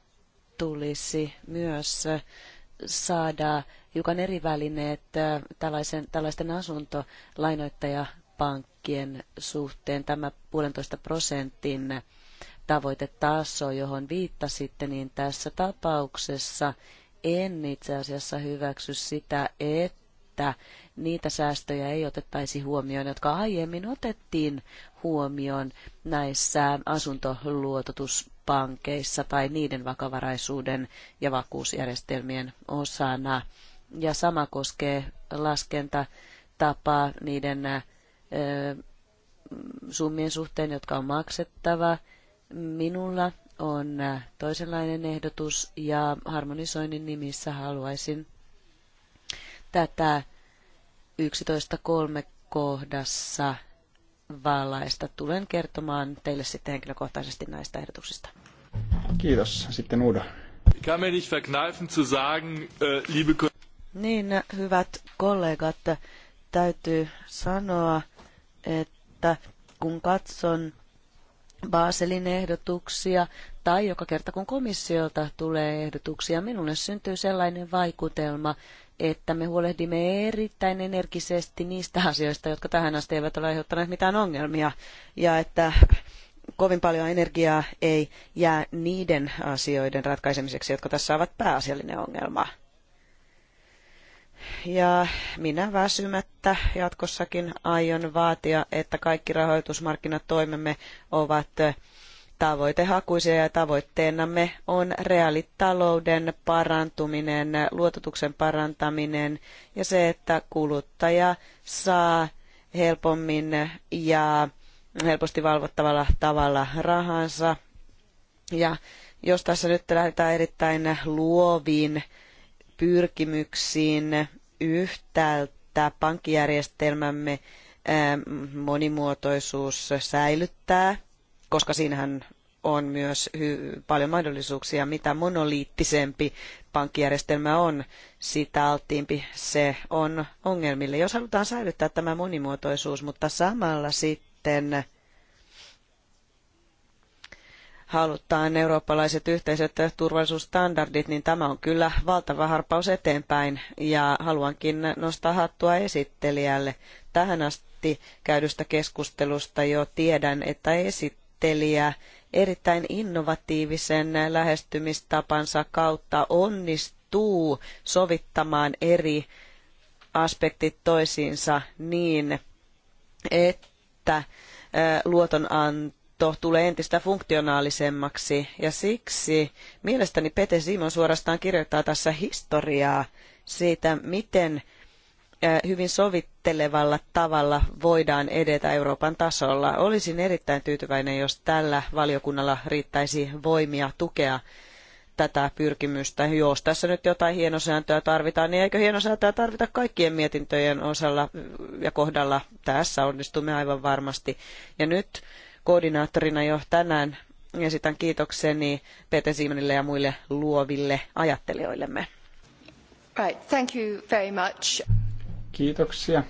tulisi myös saada hiukan eri välineet äh, tällaisen, tällaisten asuntolainoittajapankkien suhteen. Tämä puolentoista prosentin tavoitetaso, johon viittasitte, niin tässä tapauksessa en itse asiassa hyväksy sitä, että niitä säästöjä ei otettaisi huomioon, jotka aiemmin otettiin huomioon näissä asuntoluototuspankeissa tai niiden vakavaraisuuden ja vakuusjärjestelmien osana. Ja sama koskee laskentatapaa niiden ö, summien suhteen, jotka on maksettava. Minulla on toisenlainen ehdotus ja harmonisoinnin nimissä haluaisin tätä 11.3 kohdassa valaista. Tulen kertomaan teille sitten henkilökohtaisesti näistä ehdotuksista. Kiitos. Sitten Uda. Äh, niin, hyvät kollegat, täytyy sanoa, että kun katson Baselin ehdotuksia tai joka kerta kun komissiolta tulee ehdotuksia, minulle syntyy sellainen vaikutelma, että me huolehdimme erittäin energisesti niistä asioista, jotka tähän asti eivät ole aiheuttaneet mitään ongelmia, ja että kovin paljon energiaa ei jää niiden asioiden ratkaisemiseksi, jotka tässä ovat pääasiallinen ongelma. Ja minä väsymättä jatkossakin aion vaatia, että kaikki rahoitusmarkkinatoimemme ovat tavoitehakuisia ja tavoitteenamme on reaalitalouden parantuminen, luototuksen parantaminen ja se, että kuluttaja saa helpommin ja helposti valvottavalla tavalla rahansa. Ja jos tässä nyt lähdetään erittäin luoviin pyrkimyksiin yhtäältä pankkijärjestelmämme monimuotoisuus säilyttää koska siinähän on myös paljon mahdollisuuksia. Mitä monoliittisempi pankkijärjestelmä on, sitä alttiimpi se on ongelmille. Jos halutaan säilyttää tämä monimuotoisuus, mutta samalla sitten halutaan eurooppalaiset yhteiset turvallisuusstandardit, niin tämä on kyllä valtava harppaus eteenpäin ja haluankin nostaa hattua esittelijälle. Tähän asti käydystä keskustelusta jo tiedän, että esittelijä esittelijä erittäin innovatiivisen lähestymistapansa kautta onnistuu sovittamaan eri aspektit toisiinsa niin, että luotonanto tulee entistä funktionaalisemmaksi ja siksi mielestäni Pete Simon suorastaan kirjoittaa tässä historiaa siitä, miten hyvin sovittelevalla tavalla voidaan edetä Euroopan tasolla. Olisin erittäin tyytyväinen, jos tällä valiokunnalla riittäisi voimia tukea tätä pyrkimystä. Jos tässä nyt jotain hienosääntöä tarvitaan, niin eikö hienosääntöä tarvita kaikkien mietintöjen osalla ja kohdalla? Tässä onnistumme aivan varmasti. Ja nyt koordinaattorina jo tänään esitän kiitokseni Peter Simonille ja muille luoville ajattelijoillemme. Right, thank you very much. Kiitoksia.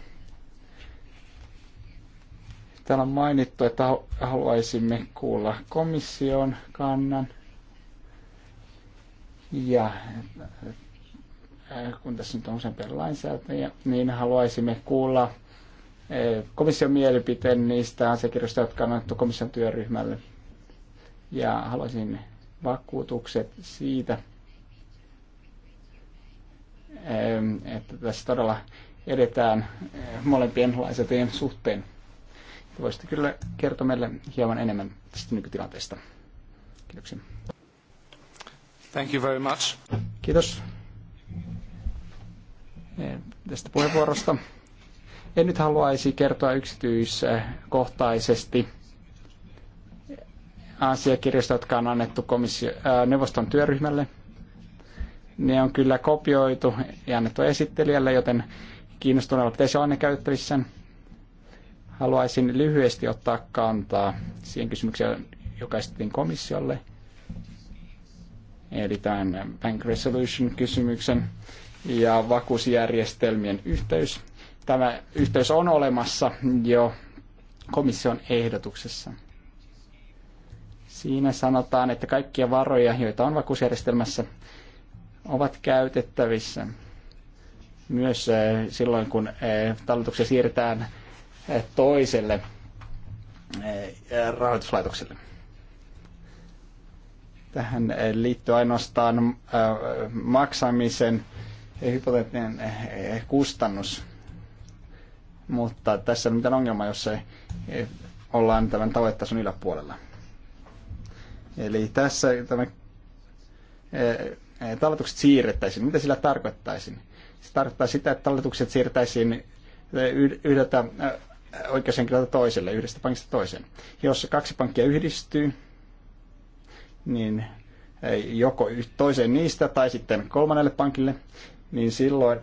Täällä on mainittu, että haluaisimme kuulla komission kannan. Ja äh, kun tässä nyt on useampia lainsäätäjiä, niin haluaisimme kuulla äh, komission mielipiteen niistä asiakirjoista, jotka on annettu komission työryhmälle. Ja haluaisin vakuutukset siitä, ähm, että tässä todella edetään eh, molempien lainsäätäjien suhteen. Voisitte kyllä kertoa meille hieman enemmän tästä nykytilanteesta. Kiitoksia. Thank you very much. Kiitos eh, tästä puheenvuorosta. En nyt haluaisi kertoa yksityiskohtaisesti asiakirjoista, jotka on annettu komissio, ää, eh, neuvoston työryhmälle. Ne on kyllä kopioitu ja annettu esittelijälle, joten Kiinnostuneella pitäisi olla ne käytettävissä. Haluaisin lyhyesti ottaa kantaa siihen kysymykseen, joka esitettiin komissiolle, eli tämän Bank Resolution-kysymyksen ja vakuusjärjestelmien yhteys. Tämä yhteys on olemassa jo komission ehdotuksessa. Siinä sanotaan, että kaikkia varoja, joita on vakuusjärjestelmässä, ovat käytettävissä myös eh, silloin, kun eh, talletuksia siirretään eh, toiselle rahoituslaitokselle. Tähän liittyy ainoastaan maksamisen hypoteettinen kustannus, mutta tässä on mitään ongelma, jos se ollaan tämän tavoittason yläpuolella. Eli tässä tämä, talletukset siirrettäisiin. Mitä sillä tarkoittaisin? Se tarkoittaa sitä, että talletukset siirtäisiin eh, yhdeltä eh, oikeushenkilöltä toiselle, yhdestä pankista toiseen. Jos kaksi pankkia yhdistyy, niin eh, joko toiseen niistä tai sitten kolmannelle pankille, niin silloin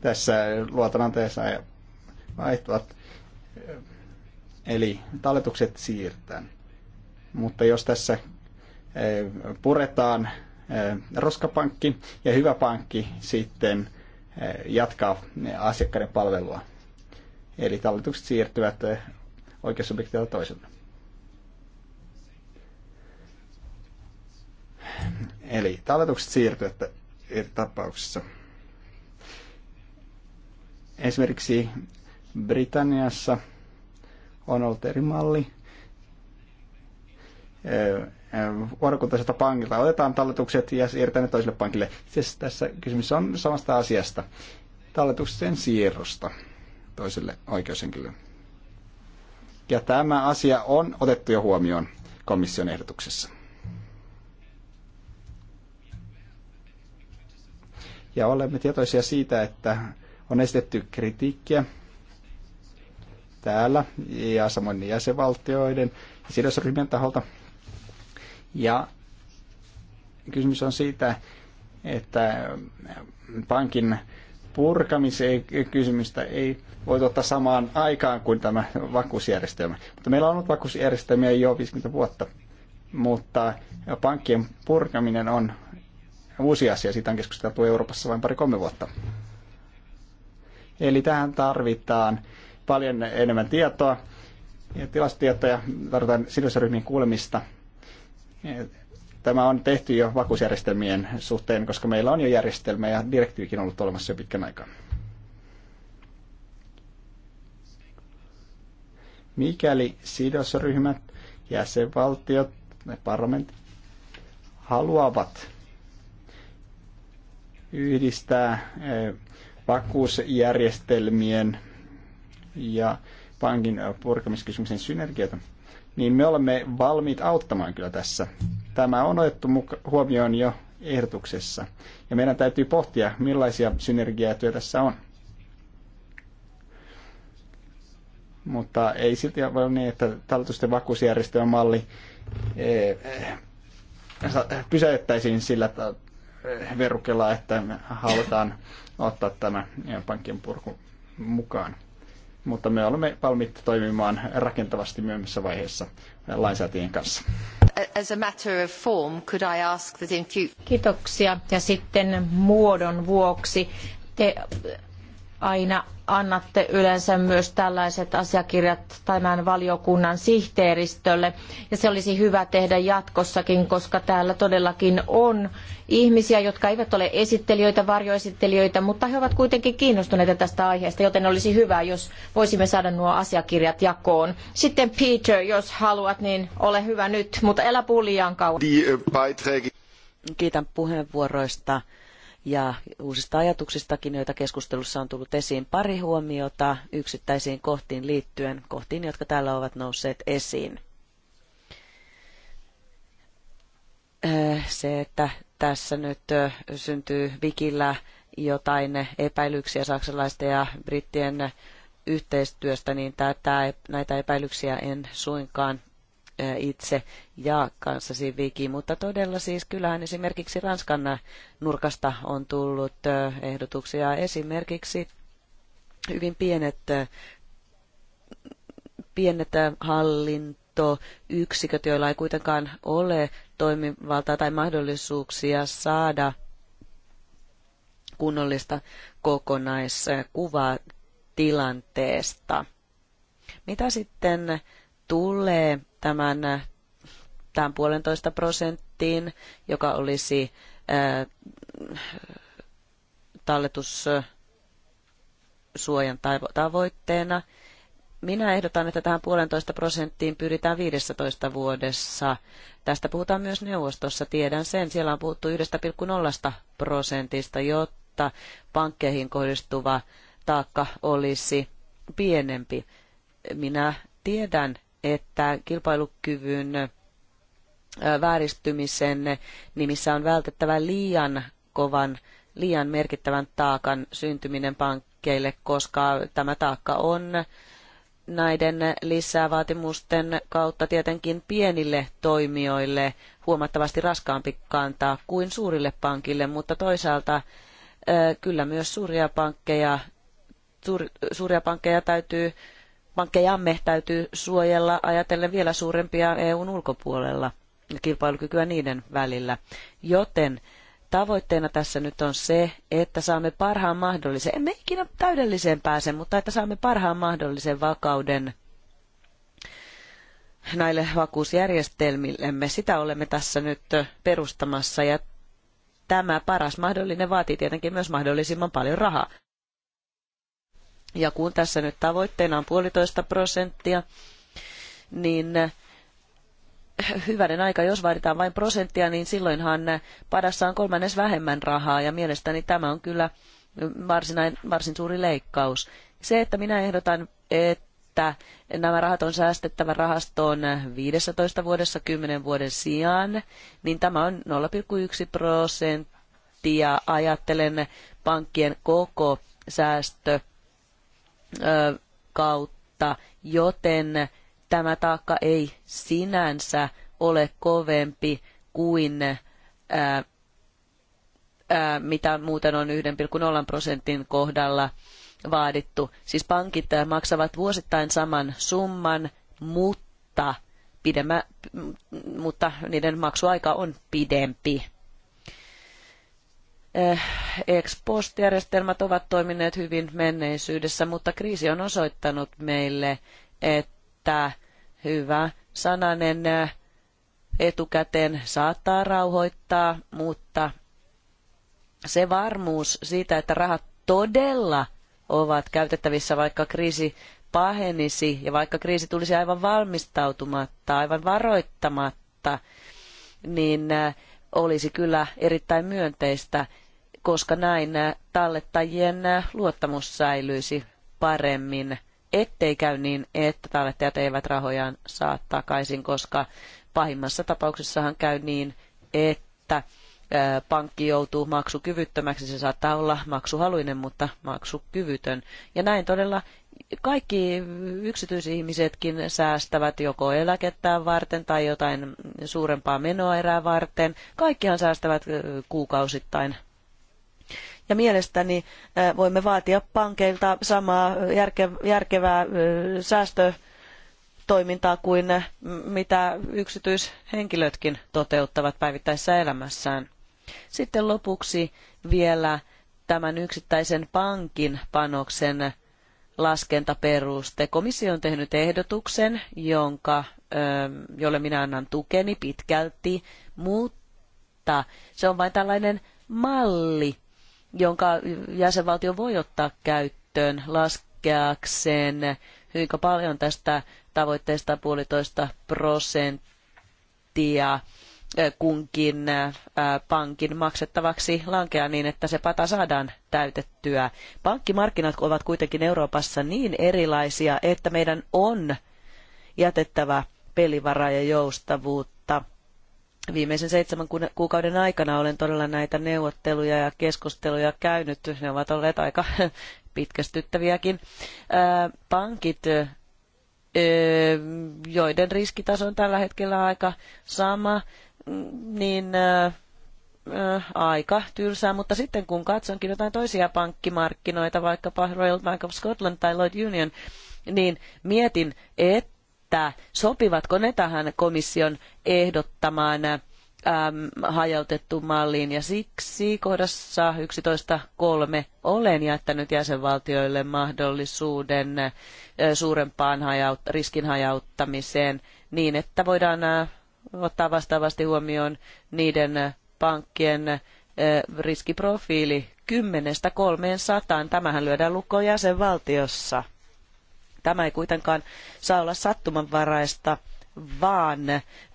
tässä luotonantajassa vaihtuvat, eli talletukset siirtää. Mutta jos tässä Eh, puretaan eh, roskapankki ja hyvä pankki sitten eh, jatkaa asiakkaiden palvelua. Eli talletukset siirtyvät oikeussubjektilta toiselle. Eli talletukset siirtyvät eri tapauksissa. Esimerkiksi Britanniassa on ollut eri malli vuorokuntaisesta pankilta otetaan talletukset ja siirretään ne toiselle pankille. Siis tässä kysymys on samasta asiasta, talletuksen siirrosta toiselle oikeushenkilölle. Ja tämä asia on otettu jo huomioon komission ehdotuksessa. Ja olemme tietoisia siitä, että on esitetty kritiikkiä täällä ja samoin jäsenvaltioiden ja sidosryhmien taholta – ja kysymys on siitä, että pankin purkamiseen kysymystä ei voi ottaa samaan aikaan kuin tämä vakuusjärjestelmä. Mutta meillä on ollut vakuusjärjestelmiä jo 50 vuotta, mutta pankkien purkaminen on uusi asia. Siitä on keskusteltu Euroopassa vain pari-kolme vuotta. Eli tähän tarvitaan paljon enemmän tietoa ja tilastietoja, tarvitaan sidosryhmien kuulemista – Tämä on tehty jo vakuusjärjestelmien suhteen, koska meillä on jo järjestelmä ja direktiivikin ollut olemassa jo pitkän aikaa. Mikäli sidosryhmät, jäsenvaltiot ja parlamentit haluavat yhdistää eh, vakuusjärjestelmien ja pankin purkamiskysymyksen synergioita, niin me olemme valmiit auttamaan kyllä tässä. Tämä on otettu huomioon jo ehdotuksessa. Ja meidän täytyy pohtia, millaisia synergiaetuja tässä on. Mutta ei silti ole niin, että talletusten vakuusjärjestelmän malli eh, eh, pysäyttäisiin sillä verukella, että me halutaan ottaa tämä pankkien purku mukaan mutta me olemme valmiit toimimaan rakentavasti myöhemmässä vaiheessa lainsäätäjien kanssa. As a matter of form, could I ask that in future... Kiitoksia. Ja sitten muodon vuoksi. Te aina annatte yleensä myös tällaiset asiakirjat tämän valiokunnan sihteeristölle. Ja se olisi hyvä tehdä jatkossakin, koska täällä todellakin on ihmisiä, jotka eivät ole esittelijöitä, varjoesittelijöitä, mutta he ovat kuitenkin kiinnostuneita tästä aiheesta, joten olisi hyvä, jos voisimme saada nuo asiakirjat jakoon. Sitten Peter, jos haluat, niin ole hyvä nyt, mutta älä puhu liian kauan. Kiitän puheenvuoroista ja uusista ajatuksistakin, joita keskustelussa on tullut esiin. Pari huomiota yksittäisiin kohtiin liittyen, kohtiin, jotka täällä ovat nousseet esiin. Äh, se, että tässä nyt äh, syntyy Vikillä jotain epäilyksiä saksalaisten ja brittien yhteistyöstä, niin tätä, näitä epäilyksiä en suinkaan Eh, itse ja kanssasi Viki, mutta todella siis kyllähän esimerkiksi Ranskan nurkasta on tullut eh, ehdotuksia. Esimerkiksi hyvin pienet, eh, pienet hallintoyksiköt, joilla ei kuitenkaan ole toimivaltaa tai mahdollisuuksia saada kunnollista kokonaiskuvaa tilanteesta. Mitä sitten tulee tämän äh, tämän puolentoista prosenttiin, joka olisi äh, talletussuojan tavoitteena. Minä ehdotan, että tähän puolentoista prosenttiin pyritään 15 vuodessa. Tästä puhutaan myös neuvostossa, tiedän sen. Siellä on puhuttu 1,0 prosentista, jotta pankkeihin kohdistuva taakka olisi pienempi. Minä tiedän, että kilpailukyvyn vääristymisen nimissä on vältettävä liian kovan, liian merkittävän taakan syntyminen pankkeille, koska tämä taakka on näiden lisävaatimusten kautta tietenkin pienille toimijoille huomattavasti raskaampi kantaa kuin suurille pankille, mutta toisaalta kyllä myös suuria pankkeja, suuria pankkeja täytyy pankkejamme täytyy suojella ajatellen vielä suurempia EUn ulkopuolella ja kilpailukykyä niiden välillä. Joten tavoitteena tässä nyt on se, että saamme parhaan mahdollisen, emme ikinä täydelliseen pääse, mutta että saamme parhaan mahdollisen vakauden näille vakuusjärjestelmillemme. Sitä olemme tässä nyt perustamassa ja tämä paras mahdollinen vaatii tietenkin myös mahdollisimman paljon rahaa. Ja kun tässä nyt tavoitteena on puolitoista prosenttia, niin hyvänen aika, jos vaaditaan vain prosenttia, niin silloinhan padassa on kolmannes vähemmän rahaa ja mielestäni tämä on kyllä varsinain, varsin suuri leikkaus. Se, että minä ehdotan, että nämä rahat on säästettävä rahastoon 15 vuodessa 10 vuoden sijaan, niin tämä on 0,1 prosenttia. Ajattelen pankkien koko säästö kautta, joten tämä taakka ei sinänsä ole kovempi kuin ää, ää, mitä muuten on 1,0 prosentin kohdalla vaadittu. Siis pankit maksavat vuosittain saman summan, mutta, pidemmä, mutta niiden maksuaika on pidempi. Eh, ex post-järjestelmät ovat toimineet hyvin menneisyydessä, mutta kriisi on osoittanut meille, että hyvä sananen eh, etukäteen saattaa rauhoittaa, mutta se varmuus siitä, että rahat todella ovat käytettävissä, vaikka kriisi pahenisi ja vaikka kriisi tulisi aivan valmistautumatta, aivan varoittamatta, niin eh, olisi kyllä erittäin myönteistä koska näin tallettajien luottamus säilyisi paremmin, ettei käy niin, että tallettajat eivät rahojaan saa takaisin, koska pahimmassa tapauksessahan käy niin, että pankki joutuu maksukyvyttömäksi, se saattaa olla maksuhaluinen, mutta maksukyvytön. Ja näin todella kaikki yksityisihmisetkin säästävät joko eläkettään varten tai jotain suurempaa menoerää varten. Kaikkihan säästävät kuukausittain ja mielestäni voimme vaatia pankeilta samaa järkevää säästötoimintaa kuin mitä yksityishenkilötkin toteuttavat päivittäisessä elämässään. Sitten lopuksi vielä tämän yksittäisen pankin panoksen laskentaperuste. Komissio on tehnyt ehdotuksen, jonka, jolle minä annan tukeni pitkälti, mutta se on vain tällainen malli jonka jäsenvaltio voi ottaa käyttöön laskeakseen, kuinka paljon tästä tavoitteesta puolitoista prosenttia eh, kunkin eh, pankin maksettavaksi lankeaa niin, että se pata saadaan täytettyä. Pankkimarkkinat ovat kuitenkin Euroopassa niin erilaisia, että meidän on jätettävä pelivaraa ja joustavuutta viimeisen seitsemän kuukauden aikana olen todella näitä neuvotteluja ja keskusteluja käynyt. Ne ovat olleet aika pitkästyttäviäkin. Pankit, joiden riskitaso on tällä hetkellä aika sama, niin aika tylsää, mutta sitten kun katsonkin jotain toisia pankkimarkkinoita, vaikkapa Royal Bank of Scotland tai Lloyd Union, niin mietin, että että sopivatko ne tähän komission ehdottamaan äm, hajautettuun malliin ja siksi kohdassa 11.3 olen jättänyt jäsenvaltioille mahdollisuuden äh, suurempaan hajaut, riskin hajauttamiseen niin, että voidaan äh, ottaa vastaavasti huomioon niiden äh, pankkien riskiprofiili 10-300. Tämähän lyödään lukkoon jäsenvaltiossa. Tämä ei kuitenkaan saa olla sattumanvaraista, vaan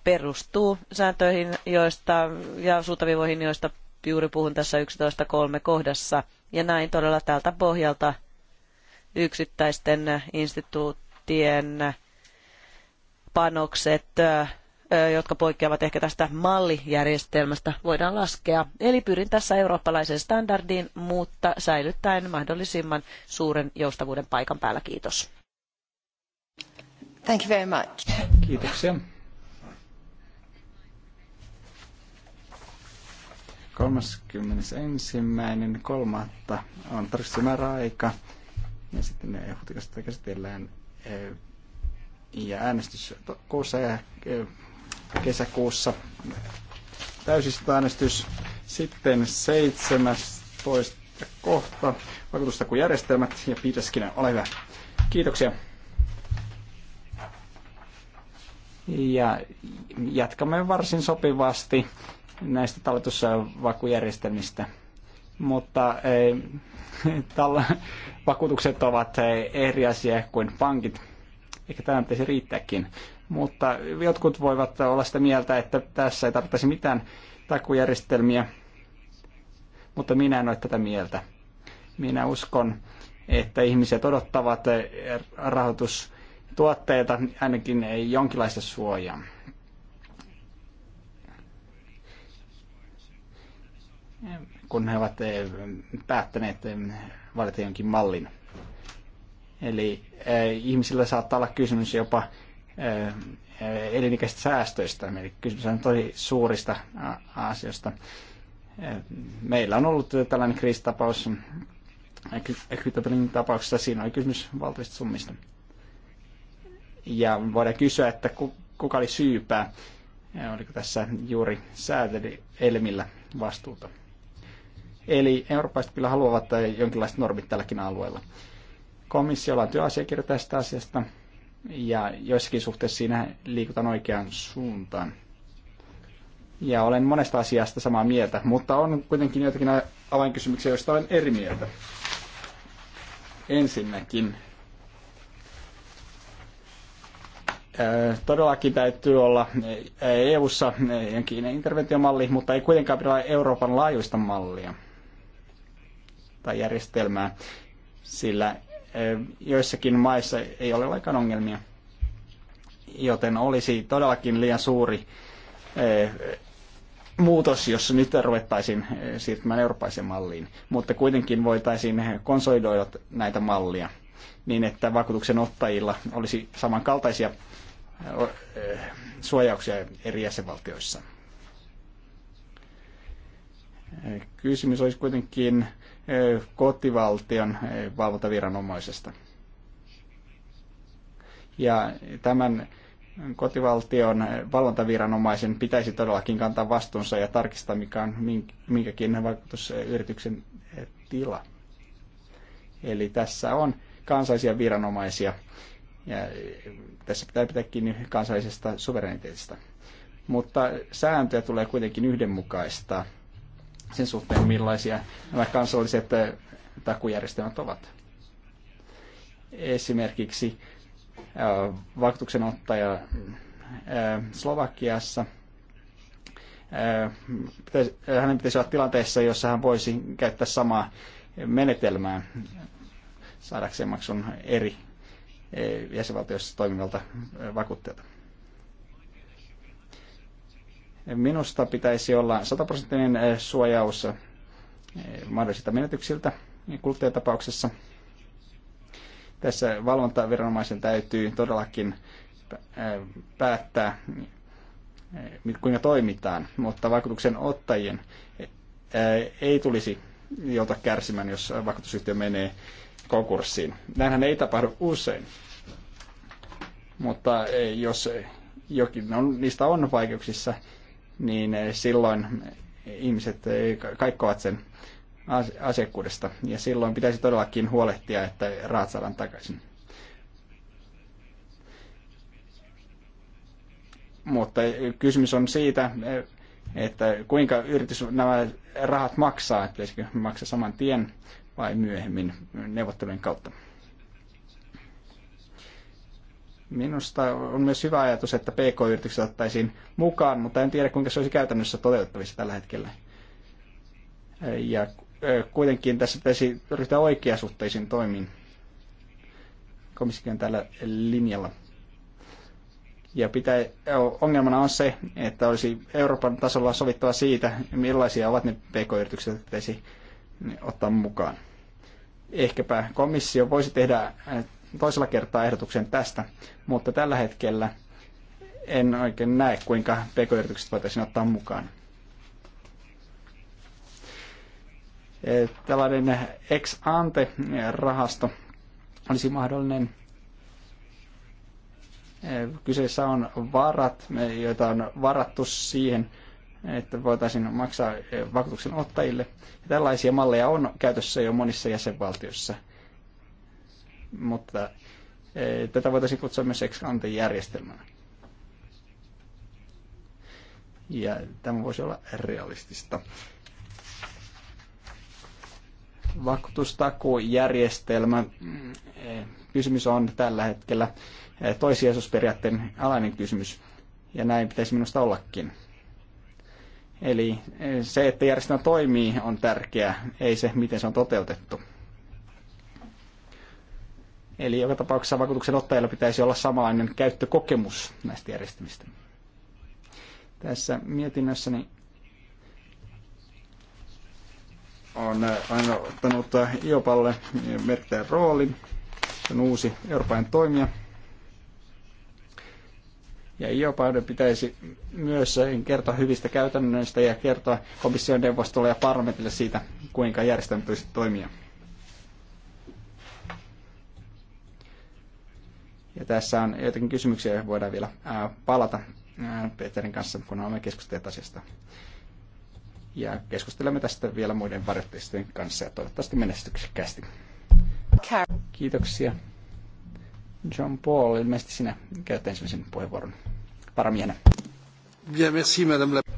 perustuu sääntöihin joista, ja suuntaviivoihin, joista juuri puhun tässä 11.3 kohdassa. Ja näin todella tältä pohjalta yksittäisten instituuttien panokset, jotka poikkeavat ehkä tästä mallijärjestelmästä, voidaan laskea. Eli pyrin tässä eurooppalaiseen standardiin, mutta säilyttäen mahdollisimman suuren joustavuuden paikan päällä. Kiitos. Thank you very much. Kiitoksia. ensimmäinen kolmatta on tarkistusmääräaika ja sitten ne ehdotukset käsitellään eh, ja äänestys kuussa ja eh, kesäkuussa äänestys. Sitten 17 kohta vakuutusta kuin järjestelmät ja Piitaskinen, ole hyvä. Kiitoksia. ja jatkamme varsin sopivasti näistä talletusvakujärjestelmistä. Mutta eh, tällä vakuutukset ovat eh, eri asia kuin pankit, eikä tämä pitäisi riittääkin. Mutta jotkut voivat olla sitä mieltä, että tässä ei tarvitsisi mitään takujärjestelmiä, mutta minä en ole tätä mieltä. Minä uskon, että ihmiset odottavat eh, rahoitus tuotteita ainakin ei jonkinlaista suojaa. kun he ovat eh, päättäneet eh, valita jonkin mallin. Eli eh, ihmisillä saattaa olla kysymys jopa elinikäisistä säästöistä. Eli kysymys on tosi suurista asioista. Meillä on ollut tällainen kriisitapaus, Kryptopelin tapauksessa siinä oli kysymys valtavista summista. Ja voidaan kysyä, että kuka oli syypää, oliko tässä juuri elmillä vastuuta. Eli eurooppalaiset kyllä haluavat äh, jonkinlaiset normit tälläkin alueella. Komissiolla on työasiakirja tästä asiasta, ja joissakin suhteessa siinä liikutaan oikeaan suuntaan. Ja olen monesta asiasta samaa mieltä, mutta on kuitenkin joitakin avainkysymyksiä, joista olen eri mieltä. Ensinnäkin todellakin täytyy olla EU-ssa jonkinlainen interventiomalli, mutta ei kuitenkaan pidä olla Euroopan laajuista mallia tai järjestelmää, sillä joissakin maissa ei ole lainkaan ongelmia, joten olisi todellakin liian suuri muutos, jos nyt ruvettaisiin siirtymään eurooppaiseen malliin, mutta kuitenkin voitaisiin konsolidoida näitä mallia niin, että vakuutuksen ottajilla olisi samankaltaisia suojauksia eri jäsenvaltioissa. Kysymys olisi kuitenkin e, kotivaltion e, valvontaviranomaisesta. Ja tämän kotivaltion e, valvontaviranomaisen pitäisi todellakin kantaa vastuunsa ja tarkistaa, mikä on minkäkin vaikutusyrityksen tila. Eli tässä on kansaisia viranomaisia. Ja tässä pitää pitää kiinni kansallisesta suvereniteetista. Mutta sääntöjä tulee kuitenkin yhdenmukaista sen suhteen, millaisia nämä kansalliset eh, takujärjestelmät ovat. Esimerkiksi eh, vaikutuksenottaja eh, Slovakiassa – hänen pitäisi olla tilanteessa, jossa hän voisi käyttää samaa menetelmää saadakseen maksun eri Eh, jäsenvaltioissa toiminnalta eh, vakuuttajalta. Minusta pitäisi olla 100 prosenttinen eh, suojaus mahdollisilta menetyksiltä kuluttajatapauksessa. Tässä valvontaviranomaisen täytyy todellakin päättää, kuinka toimitaan, mutta vakuutuksen ottajien ei tulisi joutua kärsimään, jos vakuutusyhtiö menee konkurssiin. Näinhän ei tapahdu usein. Mutta eh, jos eh, jokin on, niistä on vaikeuksissa, niin eh, silloin ihmiset kaikkoavat sen asiakkuudesta. Ja silloin pitäisi todellakin huolehtia, että rahat saadaan takaisin. Mutta kysymys on siitä, että kuinka yritys nämä rahat maksaa, että pitäisikö maksaa saman tien vai myöhemmin neuvottelujen kautta. Minusta on myös hyvä ajatus, että PK-yritykset ottaisiin mukaan, mutta en tiedä kuinka se olisi käytännössä toteutettavissa tällä hetkellä. Ja kuitenkin tässä pitäisi ryhtyä oikeasuhteisiin toimiin. Komissikin on tällä linjalla. Ja pitää, ongelmana on se, että olisi Euroopan tasolla sovittava siitä, millaisia ovat ne pk-yritykset, pitäisi ottaa mukaan. Ehkäpä komissio voisi tehdä äh, toisella kertaa ehdotuksen tästä, mutta tällä hetkellä en oikein näe, kuinka pk-yritykset voitaisiin ottaa mukaan. Äh, tällainen ex ante-rahasto olisi mahdollinen. Äh, kyseessä on varat, joita on varattu siihen, että voitaisiin maksaa eh, vakuutuksen ottajille. Tällaisia malleja on käytössä jo monissa jäsenvaltioissa, mutta eh, tätä voitaisiin kutsua myös ex ante järjestelmänä. Ja tämä voisi olla realistista. Vakuutustakujärjestelmä. Eh, kysymys on tällä hetkellä toisiaisuusperiaatteen alainen kysymys, ja näin pitäisi minusta ollakin Eli eh, se, että järjestelmä toimii, on tärkeää, ei se, miten se on toteutettu. Eli joka tapauksessa vakuutuksen ottajilla pitäisi olla samanlainen käyttökokemus näistä järjestelmistä. Tässä mietinnössäni on eh, aina ottanut eh, Iopalle merkittävän roolin. Se on uusi Euroopan toimija ja jopa pitäisi myös eh, kertoa hyvistä käytännöistä ja kertoa komission neuvostolle ja parlamentille siitä, kuinka järjestelmä tulisi toimia. Ja tässä on joitakin kysymyksiä, joihin voidaan vielä palata Peterin kanssa, kun olemme keskustelleet asiasta. Ja keskustelemme tästä vielä muiden varjoittajien kanssa ja toivottavasti menestyksekkäästi. Kiitoksia. John Paul, ilmeisesti sinä käytät ensimmäisen puheenvuoron varamiehenä.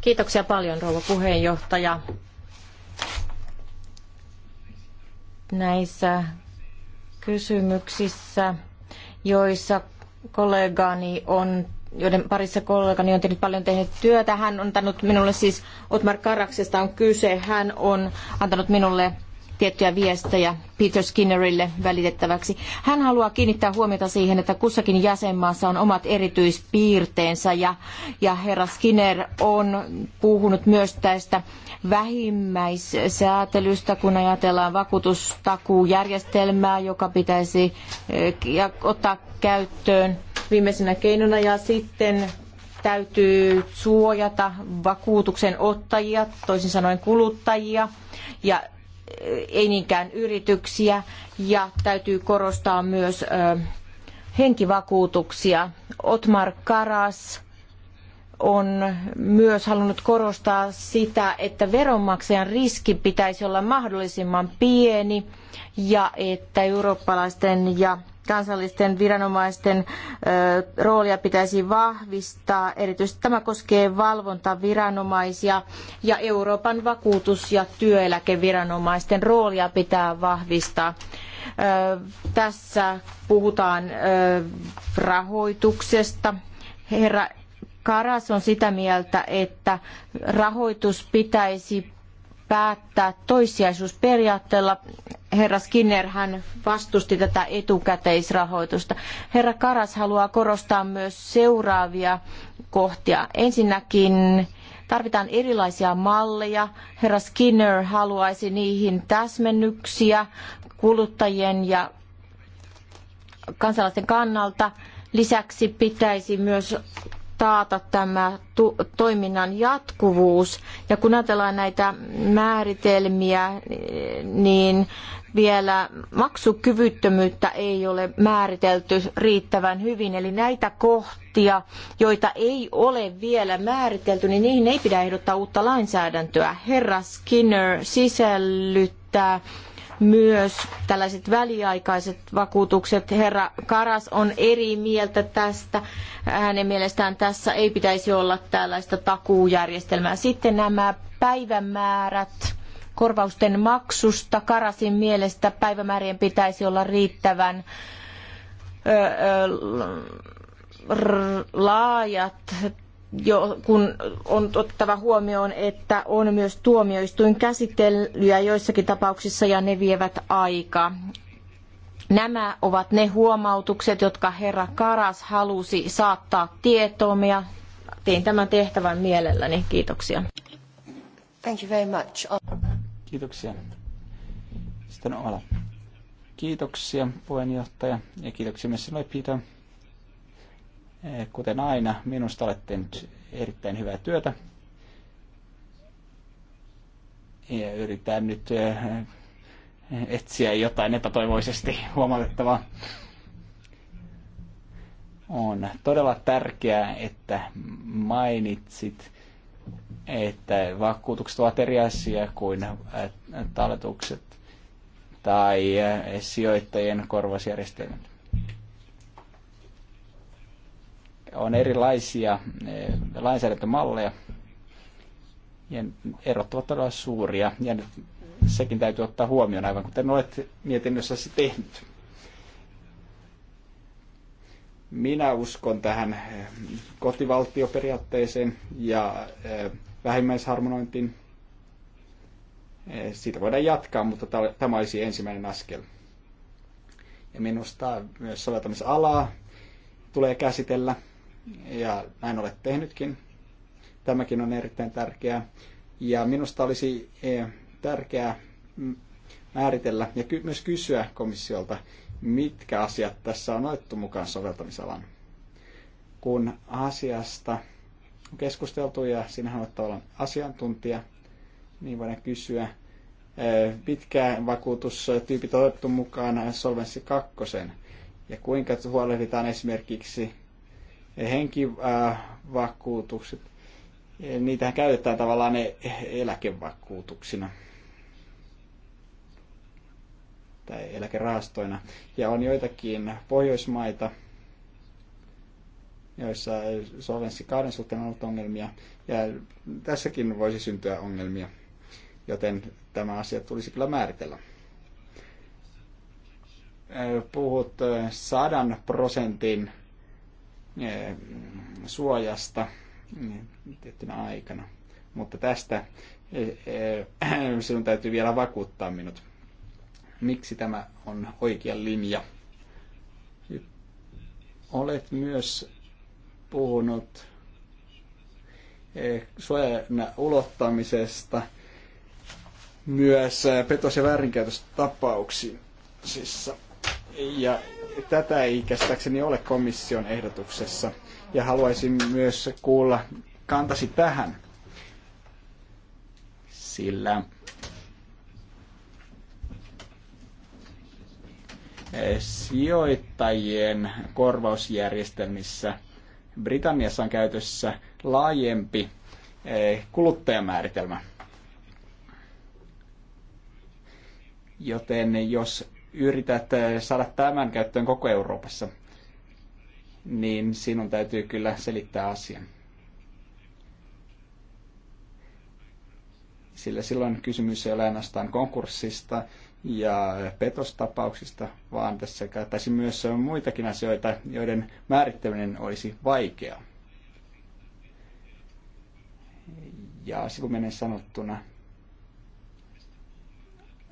Kiitoksia paljon, rouva puheenjohtaja. Näissä kysymyksissä, joissa kollegani on joiden parissa kollegani on tehnyt paljon tehnyt työtä. Hän on antanut minulle siis, Otmar Karaksesta on kyse, hän on antanut minulle tiettyjä viestejä Peter Skinnerille välitettäväksi. Hän haluaa kiinnittää huomiota siihen, että kussakin jäsenmaassa on omat erityispiirteensä ja, ja herra Skinner on puhunut myös tästä vähimmäissäätelystä, kun ajatellaan vakuutustakuujärjestelmää, joka pitäisi eh, ottaa käyttöön viimeisenä keinona ja sitten täytyy suojata vakuutuksen ottajia, toisin sanoen kuluttajia, ja ei niinkään yrityksiä ja täytyy korostaa myös henkivakuutuksia. Otmar Karas on myös halunnut korostaa sitä, että veronmaksajan riski pitäisi olla mahdollisimman pieni ja että eurooppalaisten ja kansallisten viranomaisten roolia pitäisi vahvistaa. Erityisesti tämä koskee valvontaviranomaisia ja Euroopan vakuutus- ja työeläkeviranomaisten roolia pitää vahvistaa. Tässä puhutaan rahoituksesta. Herra Karas on sitä mieltä, että rahoitus pitäisi päättää toissijaisuusperiaatteella. Herra Skinner hän vastusti tätä etukäteisrahoitusta. Herra Karas haluaa korostaa myös seuraavia kohtia. Ensinnäkin tarvitaan erilaisia malleja. Herra Skinner haluaisi niihin täsmennyksiä kuluttajien ja kansalaisten kannalta. Lisäksi pitäisi myös taata tämä toiminnan jatkuvuus. Ja kun ajatellaan näitä määritelmiä, niin vielä maksukyvyttömyyttä ei ole määritelty riittävän hyvin. Eli näitä kohtia, joita ei ole vielä määritelty, niin niihin ei pidä ehdottaa uutta lainsäädäntöä. Herra Skinner sisällyttää myös tällaiset väliaikaiset vakuutukset. Herra Karas on eri mieltä tästä. Hänen mielestään tässä ei pitäisi olla tällaista takuujärjestelmää. Sitten nämä päivämäärät korvausten maksusta. Karasin mielestä päivämäärien pitäisi olla riittävän laajat jo, kun on ottava huomioon, että on myös tuomioistuin tuomioistuinkäsittelyjä joissakin tapauksissa ja ne vievät aikaa. Nämä ovat ne huomautukset, jotka herra Karas halusi saattaa tietoomme ja tein tämän tehtävän mielelläni. Kiitoksia. Thank you very much. Kiitoksia. Sitten Ola. Kiitoksia puheenjohtaja ja kiitoksia myös sinulle Peter Eh, kuten aina, minusta olette tehnyt erittäin hyvää työtä. Ja yritän nyt eh, etsiä jotain epätoivoisesti huomautettavaa. On todella tärkeää, että mainitsit, että vakuutukset ovat eri asia kuin eh, talletukset tai sijoittajien korvausjärjestelmät on erilaisia eh, lainsäädäntömalleja ja erot ovat todella suuria ja sekin täytyy ottaa huomioon aivan kuten olet mietinnössäsi tehnyt. Minä uskon tähän eh, kotivaltioperiaatteeseen ja eh, vähimmäisharmonointiin. Siitä voidaan jatkaa, mutta tämä olisi ensimmäinen askel. Ja minusta myös soveltamisalaa tulee käsitellä ja näin olet tehnytkin. Tämäkin on erittäin tärkeää. Ja minusta olisi e, tärkeää mm, määritellä ja myös kysyä komissiolta, mitkä asiat tässä on otettu mukaan soveltamisalan. Kun asiasta on keskusteltu ja sinähän olet tavallaan asiantuntija, niin voidaan kysyä, mitkä e, vakuutustyypit on otettu mukaan Solvenssi 2 ja kuinka huolehditaan esimerkiksi henkivakuutukset, niitähän käytetään tavallaan e- eläkevakuutuksina tai eläkerahastoina. Ja on joitakin Pohjoismaita, joissa solvenssi kahden suhteen on ollut ongelmia. Ja tässäkin voisi syntyä ongelmia, joten tämä asia tulisi kyllä määritellä. Puhut sadan prosentin Eh, suojasta niin tiettynä aikana. Mutta tästä eh, eh, sinun täytyy vielä vakuuttaa minut, miksi tämä on oikea linja. Olet myös puhunut suojan ulottamisesta myös petos- ja väärinkäytöstapauksissa. Siis, ja tätä ei käsittääkseni ole komission ehdotuksessa. Ja haluaisin myös kuulla kantasi tähän. Sillä sijoittajien korvausjärjestelmissä Britanniassa on käytössä laajempi eh, kuluttajamääritelmä. Joten jos yrität eh, saada tämän käyttöön koko Euroopassa, niin sinun täytyy kyllä selittää asian. Sillä silloin kysymys ei ole ainoastaan konkurssista ja petostapauksista, vaan tässä käytäisi myös muitakin asioita, joiden määrittäminen olisi vaikea. Ja sivuminen sanottuna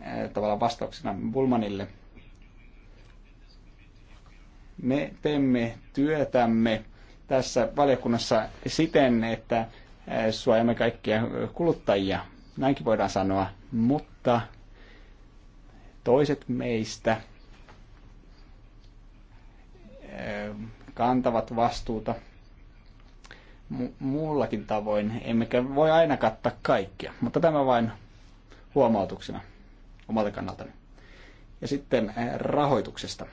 Äh, tavallaan vastauksena Bulmanille. Me teemme työtämme tässä valiokunnassa siten, että äh, suojamme kaikkia kuluttajia, näinkin voidaan sanoa, mutta toiset meistä äh, kantavat vastuuta mu- muullakin tavoin, emmekä voi aina kattaa kaikkia, mutta tämä vain huomautuksena omalta kannaltani. Ja sitten eh, rahoituksesta.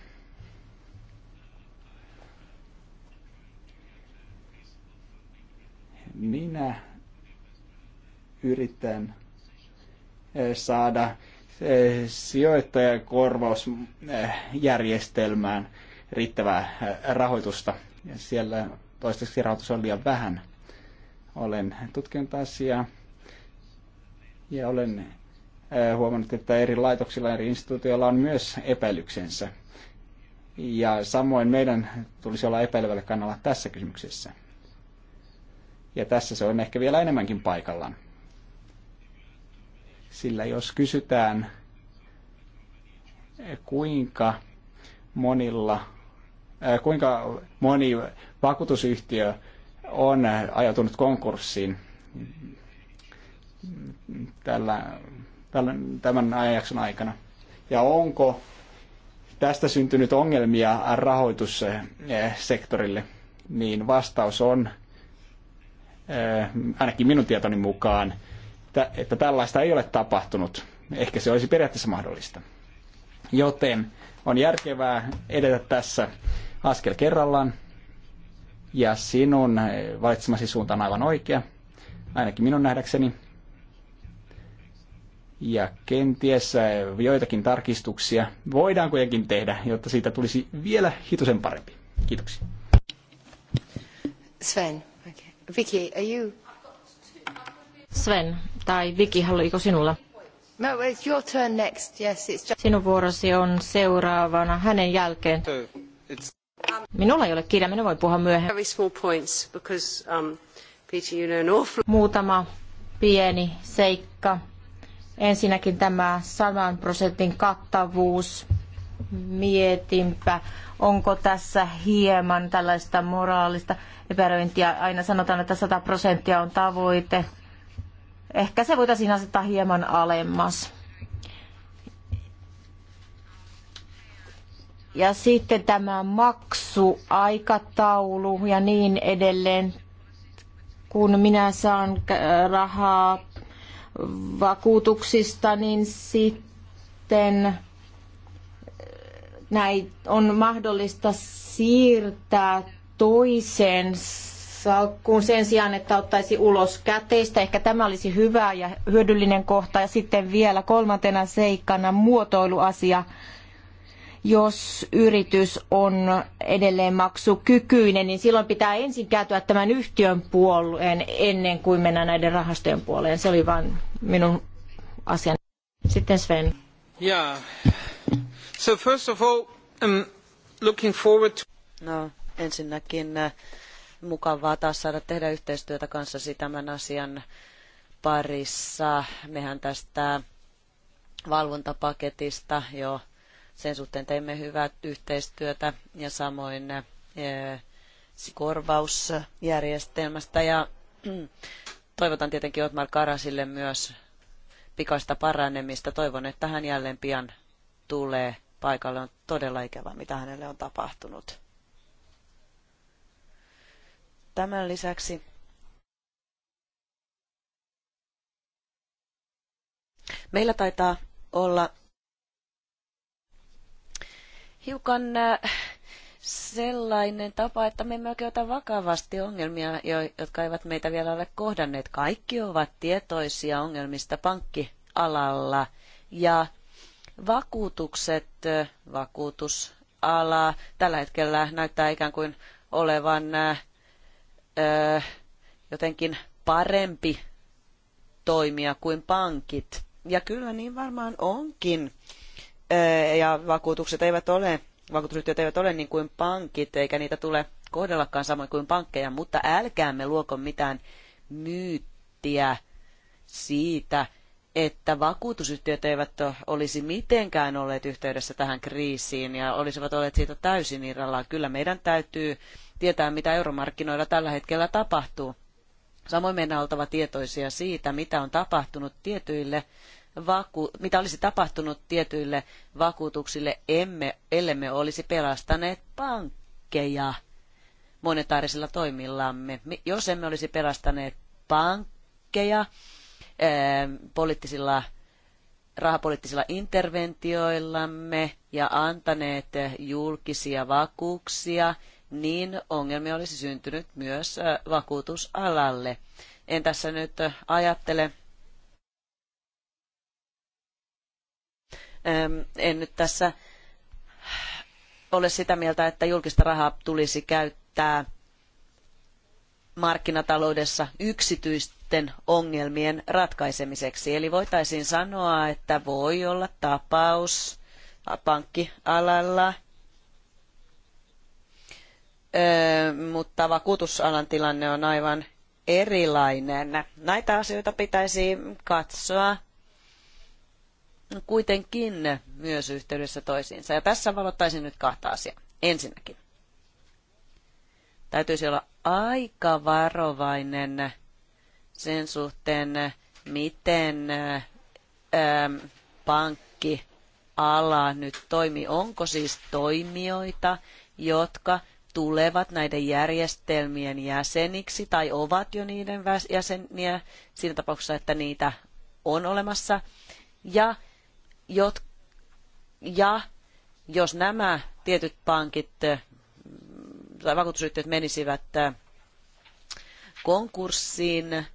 Minä yritän eh, saada eh, sijoittajakorvausjärjestelmään riittävää rahoitusta. Ja siellä toistaiseksi rahoitus on liian vähän. Olen tutkinut asiaa ja olen huomannut, että eri laitoksilla, eri instituutioilla on myös epäilyksensä. Ja samoin meidän tulisi olla epäilevällä kannalla tässä kysymyksessä. Ja tässä se on ehkä vielä enemmänkin paikallaan. Sillä jos kysytään, kuinka monilla, kuinka moni vakuutusyhtiö on ajautunut konkurssiin tällä tämän ajanjakson aikana? Ja onko tästä syntynyt ongelmia rahoitussektorille? Niin vastaus on, eh, ainakin minun tietoni mukaan, että tällaista ei ole tapahtunut. Ehkä se olisi periaatteessa mahdollista. Joten on järkevää edetä tässä askel kerrallaan. Ja sinun valitsemasi suunta on aivan oikea, ainakin minun nähdäkseni ja kenties äh, joitakin tarkistuksia voidaan kuitenkin tehdä, jotta siitä tulisi vielä hitusen parempi. Kiitoksia. Sven, okay. Vicky, are you... Sven, tai Viki, haluiko sinulla? No, it's your turn next. Yes, it's just... Sinun vuorosi on seuraavana hänen jälkeen. So, it's... Minulla ei ole kirja, minä voin puhua myöhemmin. Very small points because, um, Peter, you know an awful... Muutama pieni seikka Ensinnäkin tämä 100 prosentin kattavuus. Mietinpä, onko tässä hieman tällaista moraalista epäröintiä. Aina sanotaan, että 100 prosenttia on tavoite. Ehkä se voitaisiin asettaa hieman alemmas. ja sitten tämä maksuaikataulu ja niin edelleen. Kun minä saan äh, rahaa vakuutuksista, niin sitten näin on mahdollista siirtää toiseen salkkuun sen sijaan, että ottaisi ulos käteistä. Ehkä tämä olisi hyvä ja hyödyllinen kohta. Ja sitten vielä kolmantena seikkana muotoiluasia jos yritys on edelleen maksukykyinen, niin silloin pitää ensin kääntyä tämän yhtiön puoleen ennen kuin mennään näiden rahastojen puoleen. Se oli vain minun asiani. Sitten Sven. Yeah. So first of all, um, looking forward to... No, ensinnäkin äh, mukavaa taas saada tehdä yhteistyötä kanssasi tämän asian parissa. Mehän tästä valvontapaketista jo sen suhteen teimme hyvää yhteistyötä ja samoin eh, korvausjärjestelmästä ja toivotan tietenkin Otmar Karasille myös pikaista paranemista. Toivon, että hän jälleen pian tulee paikalle. On todella ikävä, mitä hänelle on tapahtunut. Tämän lisäksi meillä taitaa olla hiukan äh, sellainen tapa, että me emme oikein ota vakavasti ongelmia, jotka eivät meitä vielä ole kohdanneet. Kaikki ovat tietoisia ongelmista pankkialalla ja vakuutukset, äh, vakuutusala tällä hetkellä näyttää ikään kuin olevan öö, jotenkin parempi toimia kuin pankit. Ja kyllä niin varmaan onkin ja vakuutukset eivät ole, vakuutusyhtiöt eivät ole niin kuin pankit, eikä niitä tule kohdellakaan samoin kuin pankkeja, mutta älkäämme luoko mitään myyttiä siitä, että vakuutusyhtiöt eivät olisi mitenkään olleet yhteydessä tähän kriisiin ja olisivat olleet siitä täysin irrallaan. Kyllä meidän täytyy tietää, mitä euromarkkinoilla tällä hetkellä tapahtuu. Samoin meidän on oltava tietoisia siitä, mitä on tapahtunut tietyille vaku- mitä olisi tapahtunut tietyille vakuutuksille, emme, ellemme olisi pelastaneet pankkeja monetaarisilla toimillamme. Jos emme olisi pelastaneet pankkeja ää, eh, poliittisilla rahapoliittisilla interventioillamme ja antaneet julkisia vakuuksia, niin ongelmia olisi syntynyt myös eh, vakuutusalalle. En tässä nyt eh, ajattele En nyt tässä ole sitä mieltä, että julkista rahaa tulisi käyttää markkinataloudessa yksityisten ongelmien ratkaisemiseksi. Eli voitaisiin sanoa, että voi olla tapaus pankkialalla, mutta vakuutusalan tilanne on aivan erilainen. Näitä asioita pitäisi katsoa kuitenkin myös yhteydessä toisiinsa. Ja tässä valottaisin nyt kahta asiaa. Ensinnäkin, täytyisi olla aika varovainen sen suhteen, miten ähm, pankkiala nyt toimii. Onko siis toimijoita, jotka tulevat näiden järjestelmien jäseniksi tai ovat jo niiden jäseniä siinä tapauksessa, että niitä on olemassa. Ja Jot, ja jos nämä tietyt pankit tai vakuutusyhtiöt menisivät konkurssiin,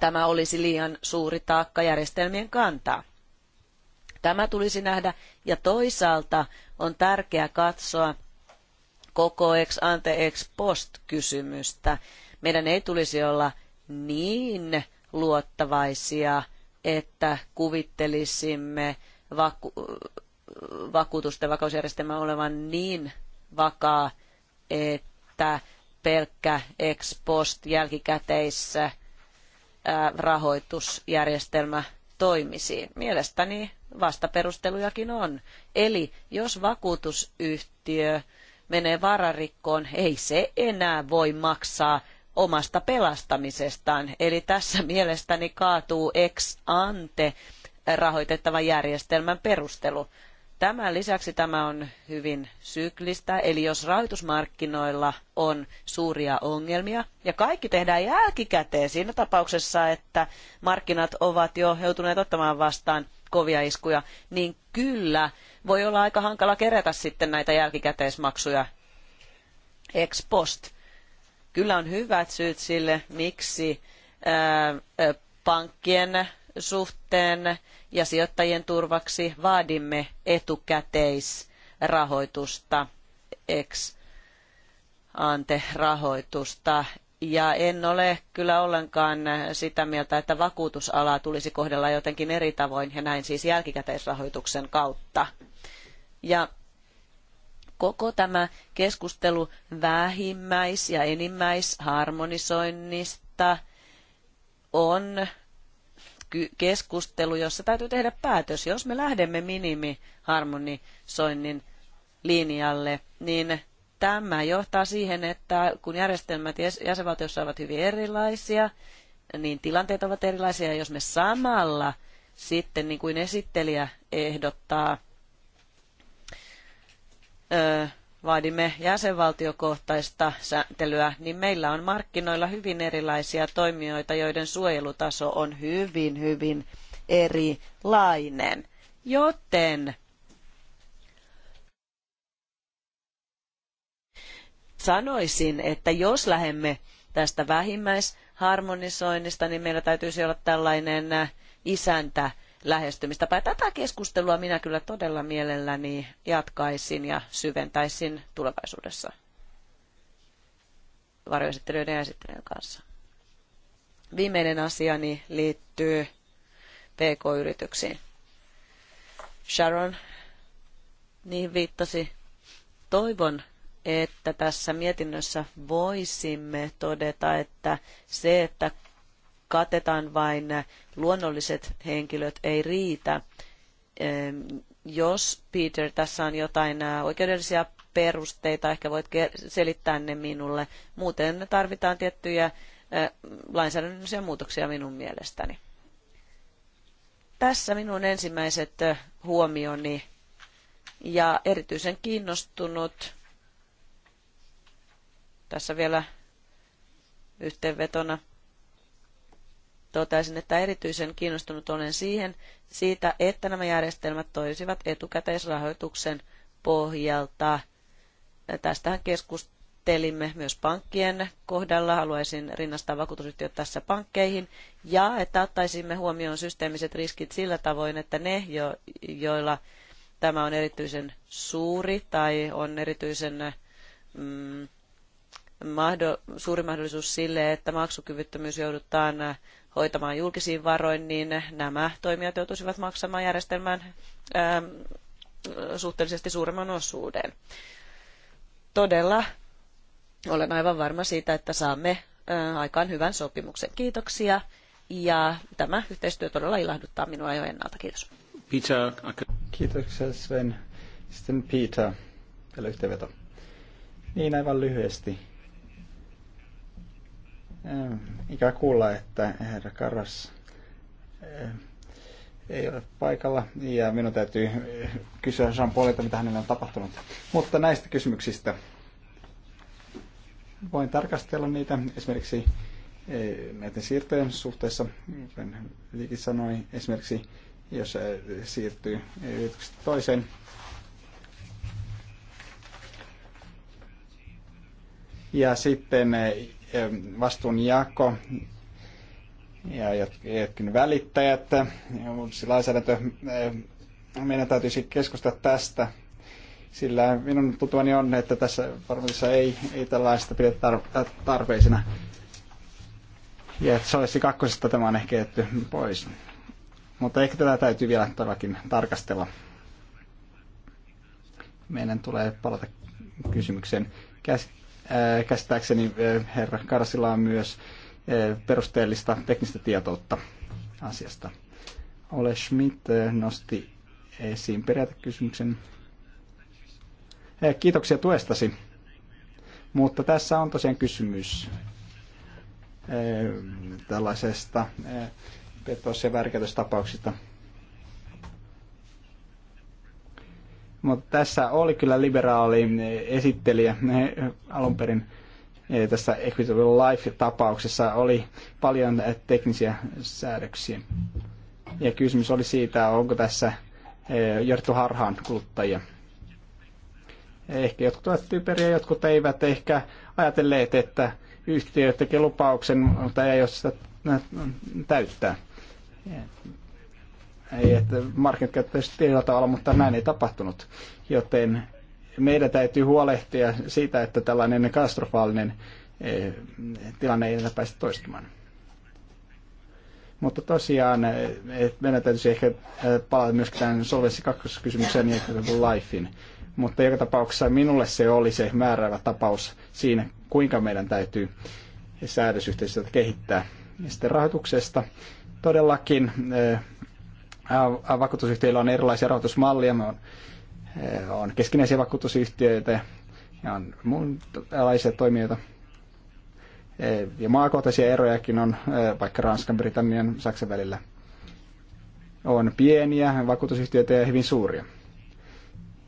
tämä olisi liian suuri taakka järjestelmien kantaa. Tämä tulisi nähdä ja toisaalta on tärkeää katsoa koko ex ante ex post kysymystä. Meidän ei tulisi olla niin luottavaisia että kuvittelisimme vaku- vakuutusten vakausjärjestelmän olevan niin vakaa, että pelkkä ex post jälkikäteissä rahoitusjärjestelmä toimisi. Mielestäni vastaperustelujakin on. Eli jos vakuutusyhtiö menee vararikkoon, ei se enää voi maksaa omasta pelastamisestaan. Eli tässä mielestäni kaatuu ex ante rahoitettavan järjestelmän perustelu. Tämän lisäksi tämä on hyvin syklistä, eli jos rahoitusmarkkinoilla on suuria ongelmia ja kaikki tehdään jälkikäteen siinä tapauksessa, että markkinat ovat jo joutuneet ottamaan vastaan kovia iskuja, niin kyllä voi olla aika hankala kerätä sitten näitä jälkikäteismaksuja ex post. Kyllä on hyvät syyt sille, miksi pankkien suhteen ja sijoittajien turvaksi vaadimme etukäteisrahoitusta, ex ante rahoitusta. Ja en ole kyllä ollenkaan sitä mieltä, että vakuutusalaa tulisi kohdella jotenkin eri tavoin ja näin siis jälkikäteisrahoituksen kautta. Ja koko tämä keskustelu vähimmäis- ja enimmäisharmonisoinnista on keskustelu, jossa täytyy tehdä päätös. Jos me lähdemme minimiharmonisoinnin linjalle, niin tämä johtaa siihen, että kun järjestelmät jäsenvaltiossa ovat hyvin erilaisia, niin tilanteet ovat erilaisia. Jos me samalla sitten, niin kuin esittelijä ehdottaa, vaadimme jäsenvaltiokohtaista sääntelyä, niin meillä on markkinoilla hyvin erilaisia toimijoita, joiden suojelutaso on hyvin, hyvin erilainen. Joten sanoisin, että jos lähemme tästä vähimmäisharmonisoinnista, niin meillä täytyisi olla tällainen isäntä lähestymistapaa. Tätä keskustelua minä kyllä todella mielelläni jatkaisin ja syventäisin tulevaisuudessa varjoesittelyiden ja esittelyiden kanssa. Viimeinen asiani liittyy PK-yrityksiin. Sharon niihin viittasi. Toivon, että tässä mietinnössä voisimme todeta, että se, että katetaan vain luonnolliset henkilöt, ei riitä. Jos Peter, tässä on jotain oikeudellisia perusteita, ehkä voit selittää ne minulle. Muuten tarvitaan tiettyjä lainsäädännöllisiä muutoksia minun mielestäni. Tässä minun ensimmäiset huomioni ja erityisen kiinnostunut tässä vielä yhteenvetona – toteaisin, että erityisen kiinnostunut olen siihen, siitä, että nämä järjestelmät toisivat etukäteisrahoituksen pohjalta. Tästähän keskustelimme myös pankkien kohdalla. Haluaisin rinnastaa vakuutusyhtiöt tässä pankkeihin. Ja että ottaisimme huomioon systeemiset riskit sillä tavoin, että ne, jo, joilla tämä on erityisen suuri tai on erityisen mm, suuri mahdollisuus sille, että maksukyvyttömyys joudutaan hoitamaan julkisiin varoin, niin nämä toimijat joutuisivat maksamaan järjestelmän ää, ähm, suhteellisesti suuremman osuuden. Todella olen aivan varma siitä, että saamme ää, äh, aikaan hyvän sopimuksen. Kiitoksia ja tämä yhteistyö todella ilahduttaa minua jo ennalta. Kiitos. Peter. Kiitoksia Sven. Sitten Peter, vielä yhteenveto. Niin aivan lyhyesti Äh, ikä kuulla, että herra Karas äh, ei ole paikalla ja minun täytyy äh, kysyä Jean Paulilta, mitä hänelle on tapahtunut. Mutta näistä kysymyksistä voin tarkastella niitä esimerkiksi näiden siirtojen suhteessa, kuten Liki sanoi, esimerkiksi jos siirtyy yrityksestä toiseen, ja sitten vastuunjako ja jotkin välittäjät, lainsäädäntö, meidän täytyisi keskustella tästä, sillä minun tutuani on, että tässä varmuudessa ei, ei tällaista pidetä tarpeisena. Ja että Solessi kakkosesta tämä on ehkä jätty pois. Mutta ehkä tätä täytyy vielä todellakin tarkastella. Meidän tulee palata kysymykseen käsittelyyn Äh, käsittääkseni äh, herra Karsila on myös äh, perusteellista teknistä tietoutta asiasta. Ole Schmidt nosti esiin periaatekysymyksen. Kiitoksia tuestasi. Mutta tässä on tosiaan kysymys tällaisesta petos- ja väärinkäytöstapauksista. Mutta tässä oli kyllä liberaali eh, esittelijä eh, alun perin eh, tässä Equitable Life-tapauksessa oli paljon teknisiä säädöksiä. Ja kysymys oli siitä, onko tässä johdettu harhaan kuluttajia. Ehkä jotkut ovat typeriä, jotkut eivät ehkä ajatelleet, että yhtiö tekee lupauksen, mutta ei ole sitä täyttää ei, että markkinat käyttäisi tietyllä tavalla, mutta näin ei tapahtunut. Joten meidän täytyy huolehtia siitä, että tällainen katastrofaalinen eh, tilanne ei enää pääse toistumaan. Mutta tosiaan, eh, että meidän täytyisi ehkä eh, palata myöskin tämän Solvenssi 2 kysymykseen ja Lifein. Mutta joka tapauksessa minulle se oli se määräävä tapaus siinä, kuinka meidän täytyy säädösyhteistyötä kehittää. Ja sitten rahoituksesta todellakin vakuutusyhtiöillä on erilaisia Me on, on keskinäisiä vakuutusyhtiöitä ja on muunlaisia toimijoita. Ja maakohtaisia erojakin on vaikka Ranskan, Britannian, Saksan välillä. On pieniä vakuutusyhtiöitä ja hyvin suuria.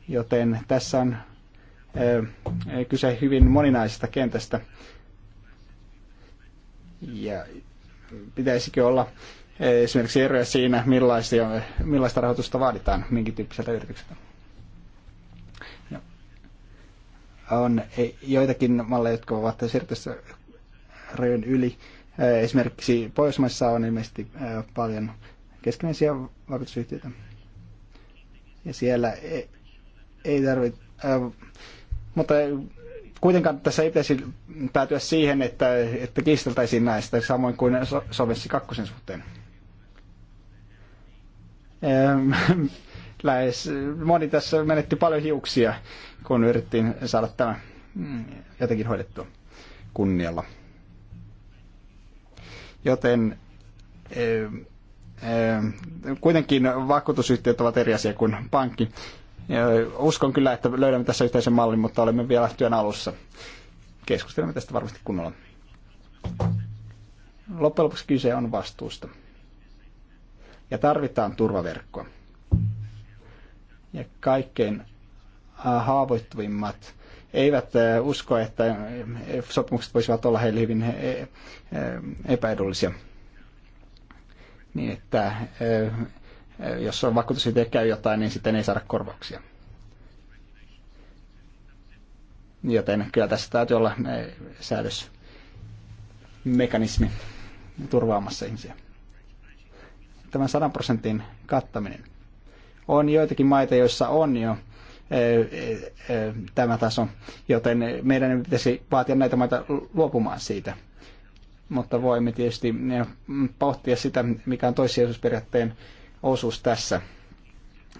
Joten tässä on kyse hyvin moninaisesta kentästä. Ja pitäisikö olla esimerkiksi eroja siinä, millaisia, millaista rahoitusta vaaditaan minkin tyyppiseltä yritykseltä. On e, joitakin malleja, jotka ovat siirtyessä rajojen yli. E, esimerkiksi Pohjoismaissa on ilmeisesti e, paljon keskinäisiä vakuutusyhtiöitä. Ja siellä ei, tarvitse, mutta kuitenkaan tässä ei pitäisi päätyä siihen, että, että kiisteltäisiin näistä, samoin kuin Solvenssi kakkosen suhteen. lähes, moni tässä menetti paljon hiuksia, kun yritettiin saada tämä mm, jotenkin hoidettua kunnialla. Joten kuitenkin vakuutusyhtiöt ovat eri asia kuin pankki. Uskon kyllä, että löydämme tässä yhteisen mallin, mutta olemme vielä työn alussa. Keskustelemme tästä varmasti kunnolla. Loppujen lopuksi kyse on vastuusta ja tarvitaan turvaverkkoa. Ja kaikkein äh, haavoittuvimmat eivät äh, usko, että äh, sopimukset voisivat olla heille hyvin epäedullisia. Niin, että jos on että käy jotain, niin sitten ei saada korvauksia. Joten kyllä tässä täytyy olla säädösmekanismi turvaamassa ihmisiä tämän 100 prosentin kattaminen. On joitakin maita, joissa on jo tämä taso, joten meidän pitäisi vaatia näitä maita luopumaan siitä. Mutta voimme tietysti pohtia sitä, mikä on toissijaisuusperiaatteen osuus tässä.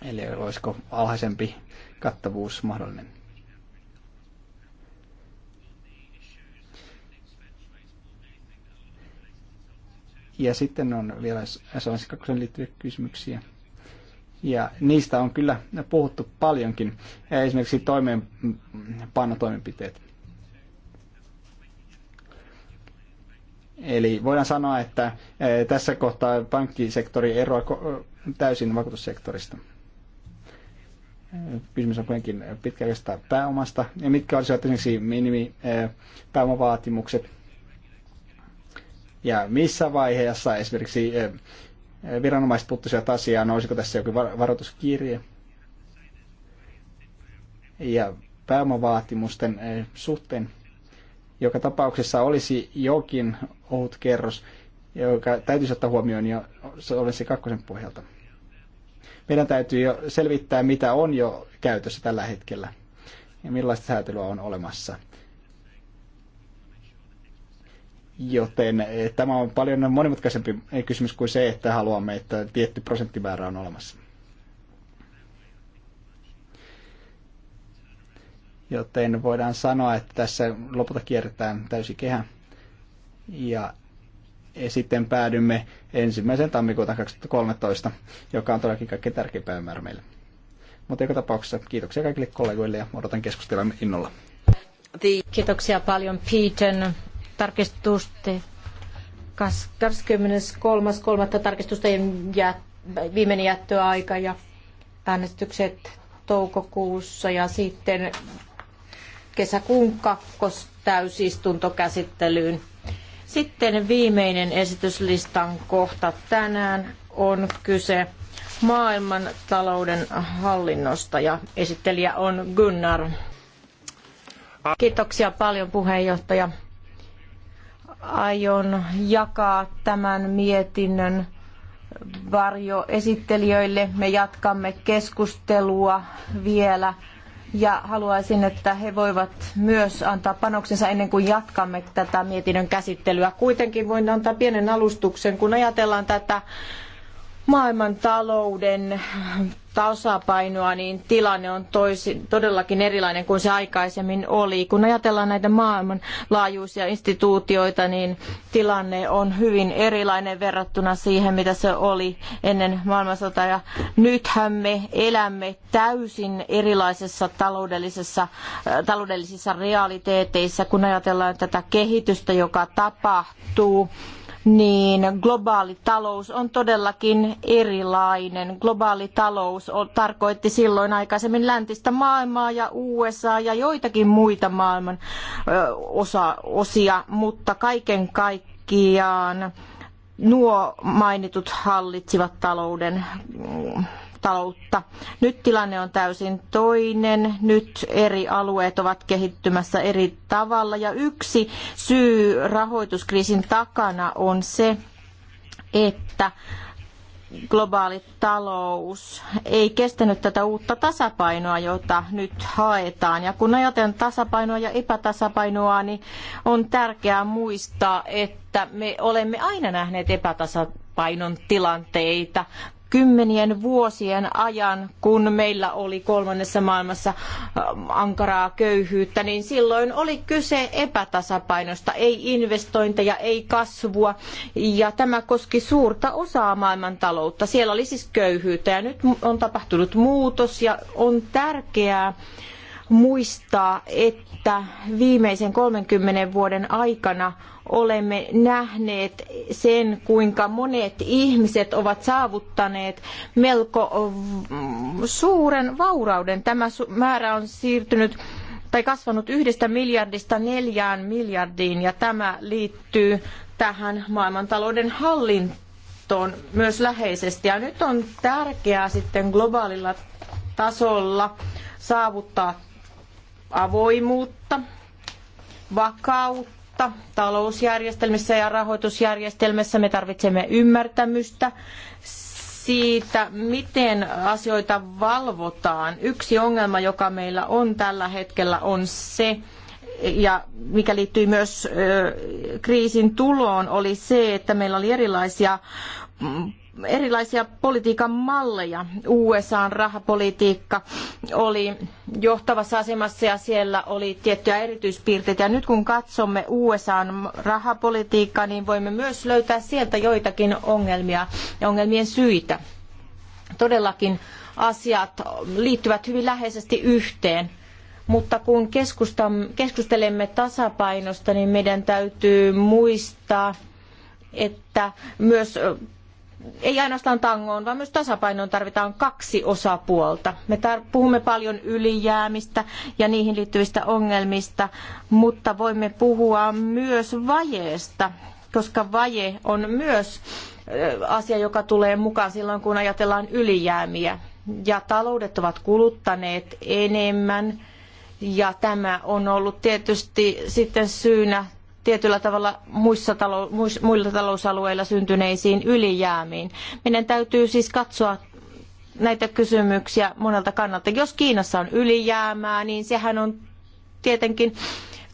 Eli olisiko alhaisempi kattavuus mahdollinen. Ja sitten on vielä SOS 2 liittyviä kysymyksiä. Ja niistä on kyllä puhuttu paljonkin, esimerkiksi toimeenpanotoimenpiteet. Eli voidaan sanoa, että e, tässä kohtaa pankkisektori eroaa täysin vakuutussektorista. E, kysymys on kuitenkin pitkäaikaisesta pääomasta. Ja mitkä olisivat esimerkiksi minimipääomavaatimukset e, ja missä vaiheessa esimerkiksi eh, eh, viranomaiset puuttuisivat asiaan, olisiko tässä jokin varoituskirje. Ja pääomavaatimusten eh, suhteen joka tapauksessa olisi jokin ohut kerros, joka täytyisi ottaa huomioon jo olisi kakkosen pohjalta. Meidän täytyy jo selvittää, mitä on jo käytössä tällä hetkellä ja millaista säätelyä on olemassa. Joten eh, tämä on paljon monimutkaisempi eh, kysymys kuin se, että haluamme, että tietty prosenttimäärä on olemassa. Joten voidaan sanoa, että tässä lopulta kierretään täysi kehä. Ja eh, sitten päädymme ensimmäiseen tammikuuta 2013, joka on todellakin kaikkein tärkein päivämäärä meille. Mutta joka tapauksessa kiitoksia kaikille kollegoille ja odotan keskustelua innolla. Kiitoksia paljon Peter tarkistusten 23.3. tarkistusten jä, viimeinen jättöaika ja äänestykset toukokuussa ja sitten kesäkuun kakkostäysistuntokäsittelyyn. Sitten viimeinen esityslistan kohta tänään on kyse maailmantalouden hallinnosta ja esittelijä on Gunnar. Kiitoksia paljon puheenjohtaja aion jakaa tämän mietinnön varjoesittelijöille. Me jatkamme keskustelua vielä ja haluaisin, että he voivat myös antaa panoksensa ennen kuin jatkamme tätä mietinnön käsittelyä. Kuitenkin voin antaa pienen alustuksen, kun ajatellaan tätä maailman talouden tasapainoa, niin tilanne on toisi, todellakin erilainen kuin se aikaisemmin oli. Kun ajatellaan näitä maailmanlaajuisia instituutioita, niin tilanne on hyvin erilainen verrattuna siihen, mitä se oli ennen maailmansotaa. Ja nythän me elämme täysin erilaisessa taloudellisessa, äh, taloudellisissa realiteeteissa, kun ajatellaan tätä kehitystä, joka tapahtuu niin globaali talous on todellakin erilainen. Globaali talous tarkoitti silloin aikaisemmin läntistä maailmaa ja USA ja joitakin muita maailman osa, osia, mutta kaiken kaikkiaan nuo mainitut hallitsivat talouden mm, taloutta. Nyt tilanne on täysin toinen. Nyt eri alueet ovat kehittymässä eri tavalla. Ja yksi syy rahoituskriisin takana on se, että globaali talous ei kestänyt tätä uutta tasapainoa, jota nyt haetaan. Ja kun ajatellaan tasapainoa ja epätasapainoa, niin on tärkeää muistaa, että me olemme aina nähneet epätasapainon tilanteita kymmenien vuosien ajan, kun meillä oli kolmannessa maailmassa äh, ankaraa köyhyyttä, niin silloin oli kyse epätasapainosta, ei investointeja, ei kasvua, ja tämä koski suurta osaa maailman taloutta. Siellä oli siis köyhyyttä, ja nyt on tapahtunut muutos, ja on tärkeää, muistaa, että viimeisen 30 vuoden aikana olemme nähneet sen, kuinka monet ihmiset ovat saavuttaneet melko suuren vaurauden. Tämä määrä on siirtynyt tai kasvanut yhdestä miljardista neljään miljardiin ja tämä liittyy tähän maailmantalouden hallintoon myös läheisesti. Ja nyt on tärkeää sitten globaalilla tasolla saavuttaa avoimuutta, vakautta talousjärjestelmissä ja rahoitusjärjestelmissä. Me tarvitsemme ymmärtämystä siitä, miten asioita valvotaan. Yksi ongelma, joka meillä on tällä hetkellä, on se, ja mikä liittyy myös kriisin tuloon, oli se, että meillä oli erilaisia erilaisia politiikan malleja. USAn rahapolitiikka oli johtavassa asemassa ja siellä oli tiettyjä erityispiirteitä. Ja nyt kun katsomme USAn rahapolitiikkaa, niin voimme myös löytää sieltä joitakin ongelmia ja ongelmien syitä. Todellakin asiat liittyvät hyvin läheisesti yhteen. Mutta kun keskustelemme tasapainosta, niin meidän täytyy muistaa, että myös ei ainoastaan tangoon, vaan myös tasapainoon tarvitaan kaksi osapuolta. Me puhumme paljon ylijäämistä ja niihin liittyvistä ongelmista, mutta voimme puhua myös vajeesta, koska vaje on myös asia, joka tulee mukaan silloin, kun ajatellaan ylijäämiä. Ja taloudet ovat kuluttaneet enemmän ja tämä on ollut tietysti sitten syynä tietyllä tavalla muissa muis, muilla talousalueilla syntyneisiin ylijäämiin. Meidän täytyy siis katsoa näitä kysymyksiä monelta kannalta. Jos Kiinassa on ylijäämää, niin sehän on tietenkin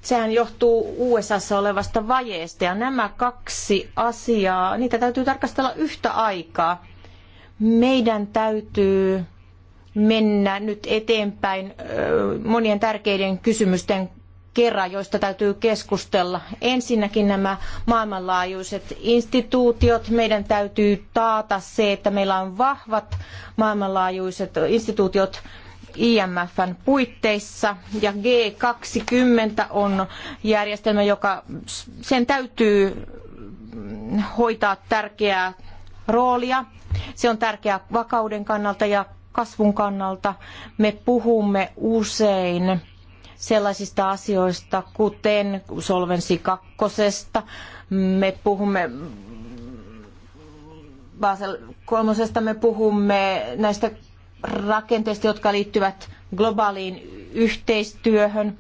sehän johtuu USAssa olevasta vajeesta ja nämä kaksi asiaa, niitä täytyy tarkastella yhtä aikaa. Meidän täytyy mennä nyt eteenpäin monien tärkeiden kysymysten kerran, joista täytyy keskustella. Ensinnäkin nämä maailmanlaajuiset instituutiot. Meidän täytyy taata se, että meillä on vahvat maailmanlaajuiset instituutiot IMFn puitteissa ja G20 on järjestelmä, joka sen täytyy hoitaa tärkeää roolia. Se on tärkeää vakauden kannalta ja kasvun kannalta. Me puhumme usein sellaisista asioista, kuten solvensi kakkosesta. Me puhumme Basel kolmosesta, me puhumme näistä rakenteista, jotka liittyvät globaaliin yhteistyöhön.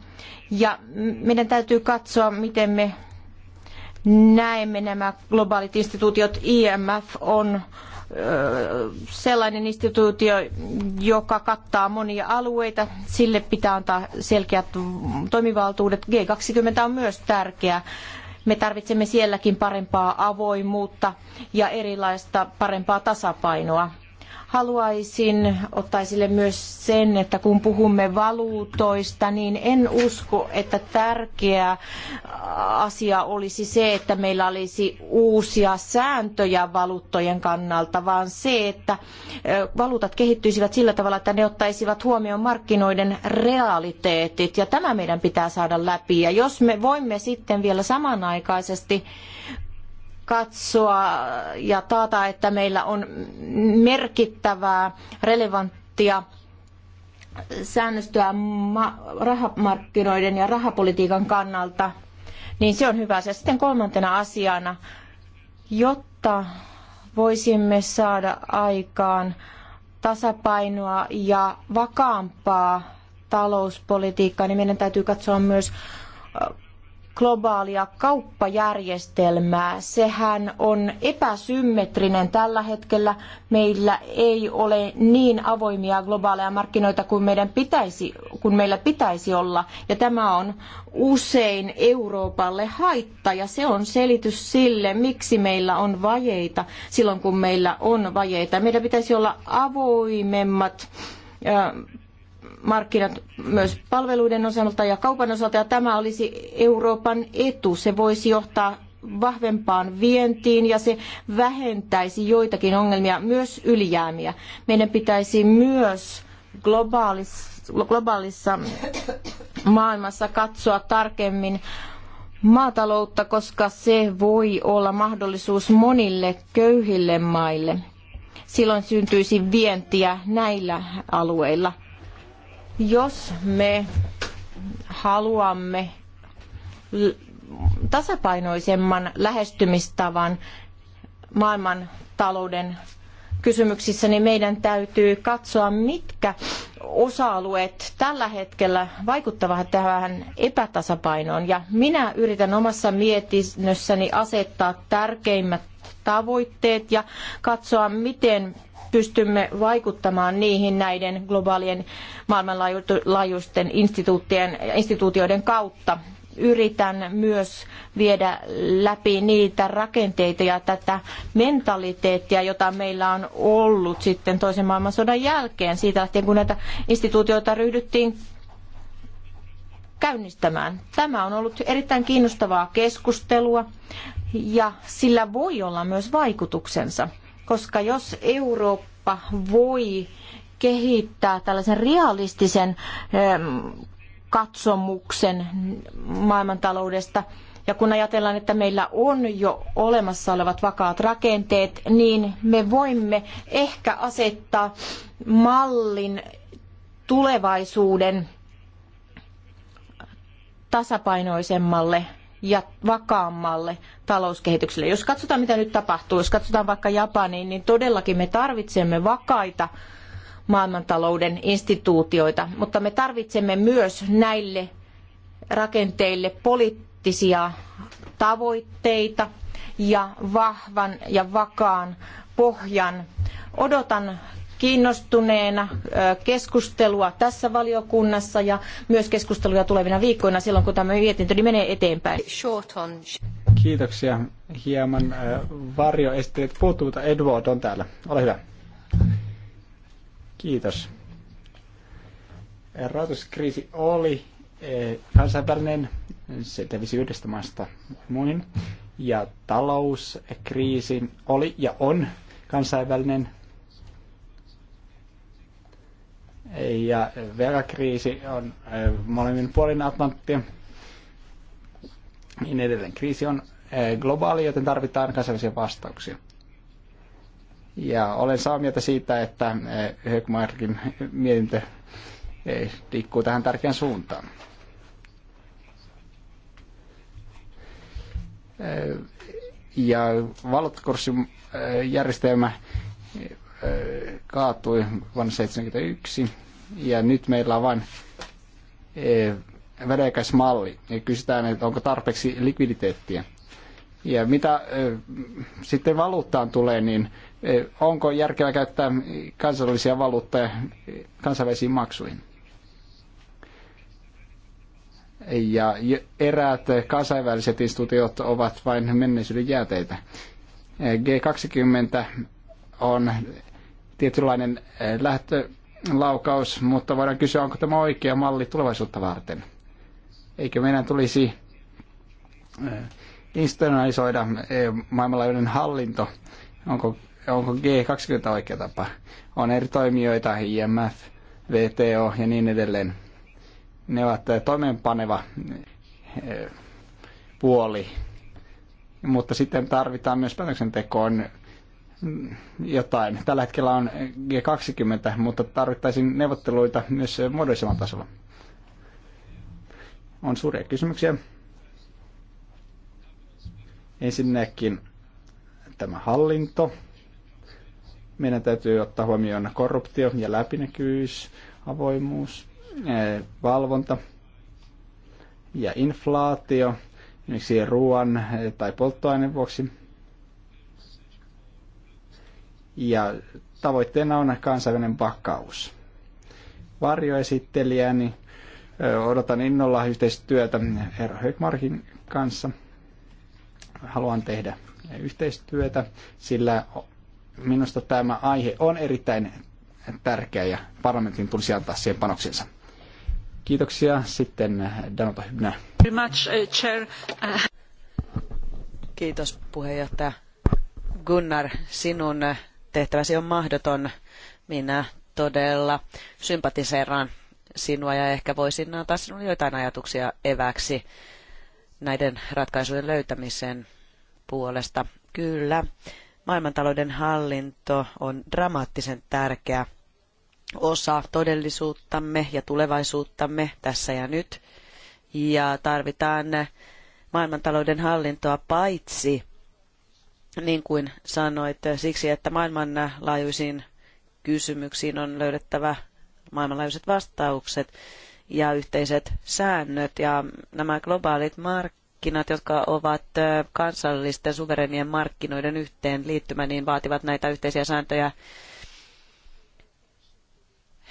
Ja meidän täytyy katsoa, miten me näemme nämä globaalit instituutiot. IMF on sellainen instituutio, joka kattaa monia alueita. Sille pitää antaa selkeät toimivaltuudet. G20 on myös tärkeä. Me tarvitsemme sielläkin parempaa avoimuutta ja erilaista parempaa tasapainoa. Haluaisin ottaa esille myös sen, että kun puhumme valuutoista, niin en usko, että tärkeä asia olisi se, että meillä olisi uusia sääntöjä valuuttojen kannalta, vaan se, että valuutat kehittyisivät sillä tavalla, että ne ottaisivat huomioon markkinoiden realiteetit. Ja tämä meidän pitää saada läpi. Ja jos me voimme sitten vielä samanaikaisesti katsoa ja taata, että meillä on merkittävää, relevanttia säännöstöä rahamarkkinoiden ja rahapolitiikan kannalta, niin se on hyvä asia. Sitten kolmantena asiana, jotta voisimme saada aikaan tasapainoa ja vakaampaa talouspolitiikkaa, niin meidän täytyy katsoa myös globaalia kauppajärjestelmää. Sehän on epäsymmetrinen tällä hetkellä. Meillä ei ole niin avoimia globaaleja markkinoita kuin, meidän pitäisi, kuin meillä pitäisi olla. Ja tämä on usein Euroopalle haitta ja se on selitys sille, miksi meillä on vajeita silloin, kun meillä on vajeita. Meidän pitäisi olla avoimemmat markkinat myös palveluiden osalta ja kaupan osalta, ja tämä olisi Euroopan etu. Se voisi johtaa vahvempaan vientiin ja se vähentäisi joitakin ongelmia, myös ylijäämiä. Meidän pitäisi myös globaalissa, globaalissa maailmassa katsoa tarkemmin maataloutta, koska se voi olla mahdollisuus monille köyhille maille. Silloin syntyisi vientiä näillä alueilla. Jos me haluamme tasapainoisemman lähestymistavan maailman talouden kysymyksissä, niin meidän täytyy katsoa, mitkä osa-alueet tällä hetkellä vaikuttavat tähän epätasapainoon. Ja minä yritän omassa mietinnössäni asettaa tärkeimmät tavoitteet ja katsoa, miten pystymme vaikuttamaan niihin näiden globaalien maailmanlaajuisten instituutioiden kautta. Yritän myös viedä läpi niitä rakenteita ja tätä mentaliteettia, jota meillä on ollut sitten toisen maailmansodan jälkeen, siitä lähtien kun näitä instituutioita ryhdyttiin käynnistämään. Tämä on ollut erittäin kiinnostavaa keskustelua ja sillä voi olla myös vaikutuksensa koska jos Eurooppa voi kehittää tällaisen realistisen katsomuksen maailmantaloudesta, ja kun ajatellaan, että meillä on jo olemassa olevat vakaat rakenteet, niin me voimme ehkä asettaa mallin tulevaisuuden tasapainoisemmalle ja vakaammalle talouskehitykselle. Jos katsotaan, mitä nyt tapahtuu, jos katsotaan vaikka Japaniin, niin todellakin me tarvitsemme vakaita maailmantalouden instituutioita, mutta me tarvitsemme myös näille rakenteille poliittisia tavoitteita ja vahvan ja vakaan pohjan. Odotan kiinnostuneena keskustelua tässä valiokunnassa ja myös keskusteluja tulevina viikkoina silloin, kun tämä mietintö niin menee eteenpäin. Kiitoksia. Hieman varjoesteet puuttuu, mutta Edward on täällä. Ole hyvä. Kiitos. Rahoituskriisi oli kansainvälinen, se levisi yhdestä maasta muihin, ja talouskriisi oli ja on kansainvälinen, ja velkakriisi on äh, molemmin puolin Atlanttia. Niin edelleen kriisi on äh, globaali, joten tarvitaan kansainvälisiä vastauksia. Ja olen samaa mieltä siitä, että äh, Högmarkin mietintö liikkuu tähän tärkeään suuntaan. Ja valuuttakurssijärjestelmä kaatui vuonna 1971 ja nyt meillä on vain eh, vedekäs malli. Ja kysytään, että onko tarpeeksi likviditeettiä. Ja mitä eh, sitten valuuttaan tulee, niin eh, onko järkevää käyttää kansallisia valuuttaja kansainvälisiin maksuihin? Ja eräät kansainväliset instituutiot ovat vain menneisyyden jääteitä. G20 on tietynlainen eh, lähtölaukaus, mutta voidaan kysyä, onko tämä oikea malli tulevaisuutta varten. Eikö meidän tulisi eh, institutionalisoida eh, maailmanlaajuinen hallinto? Onko, onko G20 oikea tapa? On eri toimijoita, IMF, VTO ja niin edelleen. Ne ovat toimeenpaneva puoli, mutta sitten tarvitaan myös päätöksentekoon jotain. Tällä hetkellä on G20, mutta tarvittaisiin neuvotteluita myös muodollisella tasolla. On suuria kysymyksiä. Ensinnäkin tämä hallinto. Meidän täytyy ottaa huomioon korruptio ja läpinäkyvyys, avoimuus, eh, valvonta ja inflaatio, esimerkiksi ruoan eh, tai polttoaineen vuoksi – ja tavoitteena on kansainvälinen vakaus. Varjoesittelijäni odotan innolla yhteistyötä herra Högmarkin kanssa. Haluan tehdä yhteistyötä, sillä minusta tämä aihe on erittäin tärkeä ja parlamentin tulisi antaa siihen panoksensa. Kiitoksia. Sitten Danuta Hybnä. Uh, uh, Kiitos puheenjohtaja Gunnar sinun tehtäväsi on mahdoton. Minä todella sympatiseeraan sinua ja ehkä voisin antaa sinulle joitain ajatuksia eväksi näiden ratkaisujen löytämisen puolesta. Kyllä, maailmantalouden hallinto on dramaattisen tärkeä osa todellisuuttamme ja tulevaisuuttamme tässä ja nyt. Ja tarvitaan maailmantalouden hallintoa paitsi niin kuin sanoit, siksi, että maailmanlaajuisiin kysymyksiin on löydettävä maailmanlaajuiset vastaukset ja yhteiset säännöt ja nämä globaalit markkinat, jotka ovat kansallisten suverenien markkinoiden yhteen liittymä, niin vaativat näitä yhteisiä sääntöjä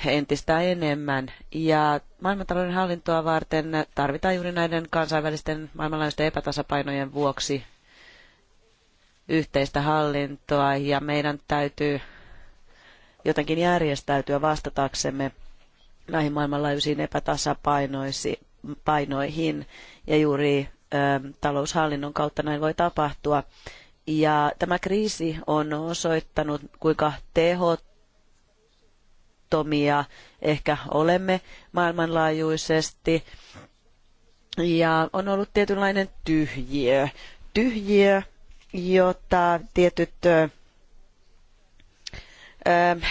entistä enemmän. Ja maailmantalouden hallintoa varten tarvitaan juuri näiden kansainvälisten maailmanlaajuisten epätasapainojen vuoksi yhteistä hallintoa ja meidän täytyy jotenkin järjestäytyä vastataksemme näihin maailmanlaajuisiin epätasapainoihin ja juuri ö, taloushallinnon kautta näin voi tapahtua. Ja tämä kriisi on osoittanut, kuinka tehottomia ehkä olemme maailmanlaajuisesti. Ja on ollut tietynlainen tyhjiö. Tyhjiö, jota tietyt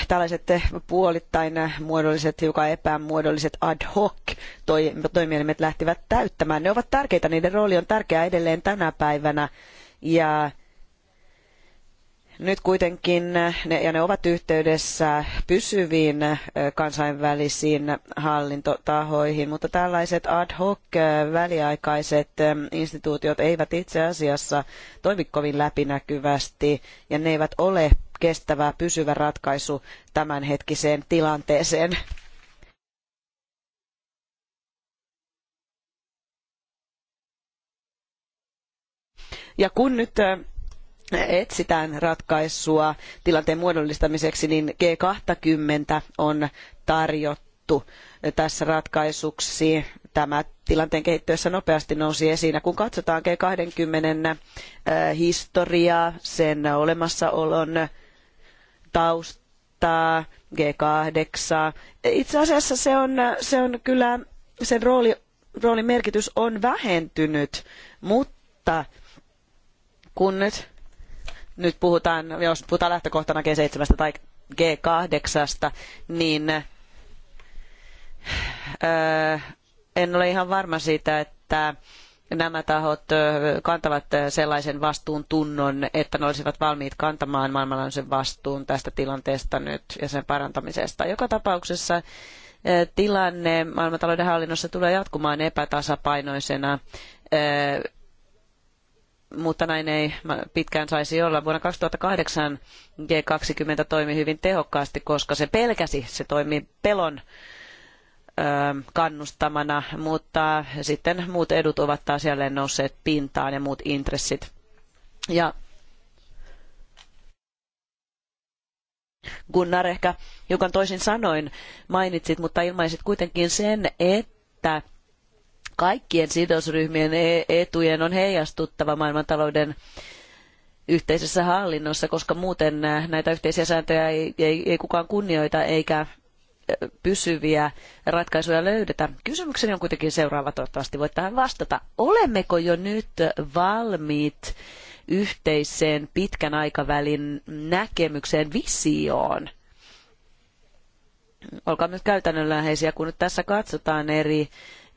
tällaiset puolittain muodolliset, hiukan epämuodolliset ad hoc toimielimet lähtivät täyttämään. Ne ovat tärkeitä, niiden rooli on tärkeä edelleen tänä päivänä ja nyt kuitenkin ne, ja ne ovat yhteydessä pysyviin kansainvälisiin hallintotahoihin, mutta tällaiset ad hoc väliaikaiset instituutiot eivät itse asiassa toimi kovin läpinäkyvästi ja ne eivät ole kestävä pysyvä ratkaisu tämänhetkiseen tilanteeseen. Ja kun nyt etsitään ratkaisua tilanteen muodollistamiseksi, niin G20 on tarjottu tässä ratkaisuksi. Tämä tilanteen kehittyessä nopeasti nousi esiin. Kun katsotaan G20 äh, historiaa, sen olemassaolon taustaa, G8, itse asiassa se on, se on kyllä, sen rooli, roolin merkitys on vähentynyt, mutta kun nyt nyt puhutaan, jos puhutaan lähtökohtana G7 tai G8, niin öö, en ole ihan varma siitä, että nämä tahot öö, kantavat sellaisen vastuun tunnon, että ne olisivat valmiit kantamaan maailmanlaajuisen vastuun tästä tilanteesta nyt ja sen parantamisesta. Joka tapauksessa öö, tilanne maailmantalouden hallinnossa tulee jatkumaan epätasapainoisena mutta näin ei pitkään saisi olla. Vuonna 2008 G20 toimi hyvin tehokkaasti, koska se pelkäsi, se toimi pelon kannustamana, mutta sitten muut edut ovat taas jälleen nousseet pintaan ja muut intressit. Ja Gunnar ehkä hiukan toisin sanoin mainitsit, mutta ilmaisit kuitenkin sen, että kaikkien sidosryhmien e- etujen on heijastuttava maailmantalouden yhteisessä hallinnossa, koska muuten näitä yhteisiä sääntöjä ei, ei, ei kukaan kunnioita eikä pysyviä ratkaisuja löydetä. Kysymykseni on kuitenkin seuraava, toivottavasti voit tähän vastata. Olemmeko jo nyt valmiit yhteiseen pitkän aikavälin näkemykseen, visioon? Olkaa nyt käytännönläheisiä, kun nyt tässä katsotaan eri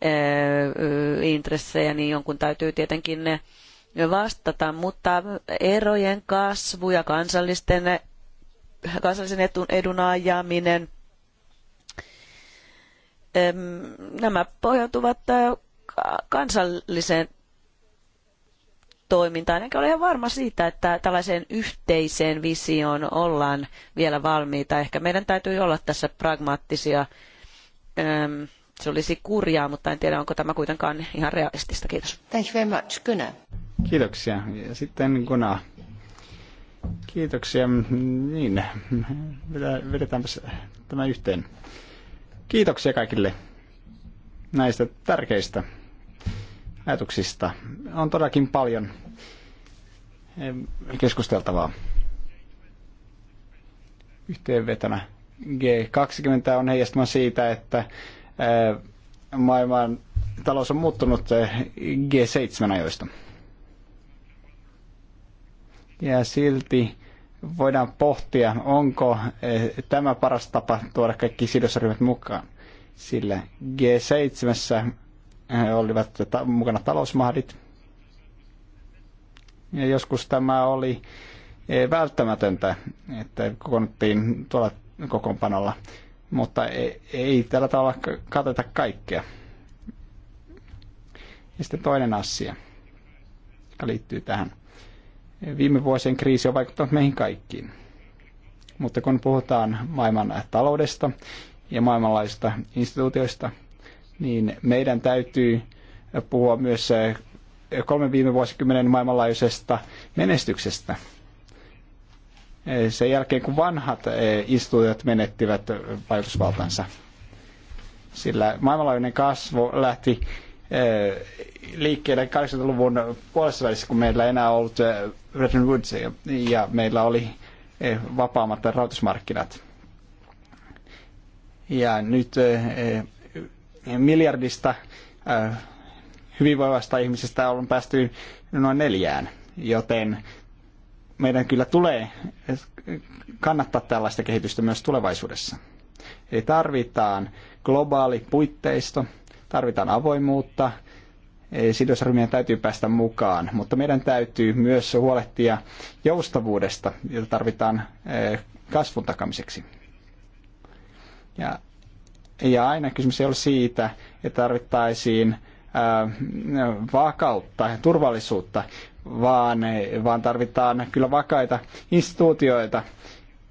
Eh, intressejä, niin jonkun täytyy tietenkin ne vastata, mutta erojen kasvu ja kansallisten, kansallisen etun, edun ajaminen, nämä pohjautuvat eh, kansalliseen toimintaan, enkä ole ihan varma siitä, että tällaiseen yhteiseen visioon ollaan vielä valmiita. Ehkä meidän täytyy olla tässä pragmaattisia se olisi kurjaa, mutta en tiedä, onko tämä kuitenkaan ihan realistista. Kiitos. Thank you very much. Gunnar. Kiitoksia. Ja sitten Gunnar. Kiitoksia. Niin, vedetäänpä tämä yhteen. Kiitoksia kaikille näistä tärkeistä ajatuksista. On todellakin paljon keskusteltavaa. Yhteenvetona G20 on heijastuma siitä, että maailman talous on muuttunut G7-ajoista. Ja silti voidaan pohtia, onko tämä paras tapa tuoda kaikki sidosryhmät mukaan. Sillä G7 olivat mukana talousmahdit. Ja joskus tämä oli välttämätöntä, että kokoonnuttiin tuolla kokoonpanolla mutta ei, ei tällä tavalla kateta kaikkea. Ja sitten toinen asia, joka liittyy tähän. Viime vuosien kriisi on vaikuttanut meihin kaikkiin. Mutta kun puhutaan maailman taloudesta ja maailmanlaisista instituutioista, niin meidän täytyy puhua myös kolmen viime vuosikymmenen maailmanlaajuisesta menestyksestä – Eh, sen jälkeen, kun vanhat eh, istujat menettivät eh, vaikutusvaltansa. Sillä maailmanlaajuinen kasvu lähti liikkeelle 80-luvun puolessa välissä, kun meillä ei enää ollut Bretton Woods ja meillä oli vapaammat rahoitusmarkkinat. Ja nyt miljardista hyvinvoivasta ihmisestä on päästy noin neljään, joten meidän kyllä tulee kannattaa tällaista kehitystä myös tulevaisuudessa. Eli tarvitaan globaali puitteisto, tarvitaan avoimuutta, sidosryhmien täytyy päästä mukaan, mutta meidän täytyy myös huolehtia joustavuudesta, jota tarvitaan eh, kasvun takamiseksi. Ja, ja aina kysymys ei ole siitä, että tarvittaisiin eh, vakautta ja turvallisuutta, vaan, vaan tarvitaan kyllä vakaita instituutioita,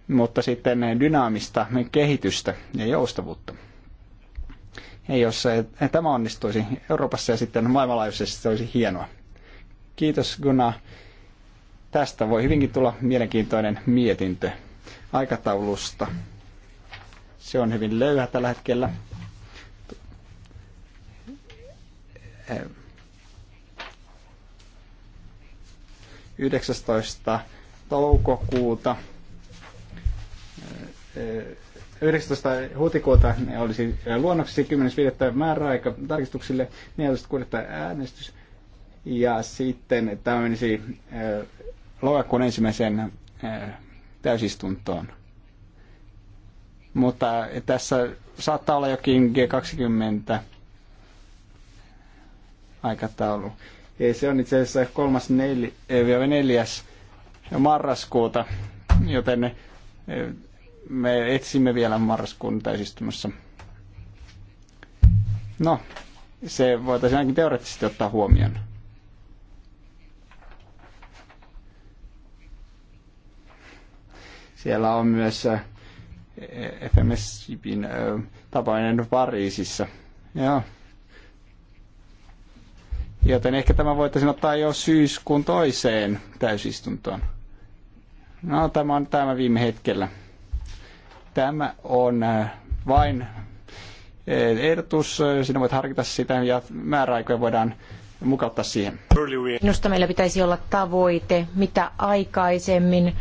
mutta sitten dynaamista kehitystä ja joustavuutta. Ja jos tämä onnistuisi Euroopassa ja sitten maailmanlaajuisesti, se olisi hienoa. Kiitos Gunnar. Tästä voi hyvinkin tulla mielenkiintoinen mietintö aikataulusta. Se on hyvin löyhä tällä hetkellä. 19. toukokuuta 19. huhtikuuta olisi luonnoksi 10.5. määräaika tarkistuksille, 14.6. äänestys ja sitten tämä menisi lokakuun ensimmäiseen täysistuntoon. Mutta tässä saattaa olla jokin G20 aikataulu. Se on itse asiassa eh, neljäs marraskuuta, joten eh, me etsimme vielä marraskuun täysistunnossa. No, se voitaisiin ainakin teoreettisesti ottaa huomioon. Siellä on myös eh, FMS-tapainen Pariisissa. Joo. Joten ehkä tämä voitaisiin ottaa jo syyskuun toiseen täysistuntoon. No, tämä on tämä viime hetkellä. Tämä on äh, vain eh, ehdotus. Sinä voit harkita sitä ja määräaikoja voidaan mukauttaa siihen. Minusta meillä pitäisi olla tavoite, mitä aikaisemmin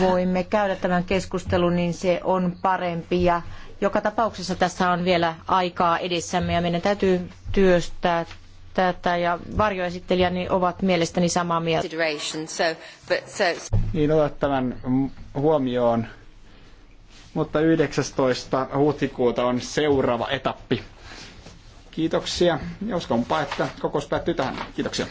voimme käydä tämän keskustelun, niin se on parempi. Ja joka tapauksessa tässä on vielä aikaa edessämme ja meidän täytyy työstää tätä ja varjoesittelijäni ovat mielestäni samaa mieltä. Niin otat tämän huomioon. Mutta 19. huhtikuuta on seuraava etappi. Kiitoksia ja uskonpa, että kokous päättyy tähän. Kiitoksia.